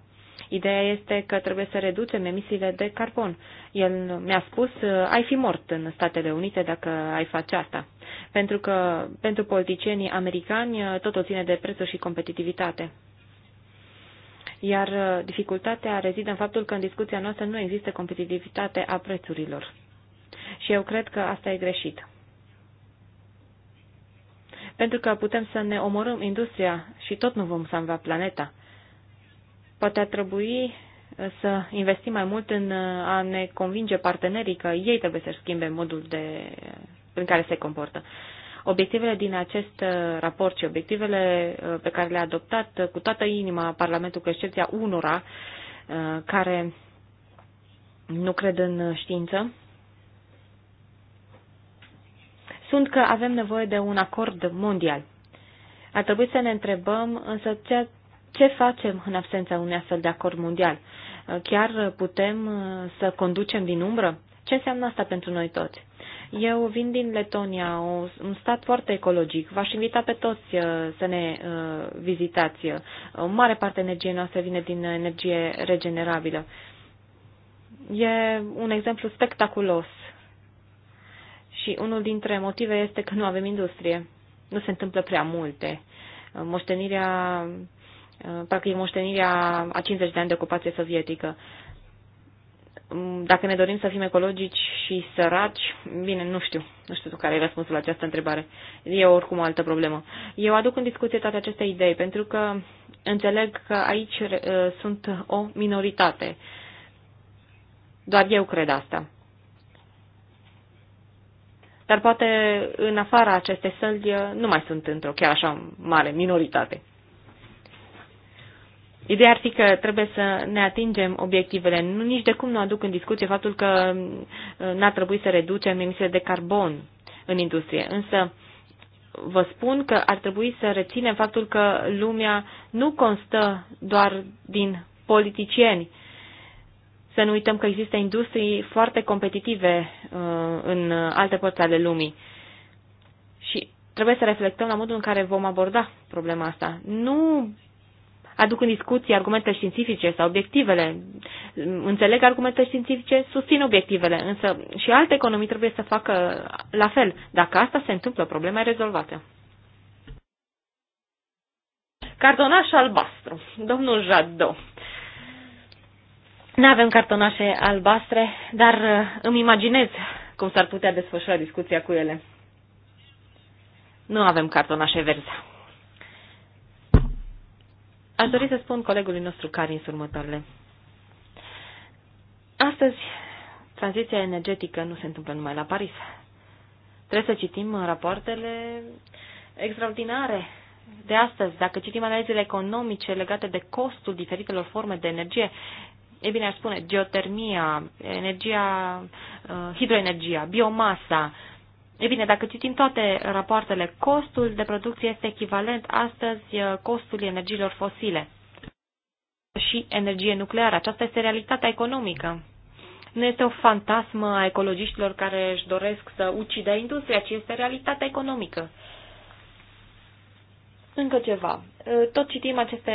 Ideea este că trebuie să reducem emisiile de carbon. El mi-a spus, uh, ai fi mort în Statele Unite dacă ai face asta. Pentru că pentru politicienii americani uh, totul ține de prețul și competitivitate. Iar uh, dificultatea rezidă în faptul că în discuția noastră nu există competitivitate a prețurilor. Și eu cred că asta e greșit pentru că putem să ne omorâm industria și tot nu vom salva planeta. Poate ar trebui uh, să investim mai mult în uh, a ne convinge partenerii că ei trebuie să-și schimbe modul de, în uh, care se comportă. Obiectivele din acest raport și obiectivele pe care le-a adoptat cu toată inima Parlamentul, cu excepția unora care nu cred în știință, sunt că avem nevoie de un acord mondial. Ar trebui să ne întrebăm însă ce ce facem în absența unui astfel de acord mondial? Uh, chiar putem uh, să conducem din umbră? Ce înseamnă asta pentru noi toți? Eu vin din Letonia, un stat foarte ecologic. V-aș invita pe toți uh, să ne vizitați. O mare parte a energiei noastre vine din energie regenerabilă. E un exemplu spectaculos. Și unul dintre motive este că nu avem industrie. Nu se întâmplă prea multe. Moștenirea Uh, practic moștenirea a 50 de ani de ocupație sovietică. Mm, dacă ne dorim să fim ecologici și săraci, bine, nu știu. Nu știu care e răspunsul la această întrebare. E oricum o altă problemă. Eu aduc în discuție toate aceste idei, pentru că înțeleg că aici uh, sunt o minoritate. Doar eu cred asta. Dar poate în afara acestei săli uh, nu mai sunt într-o chiar așa mare minoritate. Ideea ar fi că trebuie să ne atingem obiectivele. Nu, nici de cum nu aduc în discuție faptul că uh, n-ar trebui să reducem emisiile de carbon în industrie. Însă vă spun că ar trebui să reținem faptul că lumea nu constă doar din politicieni. Să nu uităm că există industrii foarte competitive uh, în alte părți ale lumii. Și trebuie să reflectăm la modul în care vom aborda problema asta. Nu aduc în discuție argumente științifice sau obiectivele, înțeleg argumente științifice, susțin obiectivele, însă și alte economii trebuie să facă la fel. Dacă asta se întâmplă, problema e rezolvată. Cartonaș albastru. Domnul Jaddo. Nu avem cartonașe albastre, dar uh, îmi imaginez cum s-ar putea desfășura discuția cu ele. Nu avem cartonașe verzi. Aș dori să spun colegului nostru Carins următoarele. Astăzi, tranziția energetică nu se întâmplă numai la Paris. Trebuie să citim rapoartele extraordinare de astăzi. Dacă citim analizele economice legate de costul diferitelor forme de energie, e bine, aș spune, geotermia, energia, uh, hidroenergia, biomasa, E bine, dacă citim toate rapoartele, costul de producție este echivalent astăzi uh, costului energiilor fosile și energie nucleară. Aceasta este realitatea economică. Nu este o fantasmă a ecologiștilor care își doresc să ucidă industria, ci este realitatea economică. Încă ceva. Uh, tot citim aceste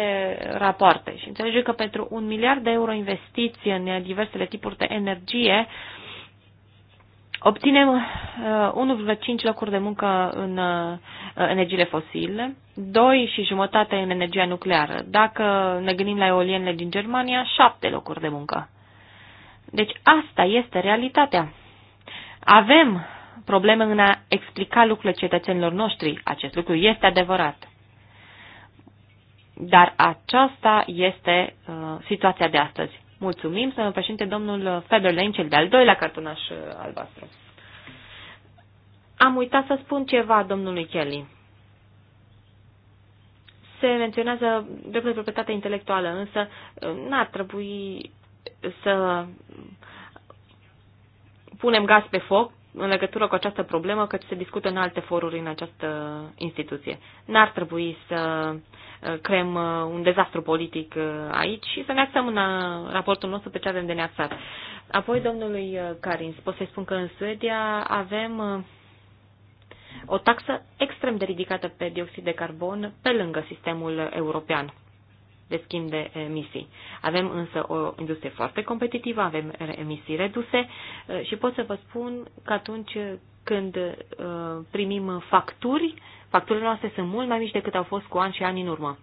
rapoarte și înțelegem că pentru un miliard de euro investiți în diversele tipuri de energie, uh, obținem 1,5 uh, locuri de muncă în uh, energiile fosile, 2 și jumătate în energia nucleară. Dacă ne gândim la eolienele din Germania, 7 locuri de muncă. Deci asta este realitatea. Avem probleme în a explica lucrurile cetățenilor noștri. Acest lucru este adevărat. Dar aceasta este uh, situația de astăzi. Mulțumim, să președinte, domnul Federlein, cel de-al doilea cartonaș uh, albastru. Am uitat să spun ceva domnului Kelly. Se menționează dreptul de proprietate intelectuală, însă uh, n-ar trebui să punem gaz pe foc în legătură cu această problemă, căci se discută în alte foruri în această instituție. N-ar trebui să uh, creăm uh, un dezastru politic uh, aici și să ne axăm în raportul nostru pe ce avem de neaxat. Apoi, domnului Carins, pot să-i spun că în Suedia avem o taxă extrem de ridicată pe dioxid de carbon pe lângă sistemul european de schimb de emisii. Avem însă o industrie foarte competitivă, avem emisii reduse uh, și pot să vă spun că atunci când uh, primim facturi, facturile noastre sunt mult mai mici decât au fost cu ani și ani în urmă.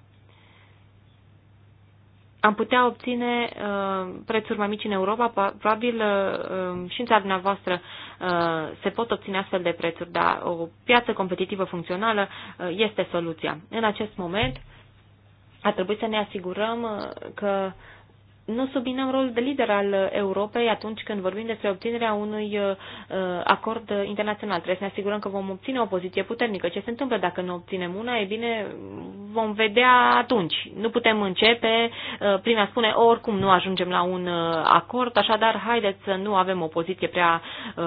Am putea obține uh, prețuri mai mici în Europa, probabil uh, um, și în țara dumneavoastră uh, se pot obține astfel de prețuri, dar o piață competitivă funcțională uh, este soluția. În acest moment, uh, ar trebui să ne asigurăm uh, că nu subminăm rolul de lider al Europei atunci când vorbim despre obținerea unui uh, acord internațional. Trebuie să ne asigurăm că vom obține o poziție puternică. Ce se întâmplă dacă nu obținem una? E bine, vom vedea atunci. Nu putem începe Uh, prima spune oricum nu ajungem la un uh, acord, așadar haideți să nu avem o poziție prea uh,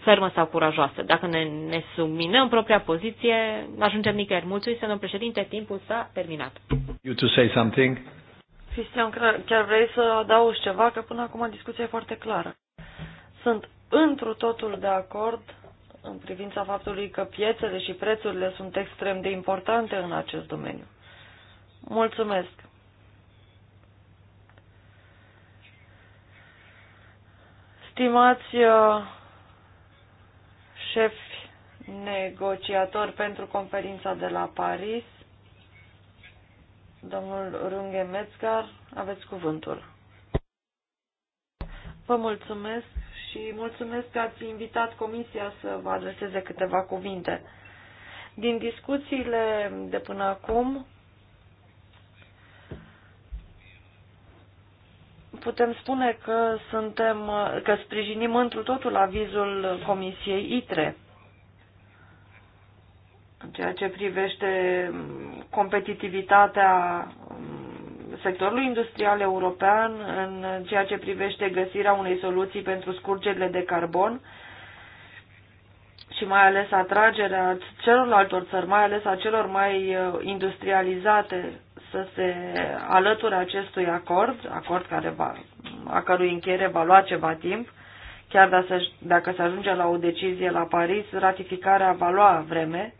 fermă sau curajoasă. Dacă ne, ne subminăm propria poziție, ajungem nicăieri. Mulțumim, domnul președinte, timpul s-a terminat. You to say something? Cristian, chiar vrei să adaugi ceva? Că până acum discuția e foarte clară. Sunt întru totul de acord în privința faptului că piețele și prețurile sunt extrem de importante în acest domeniu. Mulțumesc! Stimați uh, șefi negociatori pentru conferința de la Paris, Domnul Runghe Metzgar, aveți cuvântul. Vă mulțumesc și mulțumesc că ați invitat comisia să vă adreseze câteva cuvinte. Din discuțiile de până acum, putem spune că suntem, că sprijinim întru totul avizul Comisiei ITRE. În ceea ce privește mm, competitivitatea mm, sectorului industrial european, în ceea ce privește găsirea unei soluții pentru scurgerile de carbon și mai ales atragerea celorlaltor țări, mai ales a celor mai uh, industrializate să se alăture acestui acord, acord care va, a cărui încheiere va lua ceva timp, chiar dacă se, dacă se ajunge la o decizie la Paris, ratificarea va lua vreme,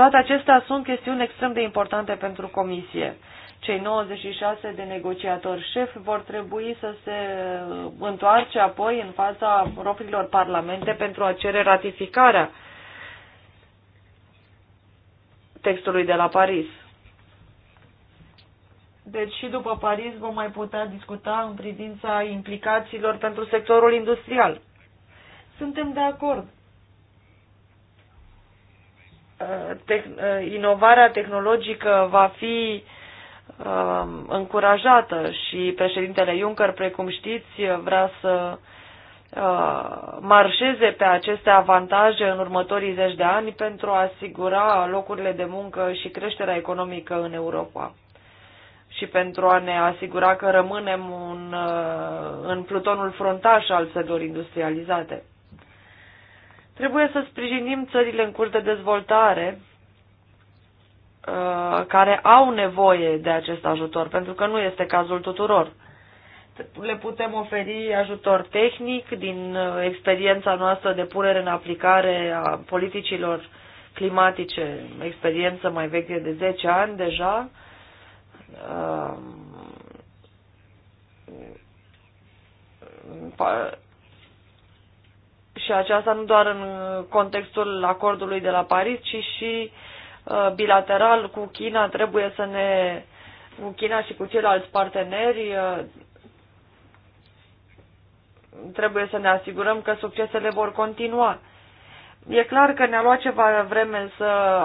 toate acestea sunt chestiuni extrem de importante pentru Comisie. Cei 96 de negociatori șef vor trebui să se întoarce apoi în fața propriilor parlamente pentru a cere ratificarea textului de la Paris. Deci și după Paris vom mai putea discuta în privința implicațiilor pentru sectorul industrial. Suntem de acord inovarea tehnologică va fi um, încurajată și președintele Juncker, precum știți, vrea să uh, marșeze pe aceste avantaje în următorii zeci de ani pentru a asigura locurile de muncă și creșterea economică în Europa și pentru a ne asigura că rămânem un, uh, în plutonul frontaș al țărilor industrializate. Trebuie să sprijinim țările în curs de dezvoltare uh, care au nevoie de acest ajutor, pentru că nu este cazul tuturor. Le putem oferi ajutor tehnic din uh, experiența noastră de punere în aplicare a politicilor climatice, experiență mai veche de 10 ani deja. Uh, și aceasta nu doar în contextul acordului de la Paris, ci și uh, bilateral cu China trebuie să ne cu China și cu ceilalți parteneri uh, trebuie să ne asigurăm că succesele vor continua. E clar că ne-a luat ceva vreme să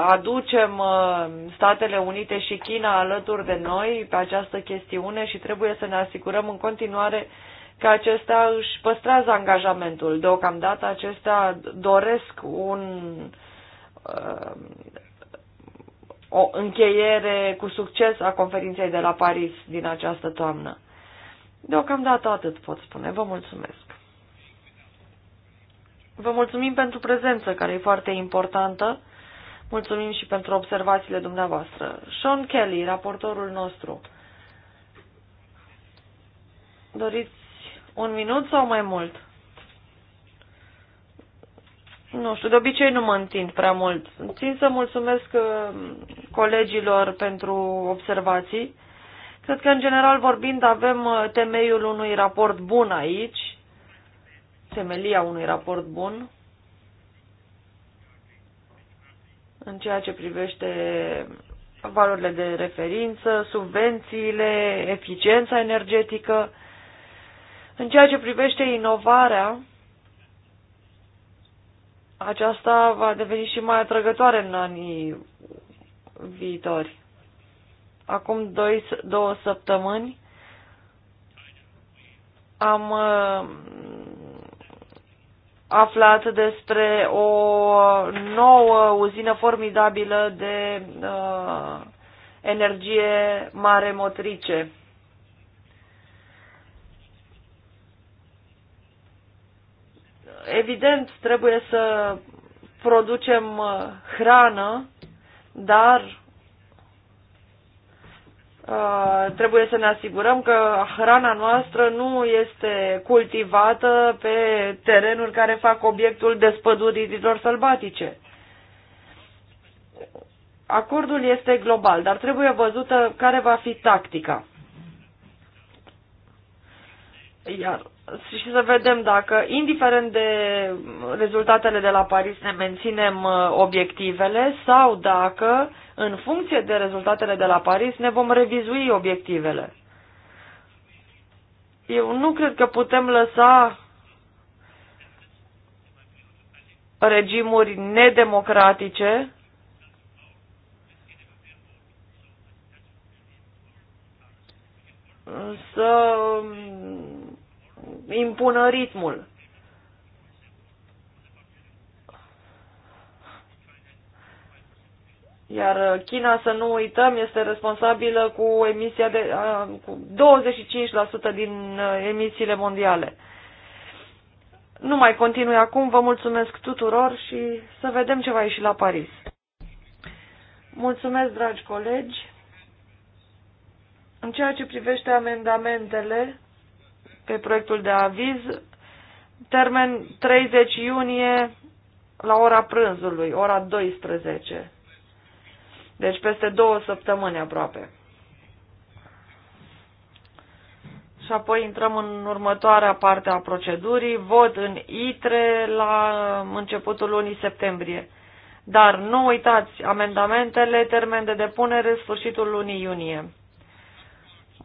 aducem uh, Statele Unite și China alături de noi pe această chestiune și trebuie să ne asigurăm în continuare uh, că acestea își păstrează angajamentul. Deocamdată acestea doresc un, um, o încheiere cu succes a conferinței de la Paris din această toamnă. Deocamdată atât pot spune. Vă mulțumesc. Vă mulțumim pentru prezență, care e foarte importantă. Mulțumim și pentru observațiile dumneavoastră. Sean Kelly, raportorul nostru. Doriți un minut sau mai mult? Nu știu, de obicei nu mă întind prea mult. Țin să mulțumesc uh, colegilor pentru observații. Cred că, în general vorbind, avem uh, temeiul unui raport bun aici, temelia unui raport bun, în ceea ce privește valorile de referință, subvențiile, eficiența energetică, în ceea ce privește inovarea, aceasta va deveni și mai atrăgătoare în anii viitori. Acum doi, două săptămâni am uh, aflat despre o nouă uzină formidabilă de uh, energie mare motrice. evident, trebuie să producem uh, hrană, dar uh, trebuie să ne asigurăm că hrana noastră nu este cultivată pe terenuri care fac obiectul despăduririlor sălbatice. Acordul este global, dar trebuie văzută care va fi tactica. Iar și să vedem dacă, indiferent de rezultatele de la Paris, ne menținem uh, obiectivele sau dacă, în funcție de rezultatele de la Paris, ne vom revizui obiectivele. Eu nu cred că putem lăsa regimuri nedemocratice să impună ritmul. Iar China, să nu uităm, este responsabilă cu emisia de cu 25% din uh, emisiile mondiale. Nu mai continui acum, vă mulțumesc tuturor și să vedem ce va ieși la Paris. Mulțumesc, dragi colegi. În ceea ce privește amendamentele, pe proiectul de aviz, termen 30 iunie la ora prânzului, ora 12. Deci peste două săptămâni aproape. Și apoi intrăm în următoarea parte a procedurii, vot în ITRE la începutul lunii septembrie. Dar nu uitați, amendamentele, termen de depunere, sfârșitul lunii iunie.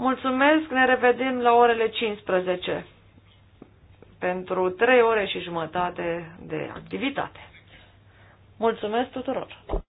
Mulțumesc, ne revedem la orele 15 pentru 3 ore și jumătate de activitate. Mulțumesc tuturor!